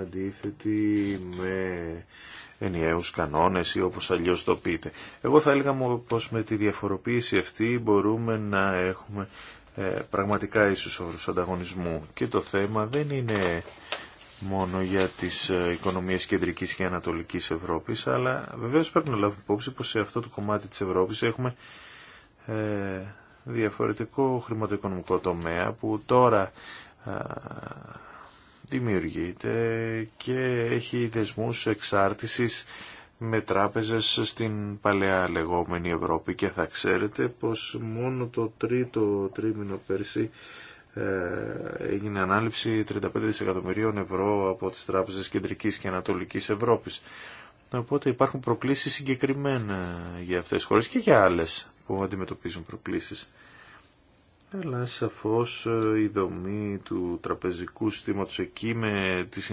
αντίθετη με ενιαίους κανόνες ή όπως αλλιώς το πείτε. Εγώ θα έλεγα μου πως με τη διαφοροποίηση αυτή μπορούμε να έχουμε ε, πραγματικά ίσους όρους ανταγωνισμού και το θέμα δεν είναι μόνο για τις ε, οικονομίες κεντρικής και ανατολικής Ευρώπης αλλά βεβαίως πρέπει να λάβουμε υπόψη πως σε αυτό το κομμάτι της Ευρώπης έχουμε ε, διαφορετικό χρηματοοικονομικό τομέα που τώρα δημιουργείται και έχει δεσμούς εξάρτησης με τράπεζες στην παλαιά λεγόμενη Ευρώπη και θα ξέρετε πως μόνο το τρίτο τρίμηνο πέρσι ε, έγινε ανάληψη 35 δισεκατομμυρίων ευρώ από τις τράπεζες Κεντρικής και Ανατολικής Ευρώπης. Οπότε υπάρχουν προκλήσεις συγκεκριμένα για αυτές τις χώρες και για άλλες που αντιμετωπίζουν προκλήσεις αλλά σαφώς ε, η δομή του τραπεζικού συστήματος εκεί με τις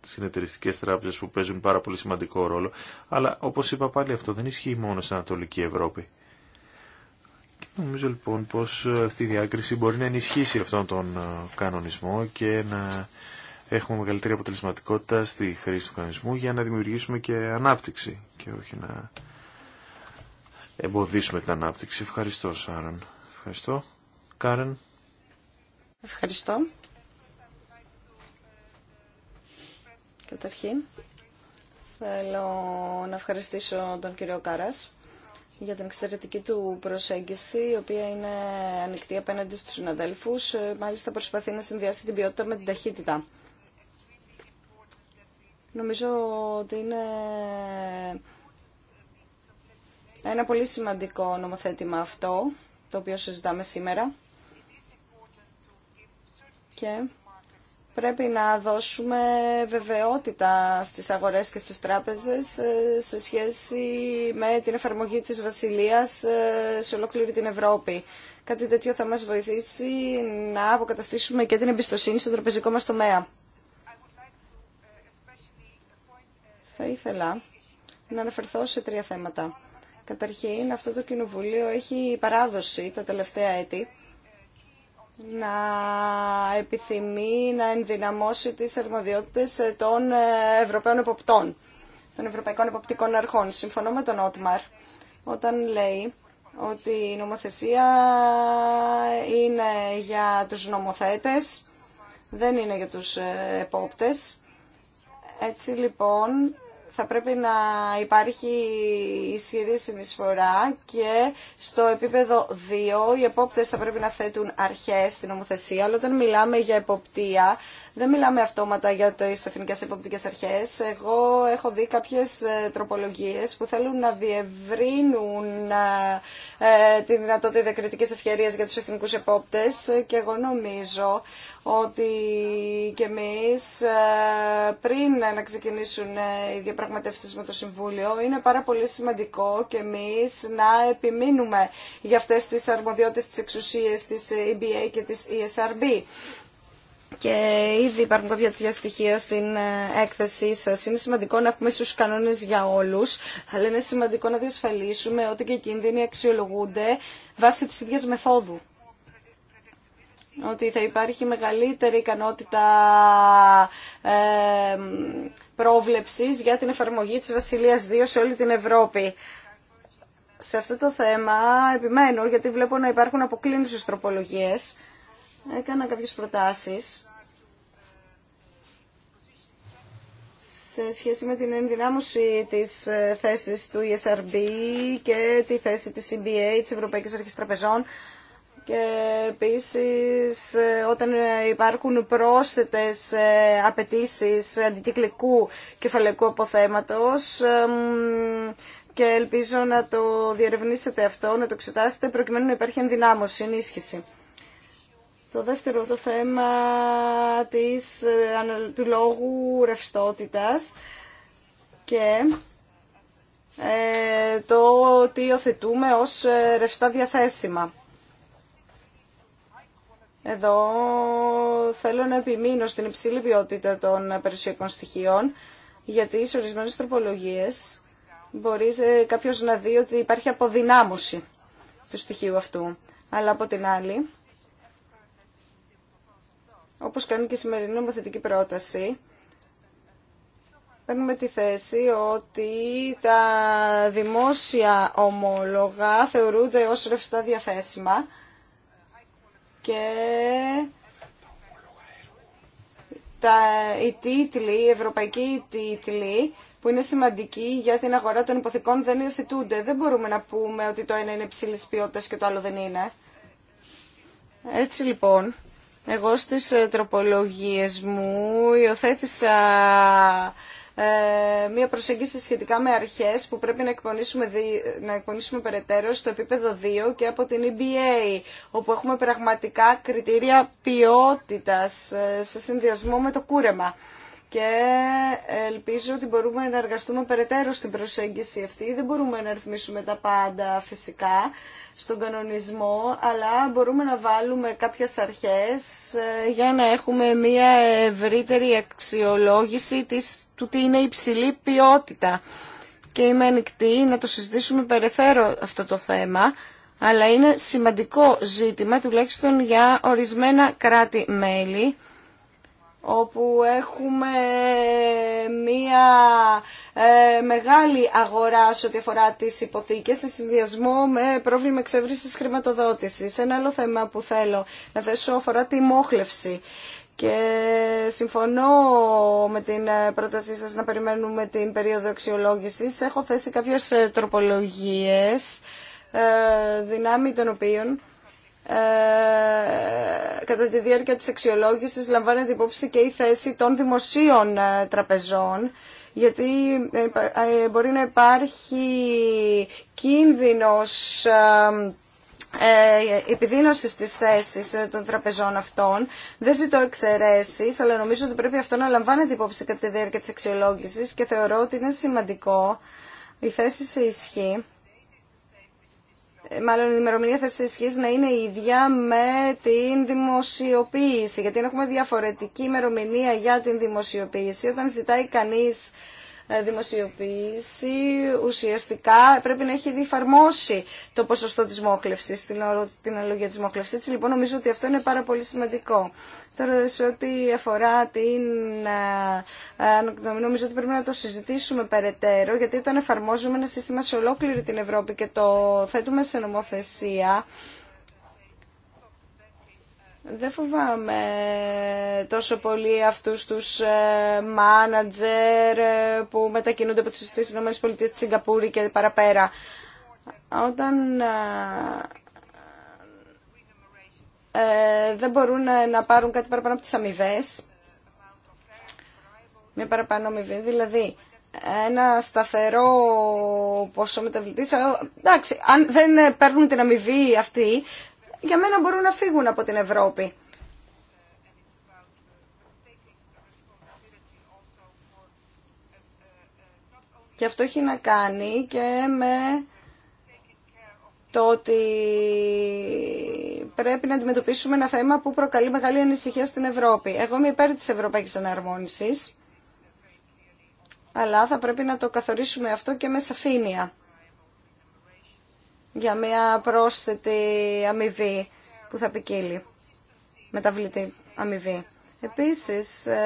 συνεταιριστικές τράπεζες που παίζουν πάρα πολύ σημαντικό ρόλο. Αλλά όπως είπα πάλι αυτό δεν ισχύει μόνο στην Ανατολική Ευρώπη. Και νομίζω λοιπόν πως ε, αυτή η διάκριση μπορεί να ενισχύσει αυτόν τον ε, κανονισμό και να έχουμε μεγαλύτερη αποτελεσματικότητα στη χρήση του κανονισμού για να δημιουργήσουμε και ανάπτυξη και όχι να εμποδίσουμε την ανάπτυξη. Ευχαριστώ Σάρων. Ευχαριστώ. Κάρεν. Ευχαριστώ. Καταρχήν, θέλω να ευχαριστήσω τον κύριο Κάρας για την εξαιρετική του προσέγγιση, η οποία είναι ανοιχτή απέναντι στους συναδέλφους. Ε, μάλιστα προσπαθεί να συνδυάσει την ποιότητα με την ταχύτητα. Νομίζω ότι είναι ένα πολύ σημαντικό νομοθέτημα αυτό, το οποίο συζητάμε σήμερα και πρέπει να δώσουμε βεβαιότητα στις αγορές και στις τράπεζες ε, σε σχέση με την εφαρμογή της Βασιλείας ε, σε ολόκληρη την Ευρώπη. Κάτι τέτοιο θα μας βοηθήσει να αποκαταστήσουμε και την εμπιστοσύνη στον τραπεζικό μας τομέα. Θα ήθελα να αναφερθώ σε τρία θέματα. Καταρχήν, αυτό το Κοινοβουλίο έχει παράδοση τα τελευταία έτη να επιθυμεί να ενδυναμώσει τις αρμοδιότητες των Ευρωπαίων Εποπτών, των Ευρωπαϊκών Εποπτικών Αρχών. Συμφωνώ με τον Ότμαρ όταν λέει ότι η νομοθεσία είναι για τους νομοθέτες, δεν είναι για τους επόπτες. Έτσι λοιπόν θα πρέπει να υπάρχει ισχυρή συνεισφορά και στο επίπεδο 2 οι επόπτες θα πρέπει να θέτουν αρχές στην νομοθεσία, αλλά όταν μιλάμε για εποπτεία δεν μιλάμε αυτόματα για τις εθνικές εποπτικές αρχές. Εγώ έχω δει κάποιες ε, τροπολογίες που θέλουν να διευρύνουν ε, ε, τη δυνατότητα κριτικής ευκαιρίας για τους εθνικούς επόπτες και εγώ νομίζω ότι και εμείς ε, πριν να ξεκινήσουν ε, οι διαπραγματεύσεις με το Συμβούλιο είναι πάρα πολύ σημαντικό και εμείς να επιμείνουμε για αυτές τις αρμοδιότητες, της εξουσίες της EBA και της ESRB. Και ήδη υπάρχουν κάποια τέτοια στοιχεία στην ε, έκθεσή σα. Είναι σημαντικό να έχουμε στους κανόνε για όλου, αλλά είναι σημαντικό να διασφαλίσουμε ότι και οι κίνδυνοι αξιολογούνται βάσει τη ίδια μεθόδου ότι θα υπάρχει μεγαλύτερη ικανότητα ε, πρόβλεψης για την εφαρμογή της Βασιλείας 2 σε όλη την Ευρώπη. Σε αυτό το θέμα επιμένω γιατί βλέπω να υπάρχουν αποκλίνουσες τροπολογίες. Έκανα κάποιες προτάσεις σε σχέση με την ενδυνάμωση της ε, θέσης του ESRB και τη θέση της CBA, της Ευρωπαϊκής Αρχής Τραπεζών και επίσης ε, όταν υπάρχουν πρόσθετες ε, απαιτήσεις αντικυκλικού κεφαλαϊκού αποθέματος και ελπίζω να το διερευνήσετε αυτό, να το εξετάσετε προκειμένου να υπάρχει ενδυνάμωση, ενίσχυση. Το δεύτερο το θέμα της, ε, του λόγου ρευστότητας και το τι οθετούμε ως ρευστά διαθέσιμα. Εδώ θέλω να επιμείνω στην υψηλή ποιότητα των περιουσιακών στοιχείων, γιατί σε ορισμένε τροπολογίε μπορεί ε, κάποιο να δει ότι υπάρχει αποδυνάμωση του στοιχείου αυτού. Αλλά από την άλλη, όπως κάνει και η σημερινή νομοθετική πρόταση, παίρνουμε τη θέση ότι τα δημόσια ομόλογα θεωρούνται ως ρευστά διαθέσιμα και τα, οι τίτλοι, οι ευρωπαϊκοί τίτλοι που είναι σημαντικοί για την αγορά των υποθηκών δεν υιοθετούνται. Δεν μπορούμε να πούμε ότι το ένα είναι υψηλή ποιότητα και το άλλο δεν είναι. Έτσι λοιπόν, εγώ στις ε, τροπολογίες μου υιοθέτησα ε, μια προσέγγιση σχετικά με αρχές που πρέπει να εκπονήσουμε, να εκπονήσουμε περαιτέρω στο επίπεδο 2 και από την EBA, όπου έχουμε πραγματικά κριτήρια ποιότητας ε, σε συνδυασμό με το κούρεμα και ελπίζω ότι μπορούμε να εργαστούμε περαιτέρω στην προσέγγιση αυτή. Δεν μπορούμε να ρυθμίσουμε τα πάντα φυσικά στον κανονισμό, αλλά μπορούμε να βάλουμε κάποιες αρχές ε, για να έχουμε μια ευρύτερη αξιολόγηση της, του τι είναι υψηλή ποιότητα. Και είμαι ανοιχτή να το συζητήσουμε περαιτέρω αυτό το θέμα, αλλά είναι σημαντικό ζήτημα, τουλάχιστον για ορισμένα κράτη-μέλη, όπου έχουμε ε, μία ε, μεγάλη αγορά σε ό,τι αφορά τις υποθήκες σε συνδυασμό με πρόβλημα εξεύρυσης χρηματοδότησης. Ένα άλλο θέμα που θέλω να θέσω αφορά τη μόχλευση. Και συμφωνώ με την ε, πρότασή σας να περιμένουμε την περίοδο αξιολόγησης. Έχω θέσει κάποιες ε, τροπολογίες δυνάμει των οποίων κατά τη διάρκεια της αξιολόγησης λαμβάνεται υπόψη και η θέση των δημοσίων τραπεζών γιατί ε, ε, μπορεί να υπάρχει κίνδυνος ε, ε επιδείνωση θέσης θέση των τραπεζών αυτών. Δεν ζητώ εξαιρέσει, αλλά νομίζω ότι πρέπει αυτό να λαμβάνεται υπόψη κατά τη διάρκεια τη αξιολόγηση και θεωρώ ότι είναι σημαντικό η θέση σε ισχύ ε, μάλλον η ημερομηνία θα ισχύσει να είναι η ίδια με την δημοσιοποίηση. Γιατί αν έχουμε διαφορετική ημερομηνία για την δημοσιοποίηση, όταν ζητάει κανείς ε, δημοσιοποίηση, ουσιαστικά πρέπει να έχει διεφαρμόσει το ποσοστό της μόχλευσης, την, αλλογία της μόχλευσης. Έτσι λοιπόν νομίζω ότι αυτό είναι πάρα πολύ σημαντικό. Τώρα, σε ό,τι αφορά την ε, ε, νομίζω ότι πρέπει να το συζητήσουμε περαιτέρω, γιατί όταν εφαρμόζουμε ένα σύστημα σε ολόκληρη την Ευρώπη και το θέτουμε σε νομοθεσία, δεν φοβάμαι τόσο πολύ αυτούς τους ε, μάνατζερ που μετακινούνται από τις ΗΠΑ, της Σιγκαπούρη και παραπέρα. Όταν ε, δεν μπορούν ε, να πάρουν κάτι παραπάνω από τις αμοιβέ. Μια παραπάνω αμοιβή, δηλαδή ένα σταθερό ποσό μεταβλητής. Ε, εντάξει, αν δεν παίρνουν την αμοιβή αυτή, για μένα μπορούν να φύγουν από την Ευρώπη. Και αυτό έχει να κάνει και με το ότι πρέπει να αντιμετωπίσουμε ένα θέμα που προκαλεί μεγάλη ανησυχία στην Ευρώπη. Εγώ είμαι υπέρ της ευρωπαϊκής Αναρμόνησης, αλλά θα πρέπει να το καθορίσουμε αυτό και με σαφήνεια για μια πρόσθετη αμοιβή που θα ποικίλει, μεταβλητή αμοιβή. Επίσης, ε,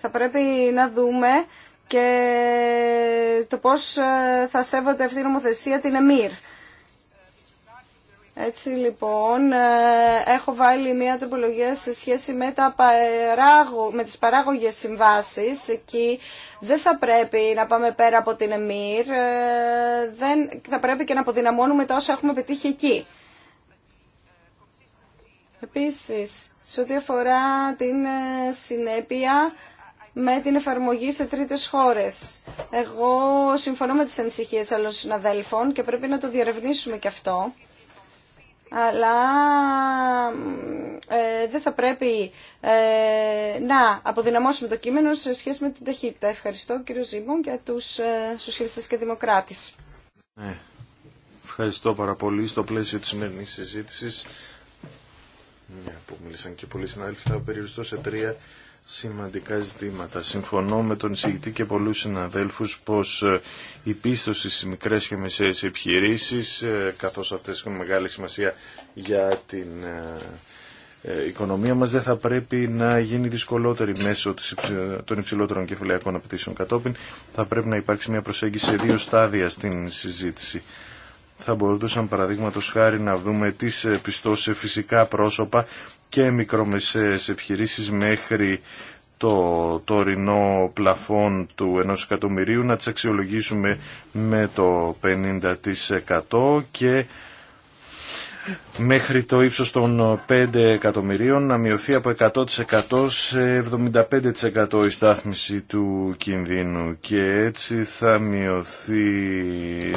θα πρέπει να δούμε και το πώς ε, θα σέβονται αυτή η νομοθεσία την ΕΜΗΡ έτσι λοιπόν, ε, έχω βάλει μια τροπολογία σε σχέση με, τα παράγω, με τις παράγωγες συμβάσεις. Εκεί δεν θα πρέπει να πάμε πέρα από την ΕΜΗΡ, ε, δεν, θα πρέπει και να αποδυναμώνουμε τα όσα έχουμε πετύχει εκεί. Επίσης, σε ό,τι αφορά την ε, συνέπεια με την εφαρμογή σε τρίτες χώρες. Εγώ συμφωνώ με τις ανησυχίες άλλων συναδέλφων και πρέπει να το διαρευνήσουμε και αυτό αλλά ε, δεν θα πρέπει ε, να αποδυναμώσουμε το κείμενο σε σχέση με την ταχύτητα. Ευχαριστώ κύριο Ζήμπον για τους ε, σοσιαλιστές και δημοκράτες. Ε, ευχαριστώ πάρα πολύ στο πλαίσιο της σημερινής συζήτησης που μίλησαν και πολλοί συνάδελφοι θα περιοριστώ σε τρία σημαντικά ζητήματα. Συμφωνώ με τον εισηγητή και πολλούς συναδέλφους πως ε, η πίστοση στις μικρές και μεσαίες επιχειρήσεις, ε, καθώς αυτές έχουν μεγάλη σημασία για την ε, οικονομία μας, δεν θα πρέπει να γίνει δυσκολότερη μέσω των υψηλότερων κεφαλαίων απαιτήσεων κατόπιν. Θα πρέπει να υπάρξει μια προσέγγιση σε δύο στάδια στην συζήτηση θα μπορούσαν παραδείγματο χάρη να δούμε τι πιστώσει σε φυσικά πρόσωπα και μικρομεσαίες επιχειρήσεις μέχρι το τωρινό πλαφόν του ενός εκατομμυρίου να τις αξιολογήσουμε με το 50% και μέχρι το ύψος των 5 ε, εκατομμυρίων να μειωθεί από 100% σε 75% η στάθμιση του κινδύνου και έτσι θα μειωθεί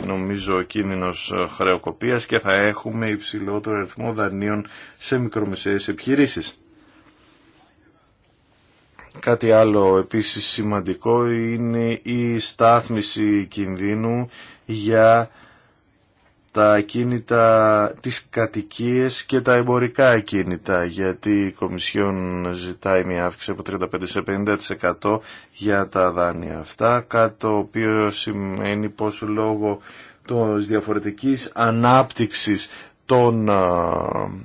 νομίζω ο κίνδυνος ε, χρεοκοπίας και θα έχουμε υψηλότερο αριθμό δανείων σε μικρομεσαίες επιχειρήσεις. Κάτι άλλο επίσης σημαντικό είναι η στάθμιση κινδύνου για τα ακίνητα, τις κατοικίες και τα εμπορικά ακίνητα, γιατί η Κομισιόν ζητάει μια αύξηση από 35% σε 50% για τα δάνεια αυτά, κάτι το οποίο σημαίνει πως λόγω της διαφορετικής ανάπτυξης των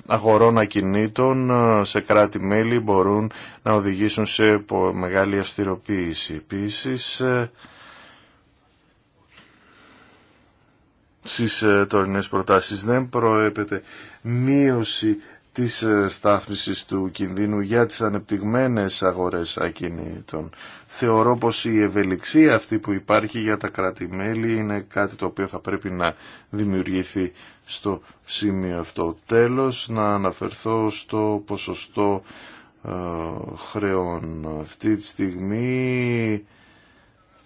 αγορών ακινήτων σε κράτη-μέλη μπορούν να οδηγήσουν σε μεγάλη αυστηροποίηση. Επίσης, ε, στις ε, τωρινές προτάσεις δεν προέπεται μείωση της ε, στάθμισης του κινδύνου για τις ανεπτυγμένες αγορές ακινήτων. Θεωρώ πως η ευελιξία αυτή που υπάρχει για τα κράτη-μέλη είναι κάτι το οποίο θα πρέπει να δημιουργηθεί στο σημείο αυτό. Τέλος, να αναφερθώ στο ποσοστό ε, χρεών. Αυτή τη στιγμή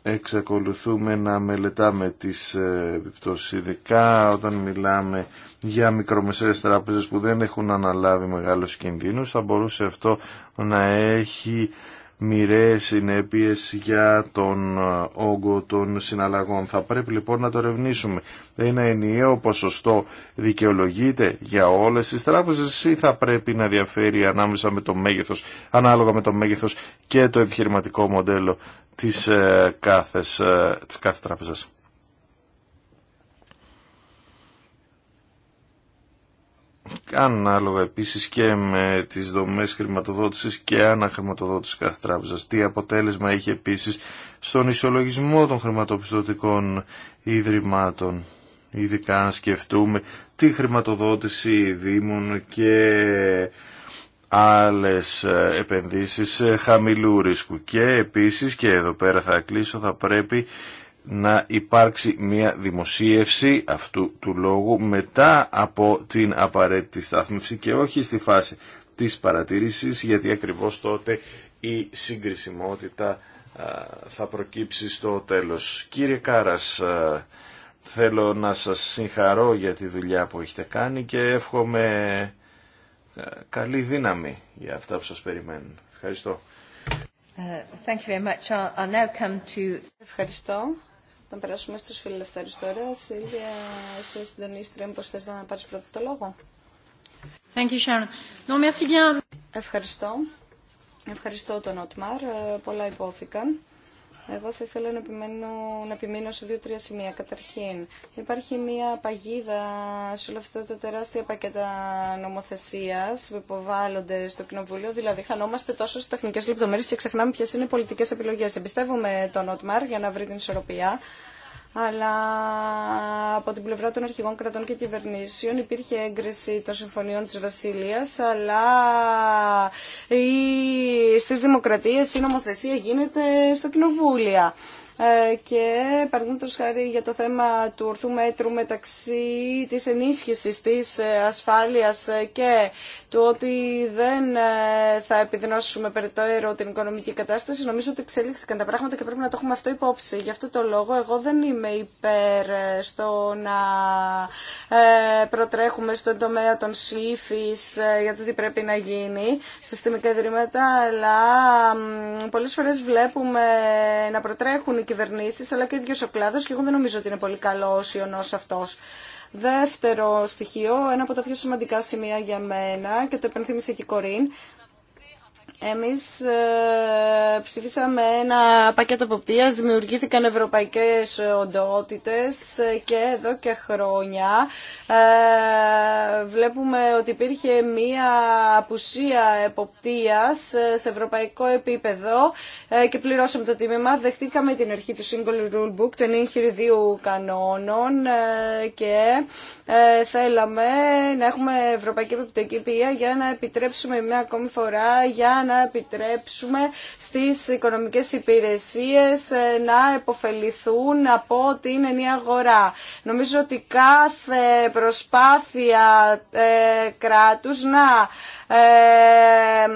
εξακολουθούμε να μελετάμε τις ε, επιπτώσεις ειδικά όταν μιλάμε για μικρομεσαίες τράπεζες που δεν έχουν αναλάβει μεγάλους κινδύνους θα μπορούσε αυτό να έχει μοιραίες συνέπειες για τον ε, όγκο των συναλλαγών. Θα πρέπει λοιπόν να το ερευνήσουμε. Ένα ενιαίο ποσοστό δικαιολογείται για όλες τις τράπεζες ή θα πρέπει να διαφέρει ανάμεσα με το μέγεθος, ανάλογα με το μέγεθος και το επιχειρηματικό μοντέλο της, ε, κάθε, ε, της κάθε τράπεζας. ανάλογα επίσης και με τις δομές χρηματοδότησης και αναχρηματοδότησης κάθε τράπεζας. Τι αποτέλεσμα είχε επίσης στον ισολογισμό των χρηματοπιστωτικών ιδρυμάτων. Ειδικά αν σκεφτούμε τη χρηματοδότηση δήμων και άλλες επενδύσεις χαμηλού ρίσκου. Και επίσης, και εδώ πέρα θα κλείσω, θα πρέπει να υπάρξει μια δημοσίευση αυτού του λόγου μετά από την απαραίτητη στάθμευση και όχι στη φάση της παρατήρησης γιατί ακριβώς τότε η συγκρισιμότητα θα προκύψει στο τέλος. Κύριε Κάρας, θέλω να σας συγχαρώ για τη δουλειά που έχετε κάνει και εύχομαι καλή δύναμη για αυτά που σας περιμένουν. Ευχαριστώ. Ε, thank you very much. Ευχαριστώ. Να περάσουμε στους φιλελευθέρους τώρα. Σίλβια, σε συντονίστρια, μήπως θες να πάρεις πρώτα το λόγο. Thank you, Sharon. No, merci bien. Ευχαριστώ. Ευχαριστώ τον Οτμάρ. Ε, πολλά υπόθηκαν. Εγώ θα ήθελα να επιμείνω, σε δύο-τρία σημεία. Καταρχήν, υπάρχει μια παγίδα σε όλα αυτά τα τεράστια πακέτα νομοθεσία που υποβάλλονται στο Κοινοβούλιο. Δηλαδή, χανόμαστε τόσο στι τεχνικέ λεπτομέρειε και ξεχνάμε ποιε είναι οι πολιτικέ επιλογέ. Εμπιστεύομαι τον Οτμαρ για να βρει την ισορροπία αλλά από την πλευρά των αρχηγών κρατών και κυβερνήσεων υπήρχε έγκριση των συμφωνιών της Βασίλειας, αλλά η... στις δημοκρατίες η νομοθεσία γίνεται στα κοινοβούλια. Ε, και παραδείγματος χάρη για το θέμα του ορθού μέτρου μεταξύ της ενίσχυσης της ε, ασφάλειας ε, και του ότι δεν θα επιδεινώσουμε περαιτέρω την οικονομική κατάσταση νομίζω ότι εξελίχθηκαν τα πράγματα και πρέπει να το έχουμε αυτό υπόψη. Γι' αυτό το λόγο εγώ δεν είμαι υπέρ στο να προτρέχουμε στον τομέα των ΣΥΦΙΣ για το τι πρέπει να γίνει συστημικά ιδρύματα αλλά πολλές φορές βλέπουμε να προτρέχουν οι αλλά και ο ίδιο ο κλάδο, και εγώ δεν νομίζω ότι είναι πολύ καλό ο αυτό. αυτός. Δεύτερο στοιχείο, ένα από τα πιο σημαντικά σημεία για μένα και το επενθύμησε και η Κορίν, εμείς ε, ψηφίσαμε ένα πακέτο εποπτείας, δημιουργήθηκαν ευρωπαϊκές οντότητες ε, και εδώ και χρόνια ε, βλέπουμε ότι υπήρχε μία απουσία εποπτείας ε, σε ευρωπαϊκό επίπεδο και πληρώσαμε το τίμημα. Δεχτήκαμε την αρχή του Single Rule Book, των εγχειριδίου κανόνων και θέλαμε να έχουμε ευρωπαϊκή επιπτωτική ποία για να επιτρέψουμε μια ακόμη φορά για να να επιτρέψουμε στις οικονομικές υπηρεσίες ε, να επωφεληθούν από την η αγορά. Νομίζω ότι κάθε προσπάθεια ε, κράτους να ε,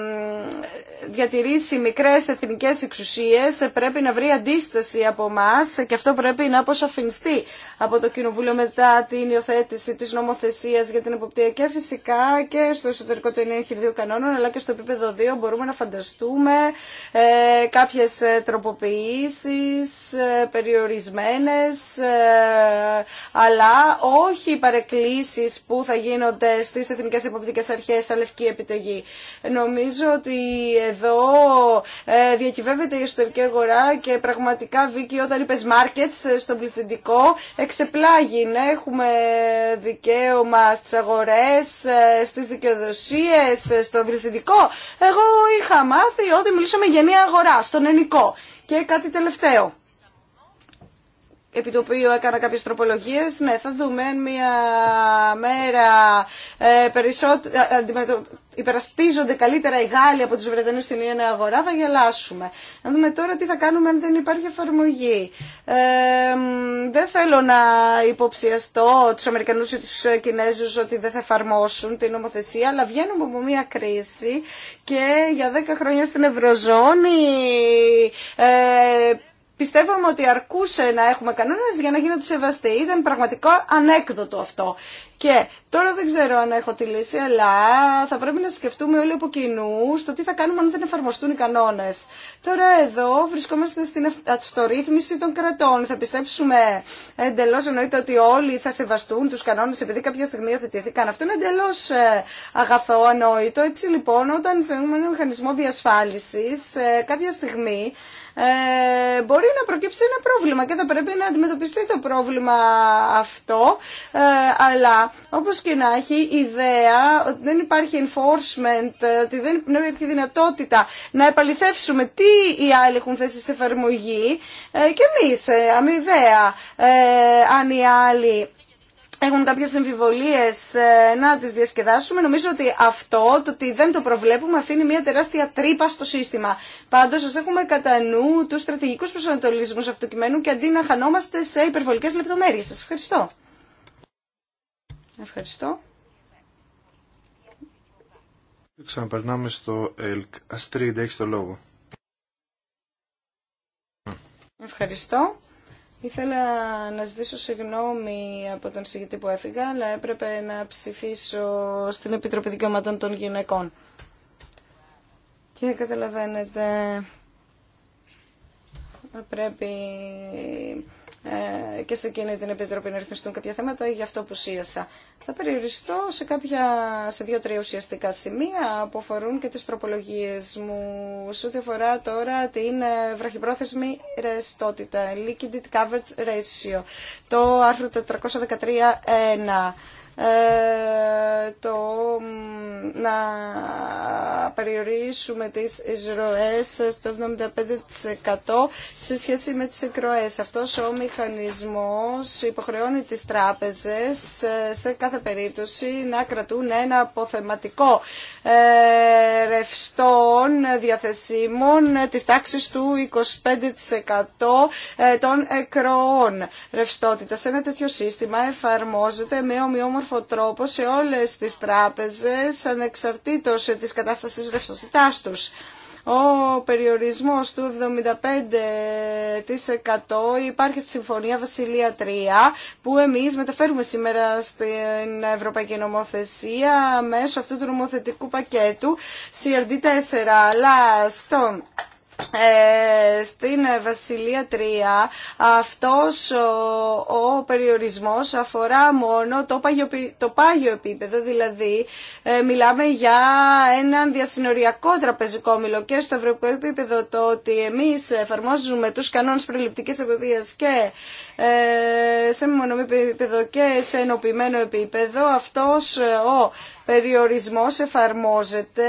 διατηρήσει μικρές εθνικές εξουσίες πρέπει να βρει αντίσταση από εμά και αυτό πρέπει να αποσαφινιστεί από το Κοινοβούλιο μετά την υιοθέτηση της νομοθεσίας για την εποπτεία και φυσικά και στο εσωτερικό των ενχειριδιού κανόνων αλλά και στο επίπεδο 2 μπορούμε να φανταστούμε ε, κάποιες ε, τροποποιήσεις ε, περιορισμένες ε, αλλά όχι παρεκκλήσεις που θα γίνονται στις εθνικές εποπτικές αρχές αλευκή επιταγή. Νομίζω ότι εδώ ε, διακυβεύεται η εσωτερική αγορά και πραγματικά Βίκη όταν είπες markets ε, στον πληθυντικό εξεπλάγει να έχουμε δικαίωμα στις αγορές, ε, στις δικαιοδοσίες, στον πληθυντικό. Εγώ είχα μάθει ότι μιλήσαμε γεννή αγορά, στον ενικό. Και κάτι τελευταίο επί το οποίο έκανα κάποιες τροπολογίες. Ναι, θα δούμε μια μέρα ε, ε υπερασπίζονται καλύτερα οι Γάλλοι από τους Βρετανούς στην ίδια αγορά, θα γελάσουμε. Να δούμε τώρα τι θα κάνουμε αν δεν υπάρχει εφαρμογή. Ε, δεν θέλω να υποψιαστώ τους Αμερικανούς ή τους Κινέζους ότι δεν θα εφαρμόσουν την νομοθεσία, αλλά βγαίνουμε από μια κρίση και για 10 χρόνια στην Ευρωζώνη ε, Πιστεύαμε ότι αρκούσε να έχουμε κανόνε για να γίνονται σεβαστοί. Ήταν πραγματικό ανέκδοτο αυτό. Και τώρα δεν ξέρω αν έχω τη λύση, αλλά θα πρέπει να σκεφτούμε όλοι από κοινού στο τι θα κάνουμε αν δεν εφαρμοστούν οι κανόνε. Τώρα εδώ βρισκόμαστε στην αυτορύθμιση των κρατών. Θα πιστέψουμε εντελώ εννοείται ότι όλοι θα σεβαστούν του κανόνε επειδή κάποια στιγμή υιοθετήθηκαν. Αυτό είναι εντελώ ε, αγαθό, ανόητο. Έτσι λοιπόν, όταν σε ένα μηχανισμό διασφάλιση, ε, κάποια στιγμή ε, μπορεί να προκύψει ένα πρόβλημα και θα πρέπει να αντιμετωπιστεί το πρόβλημα αυτό. Ε, αλλά όπως και να έχει ιδέα ότι δεν υπάρχει enforcement, ότι δεν υπάρχει δυνατότητα να επαληθεύσουμε τι οι άλλοι έχουν θέσει σε εφαρμογή ε, και εμείς αμοιβαία αν οι άλλοι έχουν κάποιες εμφιβολίες ε, να τις διασκεδάσουμε. Νομίζω ότι αυτό, το ότι δεν το προβλέπουμε, αφήνει μια τεράστια τρύπα στο σύστημα. Πάντως, έχουμε κατά νου τους στρατηγικούς προσανατολισμούς αυτού του κειμένου και αντί να χανόμαστε σε υπερβολικές λεπτομέρειες. Σας ευχαριστώ. Ευχαριστώ. Ξαναπερνάμε στο ΕΛΚ. έχεις το λόγο. Ευχαριστώ. Ήθελα να ζητήσω συγγνώμη από τον συγγητή που έφυγα, αλλά έπρεπε να ψηφίσω στην Επιτροπή Δικαιωμάτων των Γυναικών. Και καταλαβαίνετε, πρέπει ε, και σε εκείνη την Επιτροπή να ρυθμιστούν κάποια θέματα για αυτό που ουσίασα. Θα περιοριστώ σε, σε δύο-τρία ουσιαστικά σημεία που αφορούν και τις τροπολογίες μου σε ό,τι αφορά τώρα την ε, βραχυπρόθεσμη ρεστότητα, liquidity coverage ratio, το άρθρο 413.1. Ε, το να περιορίσουμε τις εισρωές στο 75% σε σχέση με τις εκροές. Αυτός ο μηχανισμός υποχρεώνει τις τράπεζες ε, σε κάθε περίπτωση να κρατούν ένα αποθεματικό ε, ρευστών διαθεσίμων της τάξης του 25% των εκροών ρευστότητας. Ένα τέτοιο σύστημα εφαρμόζεται με ομοιόμορφη όμορφο τρόπο σε όλες τις τράπεζες ανεξαρτήτως της κατάστασης ρευστότητάς τους. Ο περιορισμός του 75% υπάρχει στη Συμφωνία Βασιλεία 3 που εμείς μεταφέρουμε σήμερα στην Ευρωπαϊκή Νομοθεσία μέσω αυτού του νομοθετικού πακέτου CRD4 αλλά στο ε, στην Βασιλεία 3 αυτός ο, περιορισμός αφορά μόνο το πάγιο, το πάγιο επίπεδο, δηλαδή ε, μιλάμε για έναν διασυνοριακό τραπεζικό μήλο και στο ευρωπαϊκό επίπεδο το ότι εμείς εφαρμόζουμε τους κανόνες προληπτικής επίπεδας και ε, σε μονομή επίπεδο και σε ενωπημένο επίπεδο αυτός ο περιορισμός εφαρμόζεται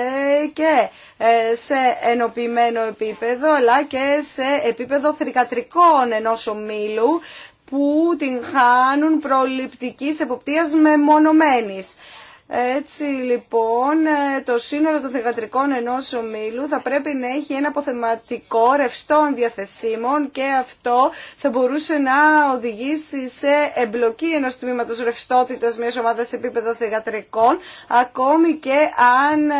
και ε, σε ενοποιημένο επίπεδο αλλά και σε επίπεδο θρικατρικών ενός ομίλου που την χάνουν προληπτικής εποπτείας μεμονωμένης. Έτσι λοιπόν ε, το σύνολο των θηγατρικών ενό ομίλου θα πρέπει να έχει ένα αποθεματικό ρευστό διαθεσίμων και αυτό θα μπορούσε να οδηγήσει σε εμπλοκή ενό τμήματο ρευστότητα, μια ομάδα σε επίπεδο ακόμη και αν, ε,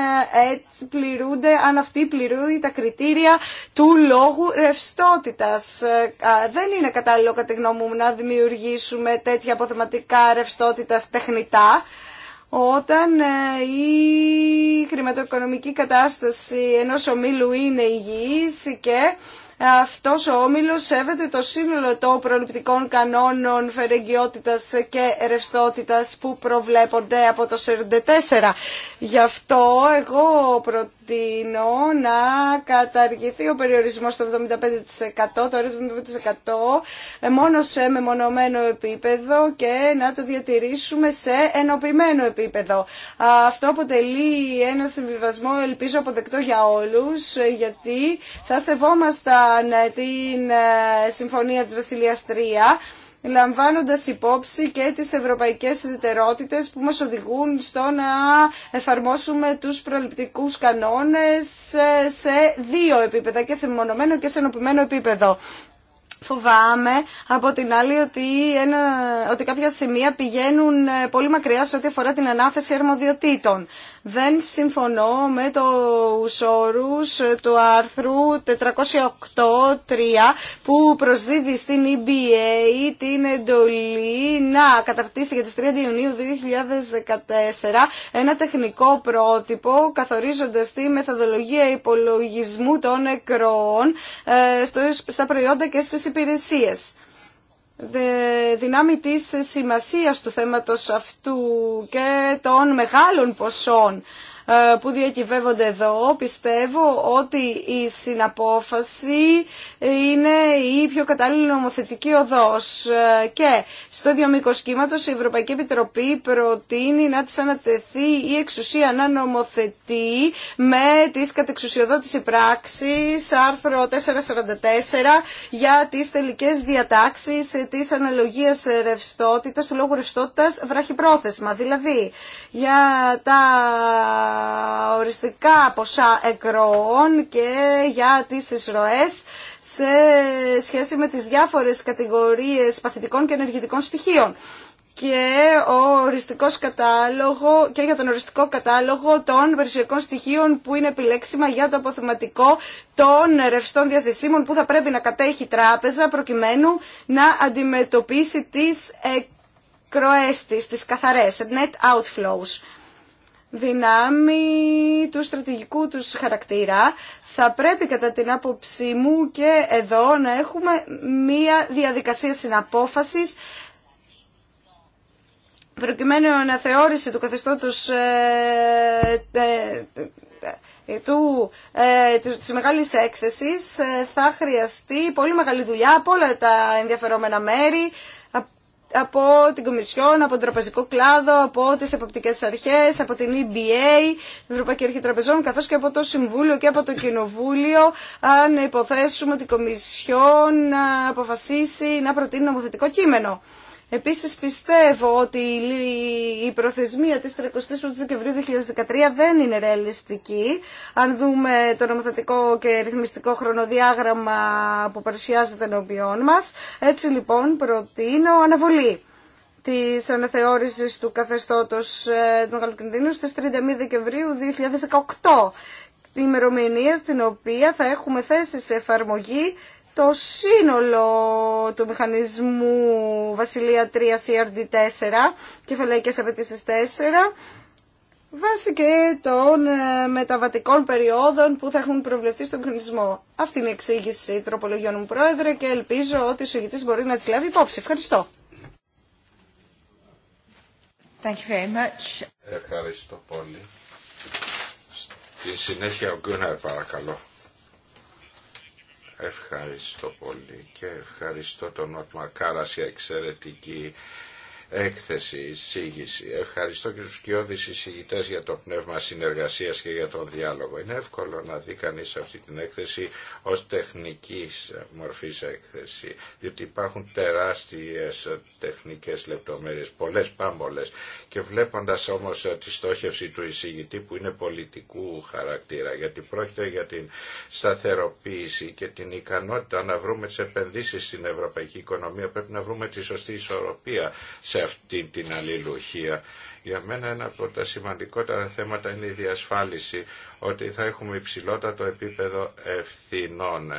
έτσι πληρούνται, αν αυτή πληρούν τα κριτήρια του λόγου ρευστότητα. Ε, δεν είναι κατάλληλο κατά γνώμη μου να δημιουργήσουμε τέτοια αποθεματικά ρευστότητα τεχνητά όταν ε, η χρηματοοικονομική κατάσταση ενός ομίλου είναι υγιής και αυτός ο όμιλος σέβεται το σύνολο των προληπτικών κανόνων φερεγγιότητας και ρευστότητας που προβλέπονται από το 44. Γι' αυτό εγώ προτείνω να καταργηθεί ο περιορισμός στο 75%, το αριθμό του 75% μόνο σε μεμονωμένο επίπεδο και να το διατηρήσουμε σε ενοποιημένο επίπεδο. Αυτό αποτελεί ένα συμβιβασμό ελπίζω αποδεκτό για όλους γιατί θα σεβόμασταν την ε, Συμφωνία της Βασιλείας 3 λαμβάνοντας υπόψη και τις ευρωπαϊκές ιδιαιτερότητες που μας οδηγούν στο να εφαρμόσουμε τους προληπτικούς κανόνες σε δύο επίπεδα, και σε μονομένο και σε ενωπημένο επίπεδο. Φοβάμαι από την άλλη ότι, ένα, ότι κάποια σημεία πηγαίνουν ε, πολύ μακριά σε ό,τι αφορά την ανάθεση αρμοδιοτήτων δεν συμφωνώ με του όρου του άρθρου 408.3 που προσδίδει στην EBA την εντολή να καταρτήσει για τις 30 Ιουνίου 2014 ένα τεχνικό πρότυπο καθορίζοντας τη μεθοδολογία υπολογισμού των νεκρών ε, στα προϊόντα και στις υπηρεσίες δυνάμει της σημασίας του θέματος αυτού και των μεγάλων ποσών ε, που διακυβεύονται εδώ. Πιστεύω ότι η συναπόφαση είναι η πιο κατάλληλη νομοθετική οδός. Ε, και στο ίδιο μήκο κύματο η Ευρωπαϊκή Επιτροπή προτείνει να της ανατεθεί η εξουσία να νομοθετεί με τις κατεξουσιοδότηση πράξεις άρθρο 444 για τις τελικές διατάξεις της αναλογίας ρευστότητας, του λόγου ρευστότητας βραχυπρόθεσμα. Δηλαδή για τα οριστικά ποσά εκροών και για τις εισροές σε σχέση με τις διάφορες κατηγορίες παθητικών και ενεργητικών στοιχείων και ο οριστικός κατάλογο και για τον οριστικό κατάλογο των περιουσιακών στοιχείων που είναι επιλέξιμα για το αποθεματικό των ρευστών διαθεσίμων που θα πρέπει να κατέχει η τράπεζα προκειμένου να αντιμετωπίσει τις εκροές της, τις καθαρές net outflows δυνάμει του στρατηγικού τους χαρακτήρα, θα πρέπει κατά την άποψή μου και εδώ να έχουμε μία διαδικασία συναπόφασης προκειμένου αναθεώρηση του καθεστώτος ε, ε, ε, του, ε, της μεγάλης έκθεσης θα χρειαστεί πολύ μεγάλη δουλειά από όλα τα ενδιαφερόμενα μέρη, από την Κομισιόν, από τον τραπεζικό κλάδο, από τις Εποπτικέ αρχές, από την EBA, την Ευρωπαϊκή Αρχή Τραπεζών, καθώς και από το Συμβούλιο και από το Κοινοβούλιο, αν υποθέσουμε ότι η Κομισιόν ε, αποφασίσει να προτείνει νομοθετικό κείμενο. Επίσης πιστεύω ότι η προθεσμία της 31 Δεκεμβρίου 2013 δεν είναι ρεαλιστική. Αν δούμε το νομοθετικό και ρυθμιστικό χρονοδιάγραμμα που παρουσιάζεται ενώπιόν μας, έτσι λοιπόν προτείνω αναβολή της αναθεώρησης του καθεστώτος ε, του Μεγάλου στις 31 Δεκεμβρίου 2018 την ημερομηνία στην οποία θα έχουμε θέσει σε εφαρμογή το σύνολο του μηχανισμού Βασιλεία 3 CRD4, κεφαλαϊκές απαιτήσεις 4, βάσει και των ε, μεταβατικών περιόδων που θα έχουν προβλεφθεί στον μηχανισμό. Αυτή είναι η εξήγηση τροπολογιών μου, Πρόεδρε, και ελπίζω ότι ο συγητής μπορεί να τις λάβει υπόψη. Ευχαριστώ. Thank you very much. Ευχαριστώ πολύ. Στη συνέχεια ο Γκούναρ παρακαλώ. Ευχαριστώ πολύ και ευχαριστώ τον Ότμα Κάρα για εξαιρετική έκθεση, εισήγηση. Ευχαριστώ και τους κοιόδης εισηγητές για το πνεύμα συνεργασίας και για τον διάλογο. Είναι εύκολο να δει κανείς αυτή την έκθεση ως τεχνικής μορφής έκθεση, διότι υπάρχουν τεράστιες τεχνικές λεπτομέρειες, πολλές πάμπολες και βλέποντας όμως τη στόχευση του εισηγητή που είναι πολιτικού χαρακτήρα, γιατί πρόκειται για την σταθεροποίηση και την ικανότητα να βρούμε τις επενδύσεις στην ευρωπαϊκή οικονομία, πρέπει να βρούμε τη σωστή ισορροπία σε αυτή την αλληλουχία. Για μένα ένα από τα σημαντικότερα θέματα είναι η διασφάλιση ότι θα έχουμε υψηλότατο επίπεδο ευθυνών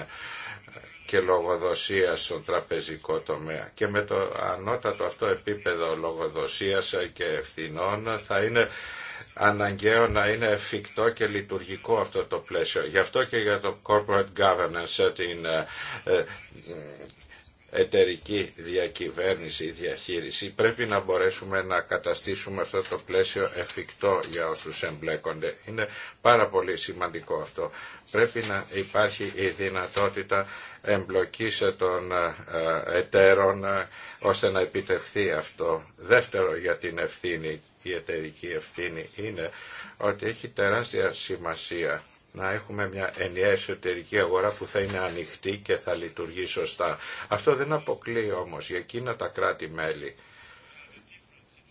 και λογοδοσία στον τραπεζικό τομέα. Και με το ανώτατο αυτό επίπεδο λογοδοσίας και ευθυνών θα είναι αναγκαίο να είναι εφικτό και λειτουργικό αυτό το πλαίσιο. Γι' αυτό και για το corporate governance, την ε, εταιρική διακυβέρνηση ή διαχείριση πρέπει να μπορέσουμε να καταστήσουμε αυτό το πλαίσιο εφικτό για όσους εμπλέκονται. Είναι πάρα πολύ σημαντικό αυτό. Πρέπει να υπάρχει δυνατότητα εμπλοκής των ε, εταίρων ε, ώστε να επιτευχθεί αυτό. Δεύτερο για την ευθύνη, η εταιρική ευθύνη είναι ότι έχει τεράστια σημασία να έχουμε μια ενιαία εσωτερική αγορά που θα είναι ανοιχτή και θα λειτουργεί σωστά. Αυτό δεν αποκλείει όμως για εκείνα τα κράτη-μέλη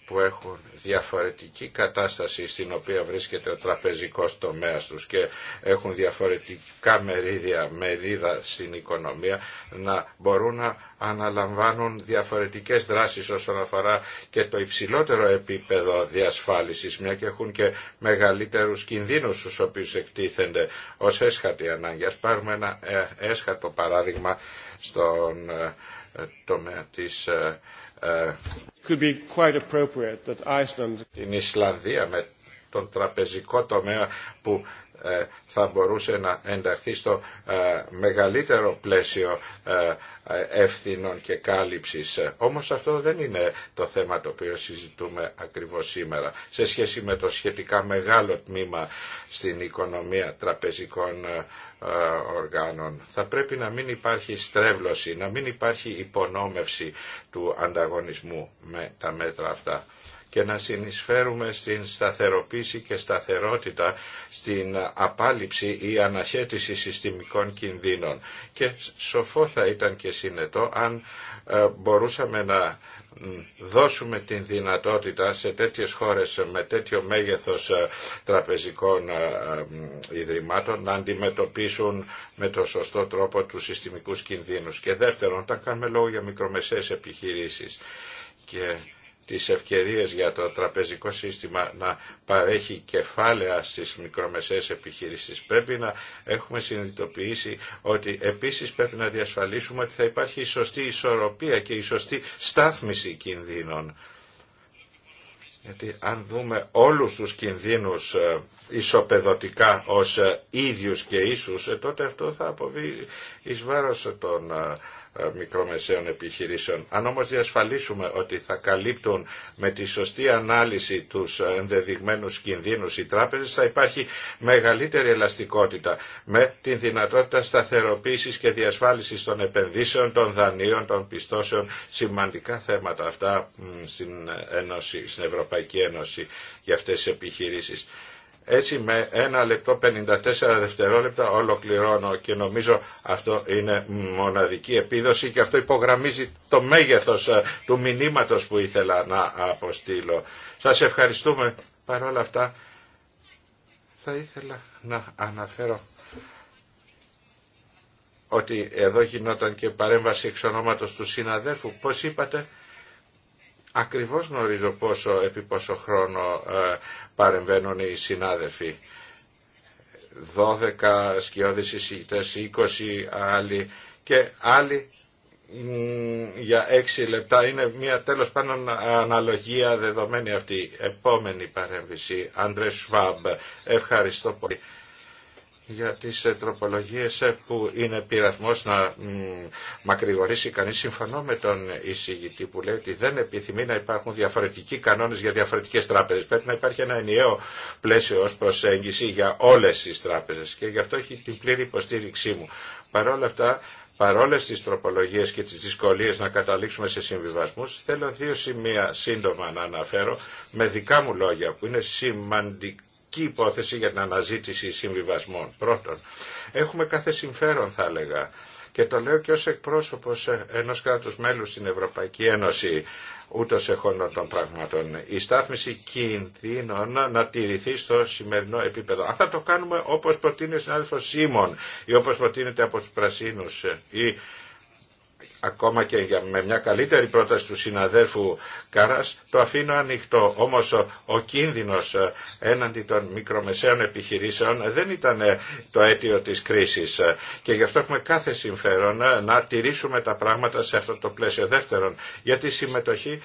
που έχουν διαφορετική κατάσταση στην οποία βρίσκεται ο τραπεζικός τομέας τους και έχουν διαφορετικά μερίδια, μερίδα στην οικονομία να μπορούν να αναλαμβάνουν διαφορετικές δράσεις όσον αφορά και το υψηλότερο επίπεδο διασφάλισης μια και έχουν και μεγαλύτερους κινδύνους στους οποίους εκτίθενται ως έσχατη ανάγκη. Ας πάρουμε ένα ε, έσχατο παράδειγμα στον ε, τομέα της ε, Could be quite appropriate that Iceland... την Ισλανδία με τον τραπεζικό τομέα που ε, θα μπορούσε να ενταχθεί στο ε, μεγαλύτερο πλαίσιο ε, ευθύνων και κάλυψης. Όμως αυτό δεν είναι το θέμα το οποίο συζητούμε ακριβώς σήμερα. Σε σχέση με το σχετικά μεγάλο τμήμα στην οικονομία τραπεζικών οργάνων. Θα πρέπει να μην υπάρχει στρέβλωση, να μην υπάρχει υπονόμευση του ανταγωνισμού με τα μέτρα αυτά και να συνεισφέρουμε στην σταθεροποίηση και σταθερότητα στην απάλληψη ή αναχέτηση συστημικών κινδύνων. Και σοφό θα ήταν και συνετό αν ε, μπορούσαμε να δώσουμε την δυνατότητα σε τέτοιες χώρες με τέτοιο μέγεθος ε, τραπεζικών ε, ιδρυμάτων να αντιμετωπίσουν με το σωστό τρόπο τους συστημικούς κινδύνους. Και δεύτερον, τα κάνουμε λόγο για μικρομεσαίες επιχειρήσεις και τις ευκαιρίες για το τραπεζικό σύστημα να παρέχει κεφάλαια στις μικρομεσαίες επιχειρήσεις. Πρέπει να έχουμε συνειδητοποιήσει ότι επίσης πρέπει να διασφαλίσουμε ότι θα υπάρχει η σωστή ισορροπία και η σωστή στάθμιση κινδύνων. Γιατί αν δούμε όλους τους κινδύνους ε, ισοπεδωτικά ως ε, ίδιους και ίσους, ε, τότε αυτό θα αποβεί εις βάρος των ε, μικρομεσαίων επιχειρήσεων. Αν όμως διασφαλίσουμε ότι θα καλύπτουν με τη σωστή ανάλυση τους ενδεδειγμένους κινδύνους οι τράπεζες, θα υπάρχει μεγαλύτερη ελαστικότητα με την δυνατότητα σταθεροποίησης και διασφάλισης των επενδύσεων, των δανείων, των πιστώσεων. Σημαντικά θέματα αυτά στην, Ένωση, στην Ευρωπαϊκή Ένωση για αυτές τις επιχειρήσεις. Έτσι με ένα λεπτό 54 δευτερόλεπτα ολοκληρώνω και νομίζω αυτό είναι μοναδική επίδοση και αυτό υπογραμμίζει το μέγεθος ε, του μηνύματος που ήθελα να αποστείλω. Σας ευχαριστούμε. Παρ' όλα αυτά θα ήθελα να αναφέρω ότι εδώ γινόταν και παρέμβαση εξ του συναδέλφου. Πώς είπατε Ακριβώς γνωρίζω πόσο, επί πόσο χρόνο ε, παρεμβαίνουν οι συνάδελφοι. 12 σκιώδεις εισηγητές, 20 άλλοι και άλλοι για 6 λεπτά. Είναι μια τέλος πάντων αναλογία δεδομένη αυτή. Επόμενη παρέμβηση, Άντρε Σβάμπ. Ευχαριστώ πολύ για τις ε, τροπολογίες ε, που είναι πειρασμός να μακρηγορήσει κανείς. Συμφωνώ με τον εισηγητή που λέει ότι δεν επιθυμεί να υπάρχουν διαφορετικοί κανόνες για διαφορετικές τράπεζες. Πρέπει να υπάρχει ένα ενιαίο πλαίσιο ως προσέγγιση για όλες τις τράπεζες και γι' αυτό έχει την πλήρη υποστήριξή μου. Παρ' όλα αυτά παρόλες τις τροπολογίες και τις δυσκολίες να καταλήξουμε σε συμβιβασμούς, θέλω δύο σημεία σύντομα να αναφέρω με δικά μου λόγια που είναι σημαντική υπόθεση για την αναζήτηση συμβιβασμών. Πρώτον, έχουμε κάθε συμφέρον θα έλεγα και το λέω και ως εκπρόσωπος ενός κράτους μέλους στην Ευρωπαϊκή Ένωση ούτως εχόντων των πραγμάτων. Η στάθμιση κινδύνων να τηρηθεί στο σημερινό επίπεδο. Αν θα το κάνουμε όπως προτείνει ο συνάδελφος Σίμων ή όπως προτείνεται από τους Πρασίνους ή ακόμα και με μια καλύτερη πρόταση του συναδέλφου Καράς, το αφήνω ανοιχτό. Όμως ο κίνδυνος ε, έναντι των μικρομεσαίων επιχειρήσεων δεν ήταν ε, το αίτιο της κρίσης ε, και γι' αυτό έχουμε κάθε συμφέρον να τηρήσουμε τα πράγματα σε αυτό το πλαίσιο. Δεύτερον, για τη συμμετοχή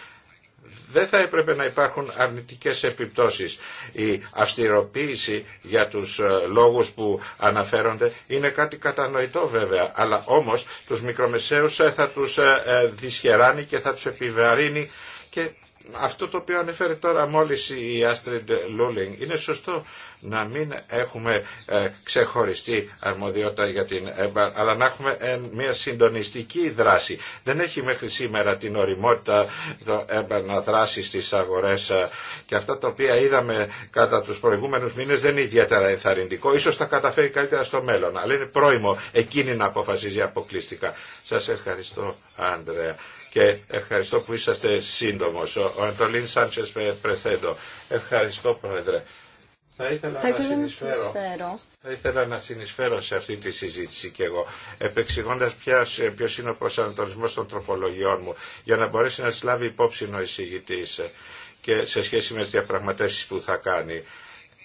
δεν θα έπρεπε να υπάρχουν αρνητικές επιπτώσεις. Η αυστηροποίηση για τους ε, λόγους που αναφέρονται είναι κάτι κατανοητό βέβαια, αλλά όμως τους μικρομεσαίους ε, θα τους ε, δυσχεράνει και θα τους επιβαρύνει και αυτό το οποίο ανέφερε τώρα μόλις η Astrid Λούλινγκ. Είναι σωστό να μην έχουμε ε, ξεχωριστή αρμοδιότητα για την ΕΜΠΑ, αλλά να έχουμε ε, μια συντονιστική δράση. Δεν έχει μέχρι σήμερα την οριμότητα το ΕΜΠΑ να δράσει στις αγορές ε, και αυτά τα οποία είδαμε κατά τους προηγούμενους μήνες δεν είναι ιδιαίτερα ενθαρρυντικό. Ίσως τα καταφέρει καλύτερα στο μέλλον, αλλά είναι πρόημο εκείνη να αποφασίζει αποκλειστικά. Σας ευχαριστώ, Άντρεα και ευχαριστώ που είσαστε σύντομος. Ο Αντολίν Σάντσες Πρεθέντο. Ευχαριστώ Πρόεδρε. Θα ήθελα, να, συνεισφέρω. συνεισφέρω. Θα ήθελα να συνεισφέρω σε αυτή τη συζήτηση και εγώ, επεξηγώντα ποιο είναι ο προσανατολισμό των τροπολογιών μου, για να μπορέσει να συλλάβει υπόψη ο εισηγητή και σε σχέση με τι διαπραγματεύσει που θα κάνει.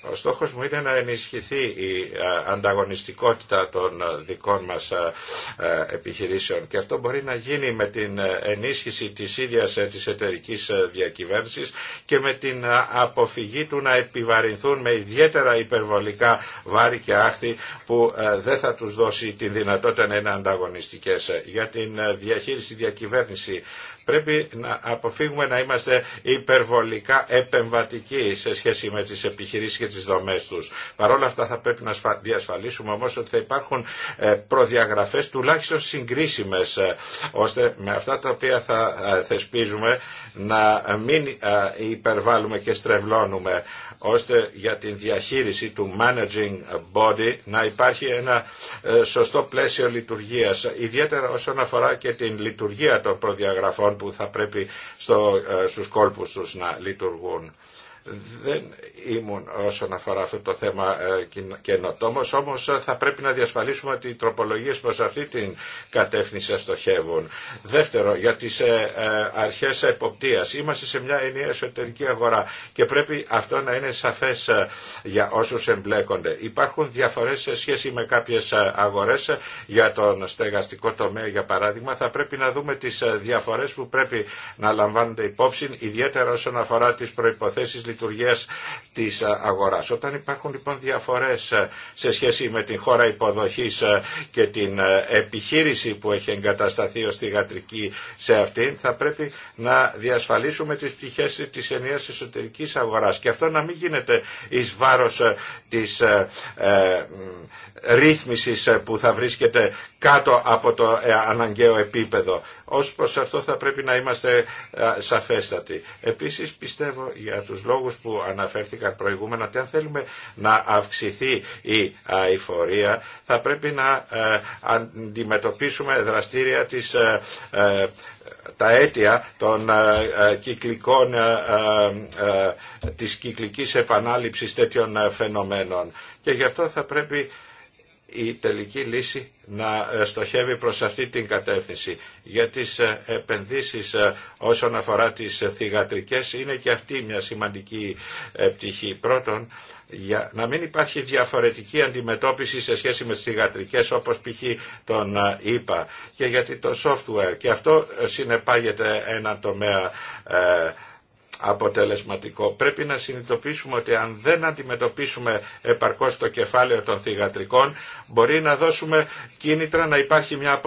Ο στόχος μου είναι να ενισχυθεί η ανταγωνιστικότητα των δικών μας επιχειρήσεων και αυτό μπορεί να γίνει με την ενίσχυση της ίδιας ε, της εταιρικής διακυβέρνησης και με την αποφυγή του να επιβαρυνθούν με ιδιαίτερα υπερβολικά βάρη και άχθη που δεν θα τους δώσει τη δυνατότητα να είναι ανταγωνιστικές. Για την διαχείριση διακυβέρνηση Πρέπει να αποφύγουμε να είμαστε υπερβολικά επεμβατικοί σε σχέση με τις επιχειρήσεις και τις δομές τους. Παρ' όλα αυτά θα πρέπει να διασφαλίσουμε όμως ότι θα υπάρχουν ε, προδιαγραφές τουλάχιστον συγκρίσιμες ε, ώστε με αυτά τα οποία θα ε, θεσπίζουμε να μην υπερβάλλουμε και στρεβλώνουμε ώστε για την διαχείριση του managing body να υπάρχει ένα ε, σωστό πλαίσιο λειτουργίας, ιδιαίτερα όσον αφορά και την λειτουργία των προδιαγραφών που θα πρέπει στο, ε, στους κόλπους τους να λειτουργούν δεν ήμουν όσον αφορά αυτό το θέμα ε, καινοτόμο, όμω ε, θα πρέπει να διασφαλίσουμε ότι οι τροπολογίε προ αυτή την κατεύθυνση αστοχεύουν. Δεύτερο, για τι ε, αρχέ εποπτεία. Είμαστε σε μια ενιαία εσωτερική αγορά και πρέπει αυτό να είναι σαφέ για όσου εμπλέκονται. Υπάρχουν διαφορέ σε σχέση με κάποιε αγορέ για τον στεγαστικό τομέα, για παράδειγμα. Θα πρέπει να δούμε τι διαφορέ που πρέπει να λαμβάνονται υπόψη, ιδιαίτερα όσον αφορά τι προποθέσει Τη της ε, αγοράς. Όταν υπάρχουν λοιπόν διαφορές ε, σε σχέση με την χώρα υποδοχής ε, και την επιχείρηση που έχει εγκατασταθεί ως γατρική σε αυτήν, θα πρέπει να διασφαλίσουμε τις πτυχές της ενιαίας εσωτερικής αγοράς. Και αυτό να μην γίνεται εις βάρος της ρύθμισης ε, που θα βρίσκεται κάτω από το ε, αναγκαίο επίπεδο. Ως προς αυτό θα πρέπει να είμαστε ε, σαφέστατοι. Επίσης πιστεύω για τους λόγους που αναφέρθηκαν προηγούμενα ότι αν θέλουμε να αυξηθεί η αηφορία θα πρέπει να αντιμετωπίσουμε δραστήρια της τα αίτια των κυκλικών, της κυκλικής επανάληψης τέτοιων φαινομένων. Και γι' αυτό θα πρέπει η τελική λύση να ε, στοχεύει προς αυτή την κατεύθυνση. Για τις ε, επενδύσεις ε, όσον αφορά τις θηγατρικές είναι και αυτή μια σημαντική πτυχή. Πρώτον, για να μην υπάρχει διαφορετική αντιμετώπιση σε σχέση με τις θηγατρικές, όπως π.χ. τον είπα. και γιατί το software και αυτό συνεπάγεται ένα τομέα αποτελεσματικό. Πρέπει να συνειδητοποιήσουμε ότι αν δεν αντιμετωπίσουμε επαρκώς το κεφάλαιο των θηγατρικών, μπορεί να δώσουμε κίνητρα να υπάρχει μια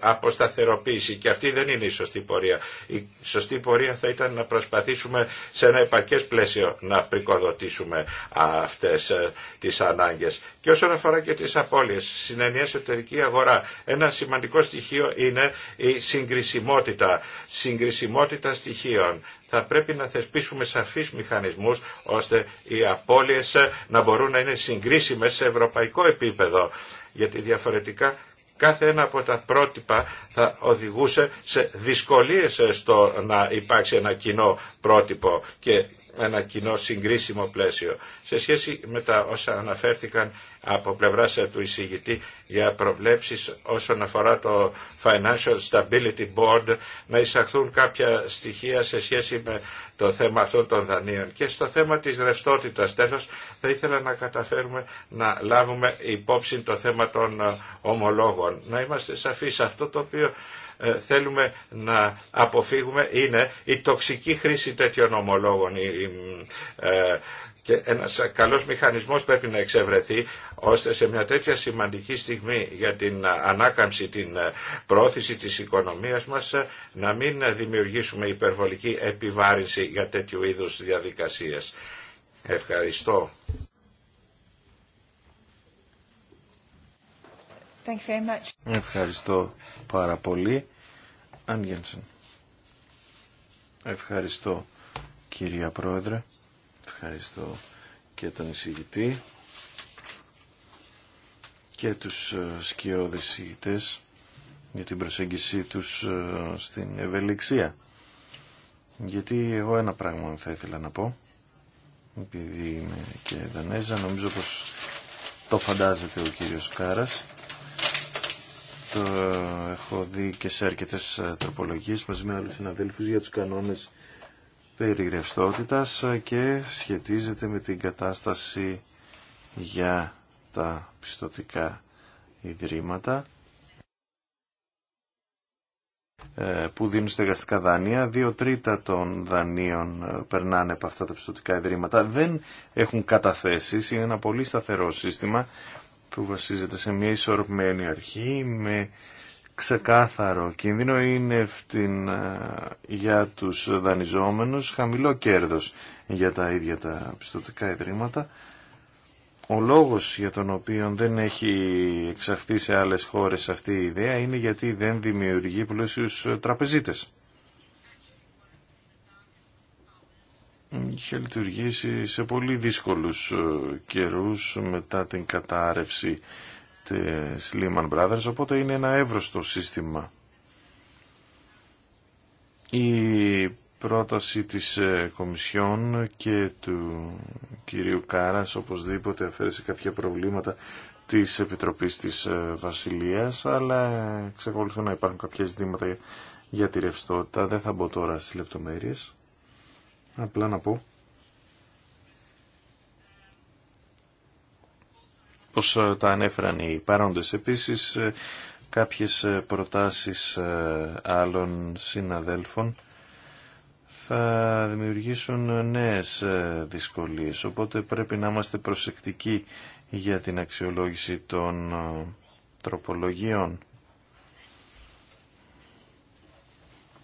αποσταθεροποίηση και αυτή δεν είναι η σωστή πορεία. Η σωστή πορεία θα ήταν να προσπαθήσουμε σε ένα επαρκέ πλαίσιο να πρικοδοτήσουμε αυτές ε, τις ανάγκες. Και όσον αφορά και τις απώλειες, στην ενιαία εσωτερική αγορά ένα σημαντικό στοιχείο είναι η συγκρισιμότητα, συγκρισιμότητα στοιχείων θα πρέπει να θεσπίσουμε σαφείς μηχανισμούς ώστε οι απώλειες ε, να μπορούν να είναι συγκρίσιμες σε ευρωπαϊκό επίπεδο. Γιατί διαφορετικά κάθε ένα από τα πρότυπα θα οδηγούσε σε δυσκολίες ε, στο να υπάρξει ένα κοινό πρότυπο και ένα κοινό συγκρίσιμο πλαίσιο. Σε σχέση με τα όσα αναφέρθηκαν από πλευρά του εισηγητή για προβλέψεις όσον αφορά το Financial Stability Board να εισαχθούν κάποια στοιχεία σε σχέση με το θέμα αυτών των δανείων. Και στο θέμα της ρευστότητα τέλος θα ήθελα να καταφέρουμε να λάβουμε υπόψη το θέμα των ομολόγων. Να είμαστε σαφείς αυτό το οποίο ε, θέλουμε να αποφύγουμε είναι η τοξική χρήση τέτοιων ομολόγων. Ε, και ένας καλός μηχανισμός πρέπει να εξευρεθεί ώστε σε μια τέτοια σημαντική στιγμή για την ανάκαμψη, την ε, πρόθεση της οικονομίας μας να μην δημιουργήσουμε υπερβολική επιβάρυνση για τέτοιου είδους διαδικασίες. Ευχαριστώ. Ευχαριστώ πάρα πολύ. Άγγελσεν. Ευχαριστώ κυρία Πρόεδρε. Ευχαριστώ και τον εισηγητή και τους ε, σκιώδες εισηγητές για την προσέγγιση τους ε, στην ευελιξία. Γιατί εγώ ένα πράγμα θα ήθελα να πω, επειδή είμαι και Δανέζα, νομίζω πως το φαντάζεται ο κύριος Κάρας. Το ε, έχω δει και σε έρκέτε τροπολογίε μαζί με άλλους συναδέλφου για τους κανόνε περί ε, και σχετίζεται με την κατάσταση για τα πιστοτικά ιδρύματα ε, που δίνουν στεγαστικά δάνεια. Δύο τρίτα των δανείων περνάνε από αυτά τα πιστοτικά ιδρύματα. Δεν έχουν καταθέσεις, είναι ένα πολύ σταθερό σύστημα που βασίζεται σε μια ισορροπημένη αρχή με ξεκάθαρο κίνδυνο είναι για τους δανειζόμενους χαμηλό κέρδος για τα ίδια τα πιστοτικά ιδρύματα. Ο λόγος για τον οποίο δεν έχει εξαχθεί σε άλλες χώρες αυτή η ιδέα είναι γιατί δεν δημιουργεί πλούσιους τραπεζίτες. είχε λειτουργήσει σε πολύ δύσκολους ε, καιρούς μετά την κατάρρευση της Lehman Brothers, οπότε είναι ένα εύρωστο σύστημα. Η πρόταση της ε, Κομισιόν και του κυρίου Κάρας οπωσδήποτε αφαίρεσε κάποια προβλήματα της Επιτροπής της ε, Βασιλείας, αλλά εξακολουθούν να υπάρχουν κάποια ζητήματα για τη ρευστότητα. Δεν θα μπω τώρα στις λεπτομέρειες. Απλά να πω πως ε, τα ανέφεραν οι παρόντες. Επίσης ε, κάποιες ε, προτάσεις άλλων συναδέλφων θα δημιουργήσουν νέες δυσκολίες. Οπότε πρέπει να είμαστε προσεκτικοί για την αξιολόγηση των τροπολογίων.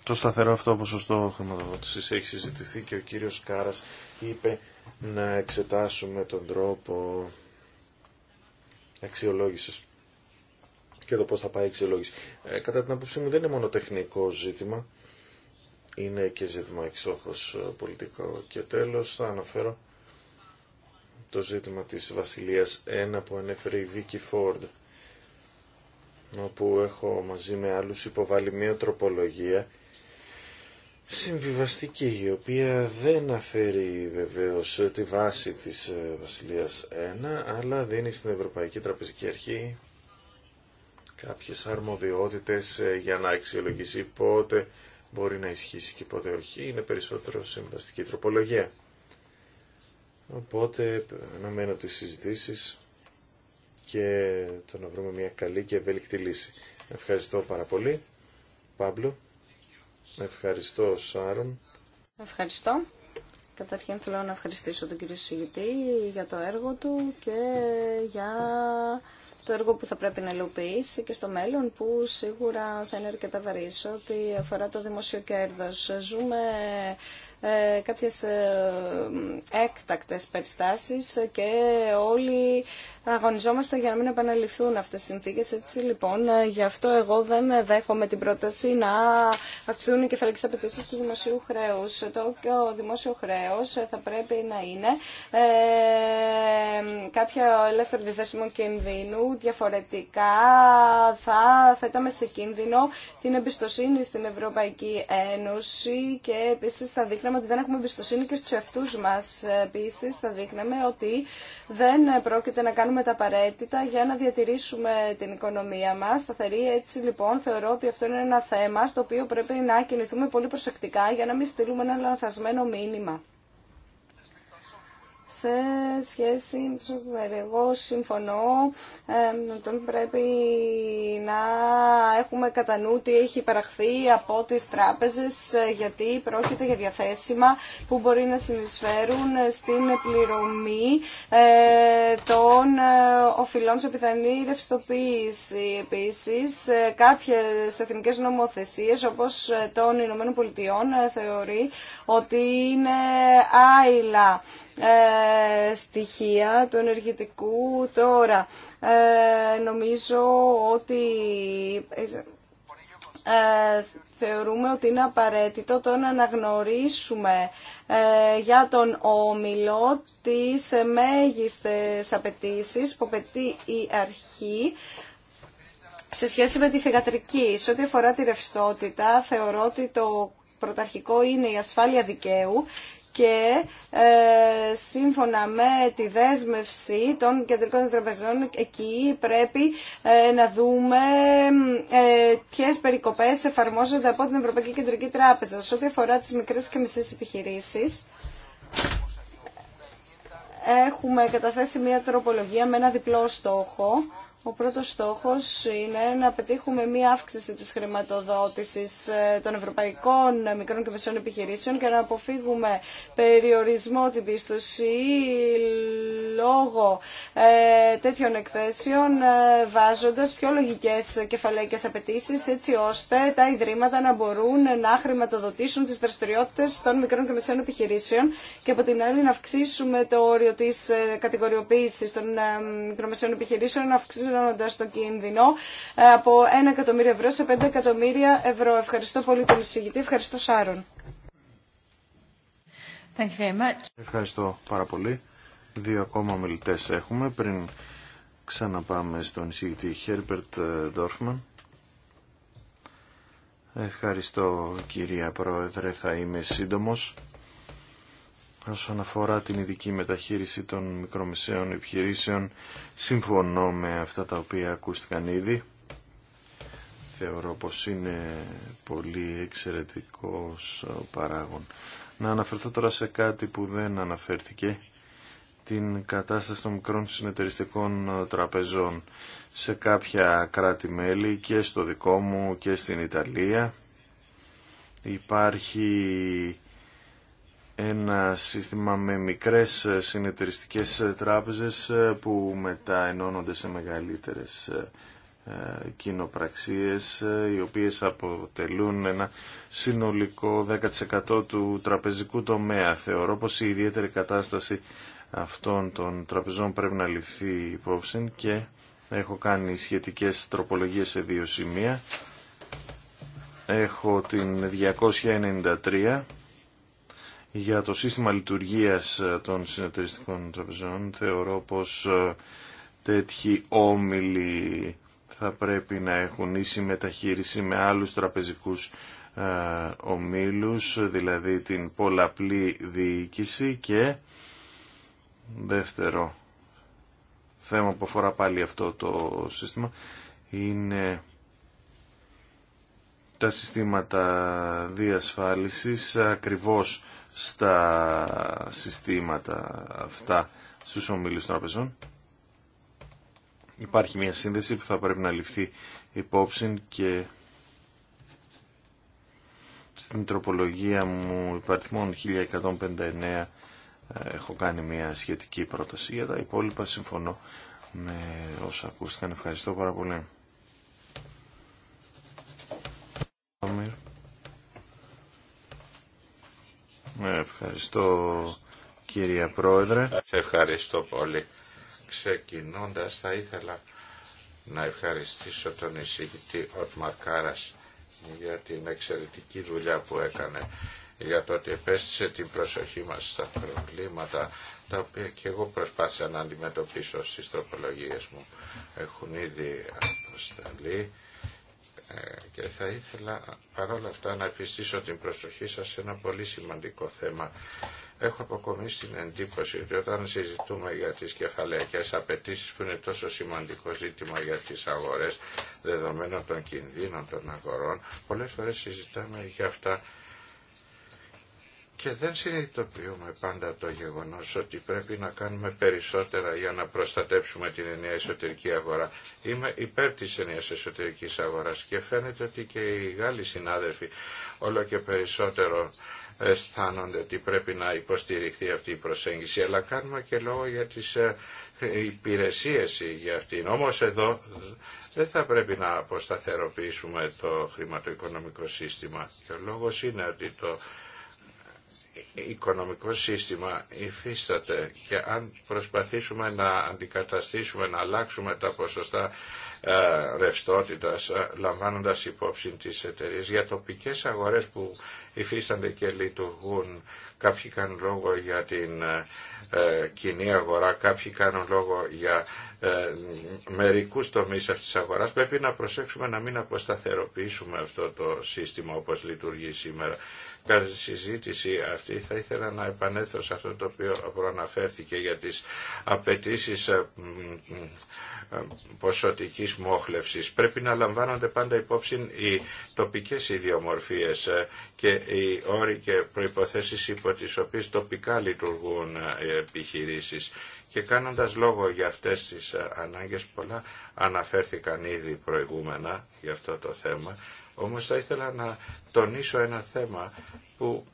το σταθερό αυτό ποσοστό χρηματοδότηση. έχει συζητηθεί και ο κύριος Κάρας είπε να εξετάσουμε τον τρόπο αξιολόγηση και το πώς θα πάει η αξιολόγηση. Ε, κατά την άποψή μου δεν είναι μόνο τεχνικό ζήτημα, είναι και ζήτημα εξόχως ε, πολιτικό. Και τέλος θα αναφέρω το ζήτημα της Βασιλείας 1 που ανέφερε η Βίκη Φόρντ όπου έχω μαζί με άλλους υποβάλει μία τροπολογία συμβιβαστική η οποία δεν αφαιρεί βεβαίως τη βάση της ε, Βασιλείας 1 αλλά δίνει στην Ευρωπαϊκή Τραπεζική Αρχή κάποιες αρμοδιότητες ε, για να αξιολογήσει πότε μπορεί να ισχύσει και πότε όχι. Είναι περισσότερο συμβαστική τροπολογία. Οπότε μένω τις συζητήσεις και το να βρούμε μια καλή και ευέλικτη λύση. Ευχαριστώ πάρα πολύ. Παύλο. Ευχαριστώ, Σάρων. Ευχαριστώ. Καταρχήν θέλω να ευχαριστήσω τον κύριο Σιγητή για το έργο του και για το έργο που θα πρέπει να υλοποιήσει και στο μέλλον που σίγουρα θα είναι αρκετά βαρύς ότι αφορά το δημόσιο κέρδος. Ζούμε ε, κάποιες ε, έκτακτες περιστάσεις και όλοι αγωνιζόμαστε για να μην επαναληφθούν αυτές οι συνθήκες. Έτσι λοιπόν, ε, γι' αυτό εγώ δεν δέχομαι την πρόταση να αυξηθούν οι κεφαλικές απαιτήσει του δημοσίου χρέους. Το δημόσιο χρέος θα πρέπει να είναι ε, κάποιο ελεύθερο διθέσιμο κινδύνου. Διαφορετικά θα θέταμε σε κίνδυνο την εμπιστοσύνη στην Ευρωπαϊκή Ένωση και επίσης θα δείχναμε ότι δεν έχουμε εμπιστοσύνη και στους εαυτούς μας. Επίσης θα δείχναμε ότι δεν πρόκειται να κάνουμε κάνουμε τα απαραίτητα για να διατηρήσουμε την οικονομία μας σταθερή. Έτσι λοιπόν θεωρώ ότι αυτό είναι ένα θέμα στο οποίο πρέπει να κινηθούμε πολύ προσεκτικά για να μην στείλουμε ένα λανθασμένο μήνυμα σε σχέση με τους εγώ συμφωνώ τόν πρέπει να έχουμε κατά νου τι έχει παραχθεί από τις τράπεζες ε, γιατί πρόκειται για διαθέσιμα που μπορεί να συνεισφέρουν στην πληρωμή ε, των ε, οφειλών σε πιθανή ρευστοποίηση. Επίσης, κάποιες εθνικές νομοθεσίες όπως των Ηνωμένων Πολιτειών θεωρεί ότι είναι άειλα ε, στοιχεία του ενεργητικού τώρα. Ε, νομίζω ότι ε, θεωρούμε ότι είναι απαραίτητο το να αναγνωρίσουμε για τον όμιλο τις μέγιστες απαιτήσει που απαιτεί η αρχή σε σχέση με τη θηγατρική. Σε ό,τι αφορά τη ρευστότητα, θεωρώ ότι το πρωταρχικό είναι η ασφάλεια δικαίου και ε, σύμφωνα με τη δέσμευση των κεντρικών τραπεζών εκεί πρέπει ε, να δούμε ε, ποιες περικοπές εφαρμόζονται από την Ευρωπαϊκή Κεντρική Τράπεζα σε ό,τι αφορά τις μικρές και μισές επιχειρήσεις. Έχουμε καταθέσει μια τροπολογία με ένα διπλό στόχο ο πρώτος στόχος είναι να πετύχουμε μία αύξηση της χρηματοδότησης ε, των ευρωπαϊκών μικρών και μεσαίων επιχειρήσεων και να αποφύγουμε περιορισμό την πίστοση λόγω ε, τέτοιων εκθέσεων ε, βάζοντας πιο λογικές κεφαλαϊκές απαιτήσεις έτσι ώστε τα ιδρύματα να μπορούν να χρηματοδοτήσουν τις δραστηριότητες των μικρών και μεσαίων επιχειρήσεων και από την άλλη να αυξήσουμε το όριο της κατηγοριοποίησης των μικρομεσαίων επιχειρήσεων, να αυξήσουμε μειώνοντας το κίνδυνο ε, από 1 εκατομμύριο ευρώ σε 5 εκατομμύρια ευρώ. Ευχαριστώ πολύ τον εισηγητή. Ευχαριστώ Σάρων. Ευχαριστώ πάρα πολύ. Δύο ακόμα μιλητέ έχουμε πριν ξαναπάμε στον εισηγητή Χέρμπερτ ε, Ντόρφμαν. Ευχαριστώ κυρία Πρόεδρε, θα είμαι σύντομος. Όσον αφορά την ειδική μεταχείριση των μικρομεσαίων επιχειρήσεων, συμφωνώ με αυτά τα οποία ακούστηκαν ήδη. Θεωρώ πως είναι πολύ εξαιρετικός παράγον. Να αναφερθώ τώρα σε κάτι που δεν αναφέρθηκε, την κατάσταση των μικρών συνεταιριστικών τραπεζών σε κάποια κράτη-μέλη και στο δικό μου και στην Ιταλία. Υπάρχει ένα σύστημα με μικρές συνεταιριστικές τράπεζες ε, που μετά ενώνονται σε μεγαλύτερες ε, ε, κοινοπραξίες οι οποίες αποτελούν ένα συνολικό 10% του τραπεζικού τομέα. Θεωρώ πως η ιδιαίτερη κατάσταση αυτών των τραπεζών πρέπει να ληφθεί υπόψη και έχω κάνει σχετικές τροπολογίες σε δύο σημεία. Έχω την 293 για το σύστημα λειτουργίας ε, των συνεταιριστικών τραπεζών. Θεωρώ πως ε, τέτοιοι όμιλοι θα πρέπει να έχουν ίση μεταχείριση με άλλους τραπεζικούς ε, ομίλους, δηλαδή την πολλαπλή διοίκηση και δεύτερο θέμα που αφορά πάλι αυτό το σύστημα είναι τα συστήματα διασφάλισης ακριβώς στα συστήματα αυτά στους ομίλους τραπεζών. Υπάρχει μια σύνδεση που θα πρέπει να ληφθεί υπόψη και στην τροπολογία μου υπαριθμών 1159 ε, έχω κάνει μια σχετική πρόταση για τα υπόλοιπα συμφωνώ με όσα ακούστηκαν ευχαριστώ πάρα πολύ Ε, ευχαριστώ κύριε Πρόεδρε. ευχαριστώ πολύ. Ξεκινώντας θα ήθελα να ευχαριστήσω τον εισηγητή Οτμαρ Κάρας για την εξαιρετική δουλειά που έκανε για το ότι επέστησε την προσοχή μας στα προβλήματα τα οποία και εγώ προσπάθησα να αντιμετωπίσω στις τροπολογίες μου. Έχουν ήδη αποσταλεί ε, και θα ήθελα παρόλα αυτά να επιστήσω την προσοχή σας σε ένα πολύ σημαντικό θέμα. Έχω αποκομίσει την εντύπωση ότι όταν συζητούμε για τις κεφαλαϊκές απαιτήσει που είναι τόσο σημαντικό ζήτημα για τις αγορές δεδομένων των κινδύνων των αγορών, πολλές φορές συζητάμε για αυτά και δεν συνειδητοποιούμε πάντα το γεγονός ότι πρέπει να κάνουμε περισσότερα για να προστατεύσουμε την ενιαία εσωτερική αγορά. Είμαι υπέρ της ενιαίας εσωτερικής αγοράς και φαίνεται ότι και οι Γάλλοι συνάδελφοι όλο και περισσότερο αισθάνονται ότι πρέπει να υποστηριχθεί αυτή η προσέγγιση, αλλά κάνουμε και λόγο για τις ε, υπηρεσίες για αυτήν. Όμως εδώ δεν θα πρέπει να αποσταθεροποιήσουμε το χρηματοοικονομικό σύστημα και ο λόγος είναι ότι το οικονομικό σύστημα υφίσταται και αν προσπαθήσουμε να αντικαταστήσουμε, να αλλάξουμε τα ποσοστά ε, ρευστότητας ε, λαμβάνοντας υπόψη τις εταιρείε για τοπικές αγορές που υφίστανται και λειτουργούν κάποιοι κάνουν λόγο για την ε, ε, κοινή αγορά κάποιοι κάνουν λόγο για ε, μερικούς τομείς αυτής της αγοράς πρέπει να προσέξουμε να μην αποσταθεροποιήσουμε αυτό το σύστημα όπως λειτουργεί σήμερα κατά συζήτηση αυτή θα ήθελα να επανέλθω σε αυτό το οποίο προαναφέρθηκε για τις απαιτήσει ε, ποσοτικής μόχλευσης. Πρέπει να λαμβάνονται πάντα υπόψη οι τοπικές ιδιομορφίες ε, και οι όροι και προϋποθέσεις υπό τις οποίες τοπικά λειτουργούν ε, οι επιχειρήσεις. Και κάνοντας λόγο για αυτές τις ανάγκες πολλά αναφέρθηκαν ήδη προηγούμενα για αυτό το θέμα όμως θα ήθελα να τονίσω ένα θέμα που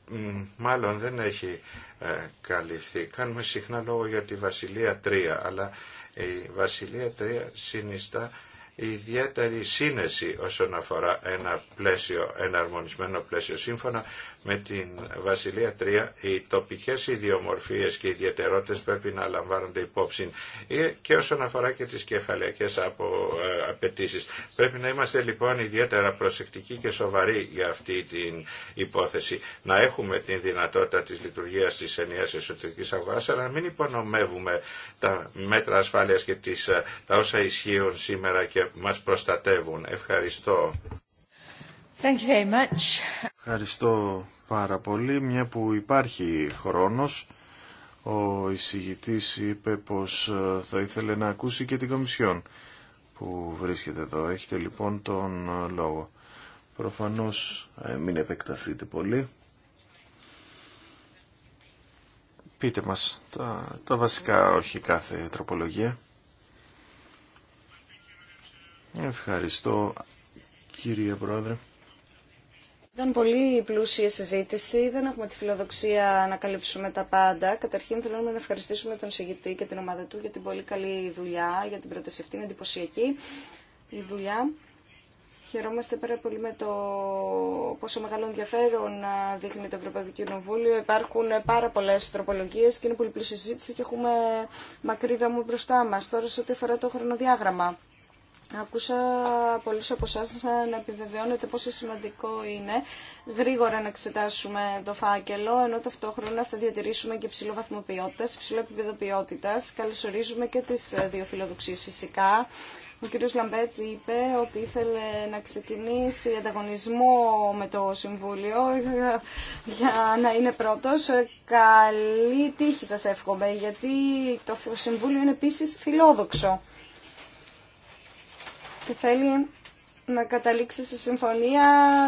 μάλλον δεν έχει ε, καλυφθεί. Κάνουμε συχνά λόγο για τη Βασιλεία 3, αλλά η Βασιλεία 3 συνιστά ιδιαίτερη σύνεση όσον αφορά ένα πλαίσιο, ένα αρμονισμένο πλαίσιο σύμφωνα με την Βασιλεία 3 οι τοπικές ιδιομορφίες και ιδιαιτερότητες πρέπει να λαμβάνονται υπόψη ε, και όσον αφορά και τις κεφαλαιακές απο, ε, απαιτήσει. Πρέπει να είμαστε λοιπόν ιδιαίτερα προσεκτικοί και σοβαροί για αυτή την υπόθεση. Να έχουμε την δυνατότητα της λειτουργίας της ενιαίας εσωτερικής αγοράς αλλά να μην υπονομεύουμε τα μέτρα ασφάλειας και τις, ε, τα όσα ισχύουν σήμερα και μας προστατεύουν. Ευχαριστώ. Thank you very much. Ευχαριστώ πάρα πολύ, μια που υπάρχει χρόνος. Ο εισηγητής είπε πως ε, θα ήθελε να ακούσει και την Κομισιόν που βρίσκεται εδώ. Έχετε λοιπόν τον ε, λόγο. Προφανώς ε, μην επεκταθείτε πολύ. Πείτε μας τα, τα βασικά, όχι κάθε τροπολογία. Ευχαριστώ κύριε Πρόεδρε. Ήταν πολύ πλούσια συζήτηση. Δεν έχουμε τη φιλοδοξία να καλύψουμε τα πάντα. Καταρχήν θέλουμε να ευχαριστήσουμε τον συγητή και την ομάδα του για την πολύ καλή δουλειά, για την πρόταση αυτή. Είναι εντυπωσιακή η δουλειά. Χαιρόμαστε πάρα πολύ με το πόσο μεγάλο ενδιαφέρον ε, δείχνει το Ευρωπαϊκό Κοινοβούλιο. Υπάρχουν πάρα πολλέ τροπολογίε και είναι πολύ πλούσια συζήτηση και έχουμε μακρύ δάμο μπροστά μα. Τώρα, σε ό,τι αφορά το χρονοδιάγραμμα. Άκουσα πολλούς από εσά να επιβεβαιώνετε πόσο σημαντικό είναι γρήγορα να εξετάσουμε το φάκελο, ενώ ταυτόχρονα θα διατηρήσουμε και υψηλό βαθμό ποιότητα, επίπεδο ποιότητα. Καλωσορίζουμε και τι δύο φιλοδοξίε φυσικά. Ο κύριος Λαμπέτ είπε ότι ήθελε να ξεκινήσει ανταγωνισμό με το Συμβούλιο [LAUGHS] για να είναι πρώτος. Καλή τύχη σας εύχομαι, γιατί το Συμβούλιο είναι επίσης φιλόδοξο και θέλει να καταλήξει σε συμφωνία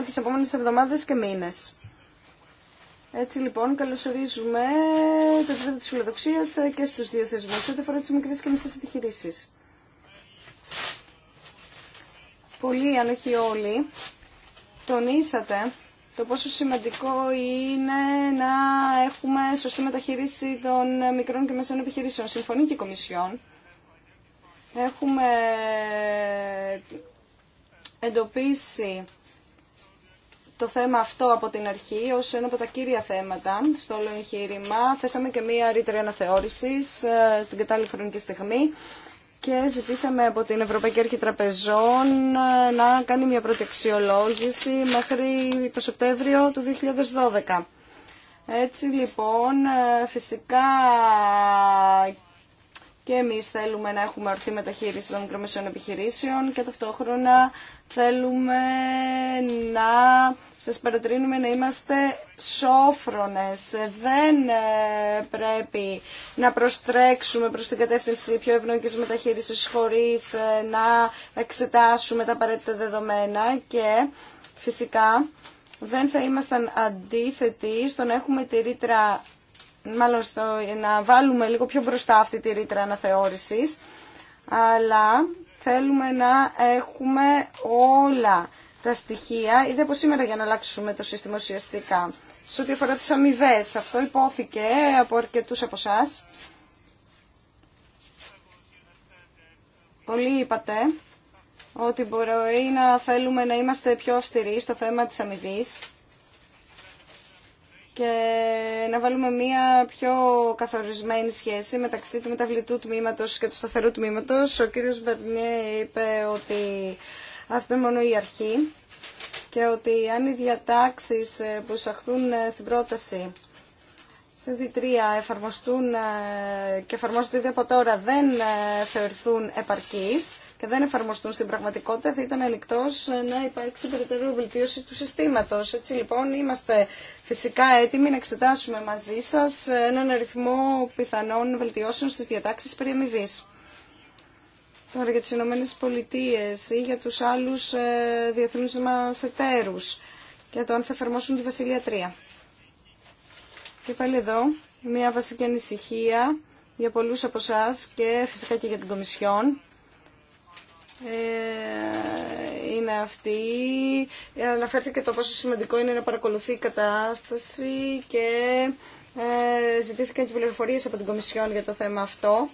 τις επόμενες εβδομάδες και μήνες. Έτσι λοιπόν καλωσορίζουμε το επίπεδο της φιλοδοξίας και στους δύο θεσμούς, ό,τι αφορά τις μικρές και μισές επιχειρήσεις. Πολλοί, αν όχι όλοι, τονίσατε το πόσο σημαντικό είναι να έχουμε σωστή μεταχείριση των μικρών και μεσαίων επιχειρήσεων. Συμφωνεί και η Κομισιόν Έχουμε ε, εντοπίσει το θέμα αυτό από την αρχή ως ένα από τα κύρια θέματα στο όλο εγχείρημα. Θέσαμε και μία ρήτρη αναθεώρησης στην ε, κατάλληλη χρονική στιγμή και ζητήσαμε από την Ευρωπαϊκή Αρχή Τραπεζών ε, να κάνει μια ρητρη αναθεώρηση στην καταλληλη χρονικη στιγμη και αξιολόγηση μέχρι το Σεπτέμβριο του 2012. Έτσι λοιπόν φυσικά και εμεί θέλουμε να έχουμε ορθή μεταχείριση των μικρομεσαίων επιχειρήσεων και ταυτόχρονα θέλουμε να σα παροτρύνουμε να είμαστε σόφρονε. Δεν ε, πρέπει να προστρέξουμε προς την κατεύθυνση πιο ευνοϊκής μεταχείρισης χωρίς ε, να εξετάσουμε τα απαραίτητα δεδομένα και φυσικά δεν θα ήμασταν αντίθετοι στο να έχουμε τη ρήτρα μάλλον στο, να βάλουμε λίγο πιο μπροστά αυτή τη ρήτρα αναθεώρησης, αλλά θέλουμε να έχουμε όλα τα στοιχεία, ήδη από σήμερα για να αλλάξουμε το σύστημα ουσιαστικά. Σε ό,τι αφορά τις αμοιβέ, αυτό υπόθηκε από αρκετούς από εσά. Πολλοί είπατε ότι μπορεί να θέλουμε να είμαστε πιο αυστηροί στο θέμα της αμοιβή και να βάλουμε μία πιο καθορισμένη σχέση μεταξύ του μεταβλητού τμήματος και του σταθερού τμήματος. Ο κύριος Μπερνιέ είπε ότι αυτό είναι μόνο η αρχή και ότι αν οι διατάξεις που εισαχθούν στην πρόταση σε 3 εφαρμοστούν ε, και εφαρμόζονται ήδη από τώρα δεν ε, θεωρηθούν επαρκείς και δεν εφαρμοστούν στην πραγματικότητα, θα ήταν ανοιχτό ε, να υπάρξει περαιτέρω βελτίωση του συστήματος. Έτσι λοιπόν είμαστε φυσικά έτοιμοι να εξετάσουμε μαζί σας έναν αριθμό πιθανών βελτιώσεων στις διατάξεις περί αμοιβής. Τώρα για τι Ηνωμένες Πολιτείες ή για του άλλου διεθνούς μα εταίρους, και το αν θα εφαρμόσουν τη Βασιλεία 3. Και πάλι εδώ μια βασική ανησυχία για πολλούς από εσά και φυσικά και για την Κομισιόν ε, είναι αυτή. Αναφέρθηκε το πόσο σημαντικό είναι να παρακολουθεί η κατάσταση και ε, ζητήθηκαν και πληροφορίες από την Κομισιόν για το θέμα αυτό.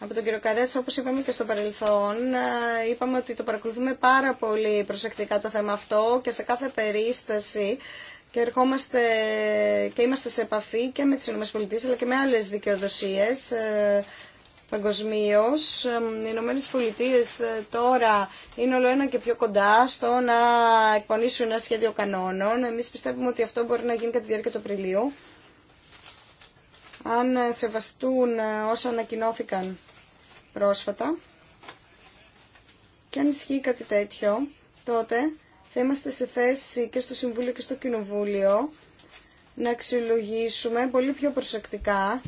Από τον κύριο Καρέσα, όπως είπαμε και στο παρελθόν, ε, είπαμε ότι το παρακολουθούμε πάρα πολύ προσεκτικά το θέμα αυτό και σε κάθε περίσταση και ερχόμαστε και είμαστε σε επαφή και με τις ΗΠΑ αλλά και με άλλες δικαιοδοσίες ε, παγκοσμίως. Οι ΗΠΑ ε, τώρα είναι όλο ένα και πιο κοντά στο να εκπονήσουν ένα σχέδιο κανόνων. Εμείς πιστεύουμε ότι αυτό μπορεί να γίνει κατά τη διάρκεια του Απριλίου. Αν ε, σεβαστούν όσα ανακοινώθηκαν πρόσφατα και αν ισχύει κάτι τέτοιο, τότε θα είμαστε σε θέση και στο Συμβούλιο και στο Κοινοβούλιο να αξιολογήσουμε πολύ πιο προσεκτικά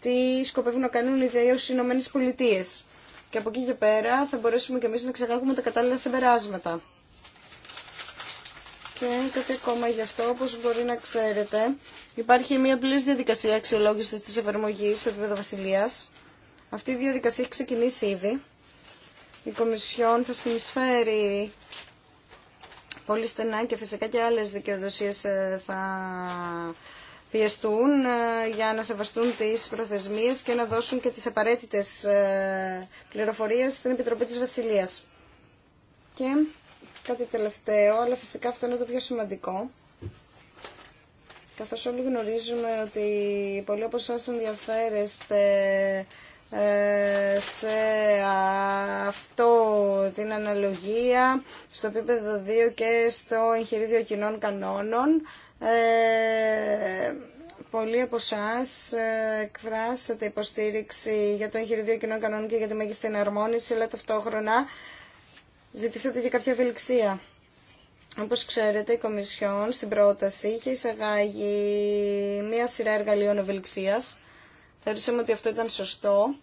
τι σκοπεύουν να κάνουν ιδέως οι Ηνωμένες Πολιτείες. Και από εκεί και πέρα θα μπορέσουμε και εμείς να ξεχάσουμε τα κατάλληλα συμπεράσματα. Και κάτι ακόμα γι' αυτό, όπως μπορεί να ξέρετε, υπάρχει μια πλήρης διαδικασία αξιολόγησης της εφαρμογής στο επίπεδο Βασιλείας. Αυτή η διαδικασία έχει ξεκινήσει ήδη. Η Κομισιόν θα συνεισφέρει πολύ στενά και φυσικά και άλλες δικαιοδοσίες ε, θα πιεστούν ε, για να σεβαστούν τις προθεσμίες και να δώσουν και τις απαραίτητες ε, πληροφορίες στην Επιτροπή της Βασιλείας. Και κάτι τελευταίο, αλλά φυσικά αυτό είναι το πιο σημαντικό. Καθώς όλοι γνωρίζουμε ότι πολλοί από εσάς ενδιαφέρεστε ε, σε αυτό την αναλογία στο επίπεδο 2 και στο εγχειρίδιο κοινών κανόνων. Ε, πολλοί από εσά εκφράσατε υποστήριξη για το εγχειρίδιο κοινών κανόνων και για τη μέγιστη εναρμόνιση, αλλά ταυτόχρονα ζητήσατε και κάποια ευελιξία. Όπως ξέρετε, η Κομισιόν στην πρόταση είχε εισαγάγει μία σειρά εργαλείων ευελιξίας Θεωρήσαμε ότι αυτό ήταν σωστό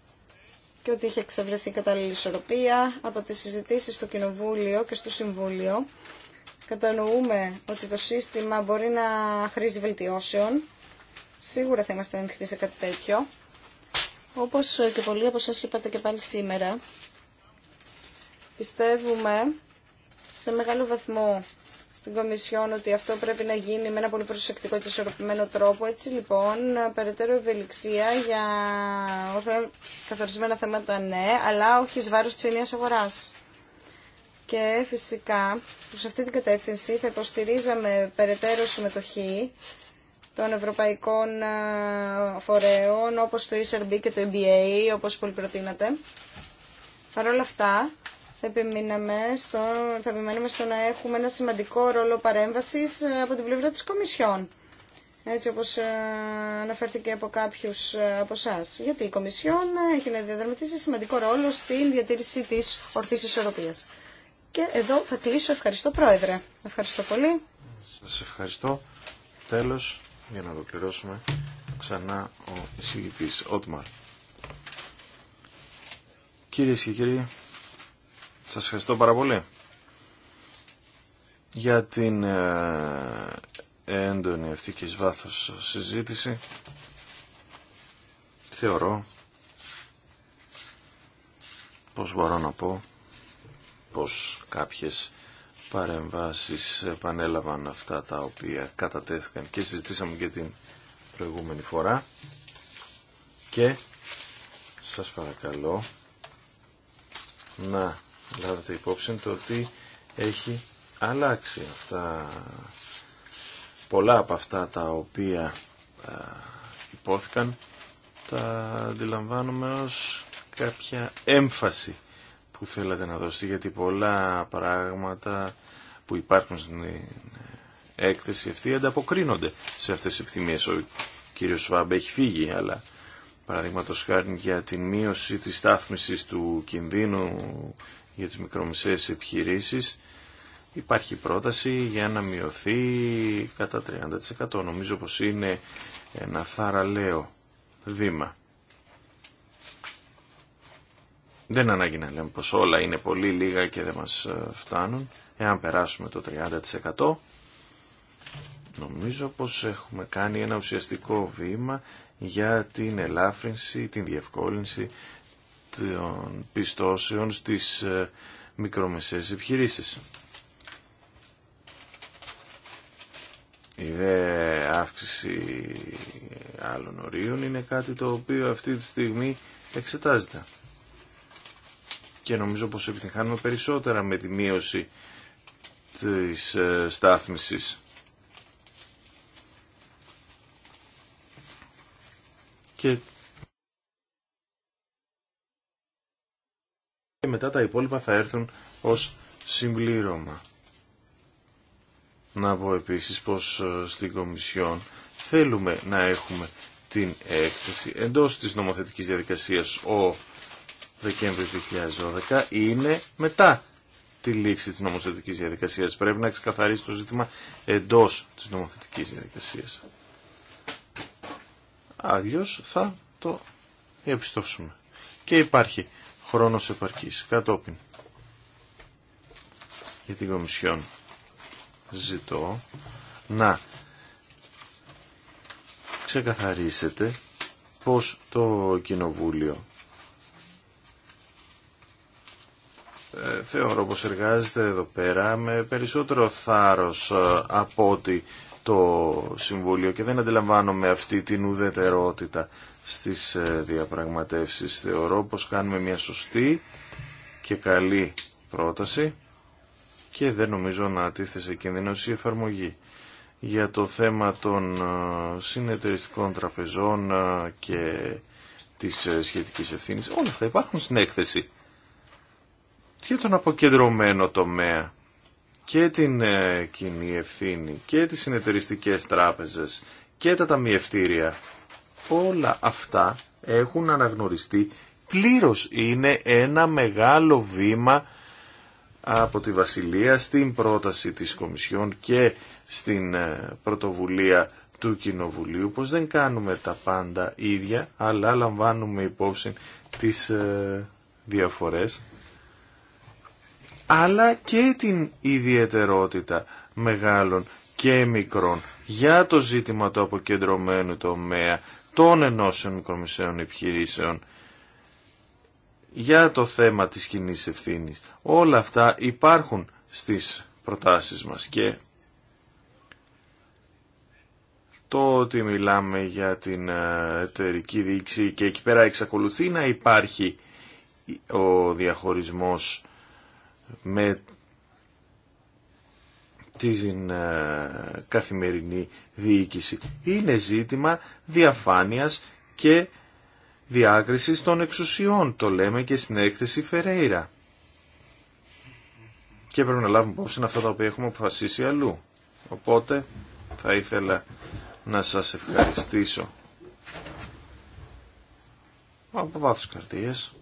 και ότι είχε εξευρεθεί κατάλληλη ισορροπία από τις συζητήσεις στο Κοινοβούλιο και στο Συμβούλιο. Κατανοούμε ότι το σύστημα μπορεί να χρήζει βελτιώσεων. Σίγουρα θα είμαστε ανοιχτοί σε κάτι τέτοιο. Όπως και πολλοί από σας είπατε και πάλι σήμερα, πιστεύουμε σε μεγάλο βαθμό στην Κομισιόν ότι αυτό πρέπει να γίνει με ένα πολύ προσεκτικό και ισορροπημένο τρόπο. Έτσι λοιπόν, περαιτέρω ευελιξία για καθορισμένα θέματα ναι, αλλά όχι ει βάρο τη ενιαία αγοράς. Και φυσικά, προς αυτή την κατεύθυνση θα υποστηρίζαμε περαιτέρω συμμετοχή των ευρωπαϊκών φορέων, όπως το ESRB και το MBA, e όπως πολύ προτείνατε. Παρ' όλα αυτά, θα, στο, θα επιμένουμε στο να έχουμε ένα σημαντικό ρόλο παρέμβασης ε, από την πλευρά της Κομισιόν. Έτσι όπως ε, αναφέρθηκε από κάποιους ε, από εσά. Γιατί η Κομισιόν έχει να διαδραματίσει σημαντικό ρόλο στην διατήρηση της ορθής ισορροπίας. Και εδώ θα κλείσω. Ευχαριστώ Πρόεδρε. Ευχαριστώ πολύ. Σας ευχαριστώ. Τέλος, για να ολοκληρώσουμε ξανά ο εισηγητής Ότμαρ. Κυρίες και κύριοι, σας ευχαριστώ πάρα πολύ για την ε, έντονη αυτή και βάθος συζήτηση. Θεωρώ πως μπορώ να πω πως κάποιες παρεμβάσεις επανέλαβαν αυτά τα οποία κατατέθηκαν και συζητήσαμε και την προηγούμενη φορά και σας παρακαλώ να λάβετε υπόψη το ότι έχει αλλάξει αυτά, πολλά από αυτά τα οποία α, υπόθηκαν τα αντιλαμβάνουμε ως κάποια έμφαση που θέλατε να δώσετε γιατί πολλά πράγματα που υπάρχουν στην έκθεση αυτή ανταποκρίνονται σε αυτές τις επιθυμίες. Ο κύριος Σβάμπ έχει φύγει αλλά παραδείγματος χάρη για την μείωση της στάθμισης του κινδύνου για τις μικρομεσαίες επιχειρήσεις υπάρχει πρόταση για να μειωθεί κατά 30%. Νομίζω πως είναι ένα θαραλέο βήμα. Δεν ανάγκη να λέμε πως όλα είναι πολύ λίγα και δεν μας ε, φτάνουν. Εάν περάσουμε το 30% νομίζω πως έχουμε κάνει ένα ουσιαστικό βήμα για την ελάφρυνση, την διευκόλυνση των πιστώσεων στις ε, μικρομεσαίες επιχειρήσεις. Η δε αύξηση άλλων ορίων είναι κάτι το οποίο αυτή τη στιγμή εξετάζεται. Και νομίζω πως επιτυχάνουμε περισσότερα με τη μείωση της ε, στάθμισης. Και και μετά τα υπόλοιπα θα έρθουν ως συμπλήρωμα. Να πω επίσης πως ε, στην Κομισιόν θέλουμε να έχουμε την έκθεση εντός της νομοθετικής διαδικασίας ο Δεκέμβριος 2012 είναι μετά τη λήξη της νομοθετικής διαδικασίας. Πρέπει να ξεκαθαρίσει το ζήτημα εντός της νομοθετικής διαδικασίας. Αλλιώς θα το διαπιστώσουμε. Και υπάρχει χρόνος επαρκής κατόπιν για την Κομισιόν ζητώ να ξεκαθαρίσετε πως το Κοινοβούλιο ε, θεωρώ πως εργάζεται εδώ πέρα με περισσότερο θάρρος ε, από ότι το Συμβούλιο και δεν αντιλαμβάνομαι αυτή την ουδετερότητα στις ε, διαπραγματεύσεις. Θεωρώ πως κάνουμε μια σωστή και καλή πρόταση και δεν νομίζω να αντίθεσε κινδυνός η εφαρμογή. Για το θέμα των ε, συνεταιριστικών τραπεζών ε, και της σχετικής ευθύνης, όλα αυτά υπάρχουν στην έκθεση. Και τον αποκεντρωμένο τομέα και την κοινή ευθύνη και τις συνεταιριστικές τράπεζες και τα ταμιευτήρια όλα αυτά έχουν αναγνωριστεί πλήρως. Είναι ένα μεγάλο βήμα από τη Βασιλεία στην πρόταση της Κομισιόν και στην ε, πρωτοβουλία του Κοινοβουλίου πως δεν κάνουμε τα πάντα ίδια αλλά λαμβάνουμε υπόψη τις ε, διαφορές αλλά και την ιδιαιτερότητα μεγάλων και μικρών για το ζήτημα του αποκεντρωμένου τομέα των ενώσεων μικρομεσαίων επιχειρήσεων για το θέμα της κοινή ευθύνη. Όλα αυτά υπάρχουν στις προτάσεις μας και το ότι μιλάμε για την ε, εταιρική δίκηση και εκεί πέρα εξακολουθεί να υπάρχει ο διαχωρισμός με την ε, καθημερινή διοίκηση. Είναι ζήτημα διαφάνειας και διάκρισης των εξουσιών, το λέμε και στην έκθεση Φερέιρα. Και πρέπει να λάβουμε υπόψη αυτά τα οποία έχουμε αποφασίσει αλλού. Οπότε θα ήθελα να σας ευχαριστήσω από βάθος καρδίας.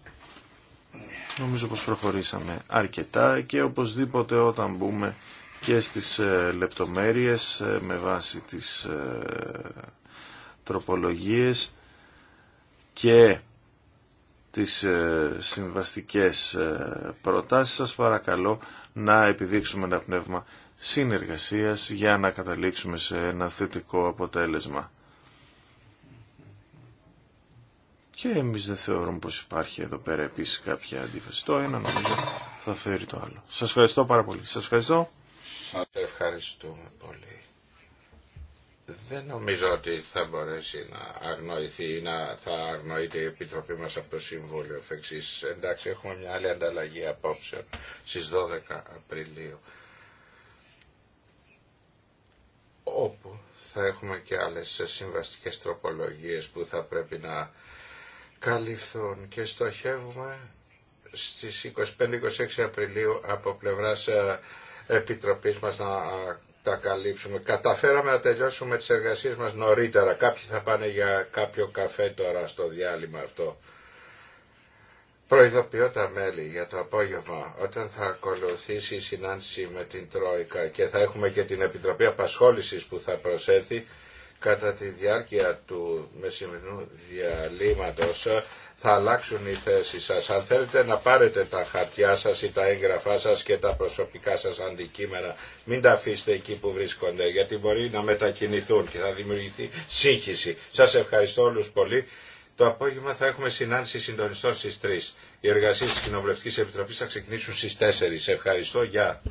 Νομίζω πως προχωρήσαμε αρκετά και οπωσδήποτε όταν μπούμε και στις ε, λεπτομέρειες ε, με βάση τις ε, τροπολογίες και τις συμβαστικές προτάσεις σας παρακαλώ να επιδείξουμε ένα πνεύμα συνεργασίας για να καταλήξουμε σε ένα θετικό αποτέλεσμα. Και εμείς δεν θεωρούμε πως υπάρχει εδώ πέρα επίσης κάποια αντίφαση. Το ένα νομίζω θα φέρει το άλλο. Σας ευχαριστώ πάρα πολύ. Σας ευχαριστώ. Σας ευχαριστούμε πολύ. Δεν νομίζω ότι θα μπορέσει να αγνοηθεί ή να θα αγνοείται η Επιτροπή μας από το Συμβούλιο Φεξής. Εντάξει, έχουμε μια άλλη ανταλλαγή απόψε στις 12 Απριλίου, όπου θα έχουμε και άλλες συμβαστικές τροπολογίες που θα πρέπει να καλυφθούν και στοχεύουμε στις 25-26 Απριλίου από πλευράς ε, Επιτροπής μας να τα καλύψουμε. Καταφέραμε να τελειώσουμε τις εργασίες μας νωρίτερα. Κάποιοι θα πάνε για κάποιο καφέ τώρα στο διάλειμμα αυτό. Προειδοποιώ τα μέλη για το απόγευμα όταν θα ακολουθήσει η συνάντηση με την Τρόικα και θα έχουμε και την Επιτροπή Απασχόλησης που θα προσέλθει κατά τη διάρκεια του μεσημερινού διαλύματος θα αλλάξουν οι θέσεις σας. Αν θέλετε να πάρετε τα χαρτιά σας ή τα έγγραφά σας και τα προσωπικά σας αντικείμενα, μην τα αφήσετε εκεί που βρίσκονται, γιατί μπορεί να μετακινηθούν και θα δημιουργηθεί σύγχυση. Σας ευχαριστώ όλους πολύ. Το απόγευμα θα έχουμε συνάντηση συντονιστών στις 3. Οι εργασίες της Κοινοβουλευτικής Επιτροπής θα ξεκινήσουν στις 4. Ευχαριστώ. Γεια.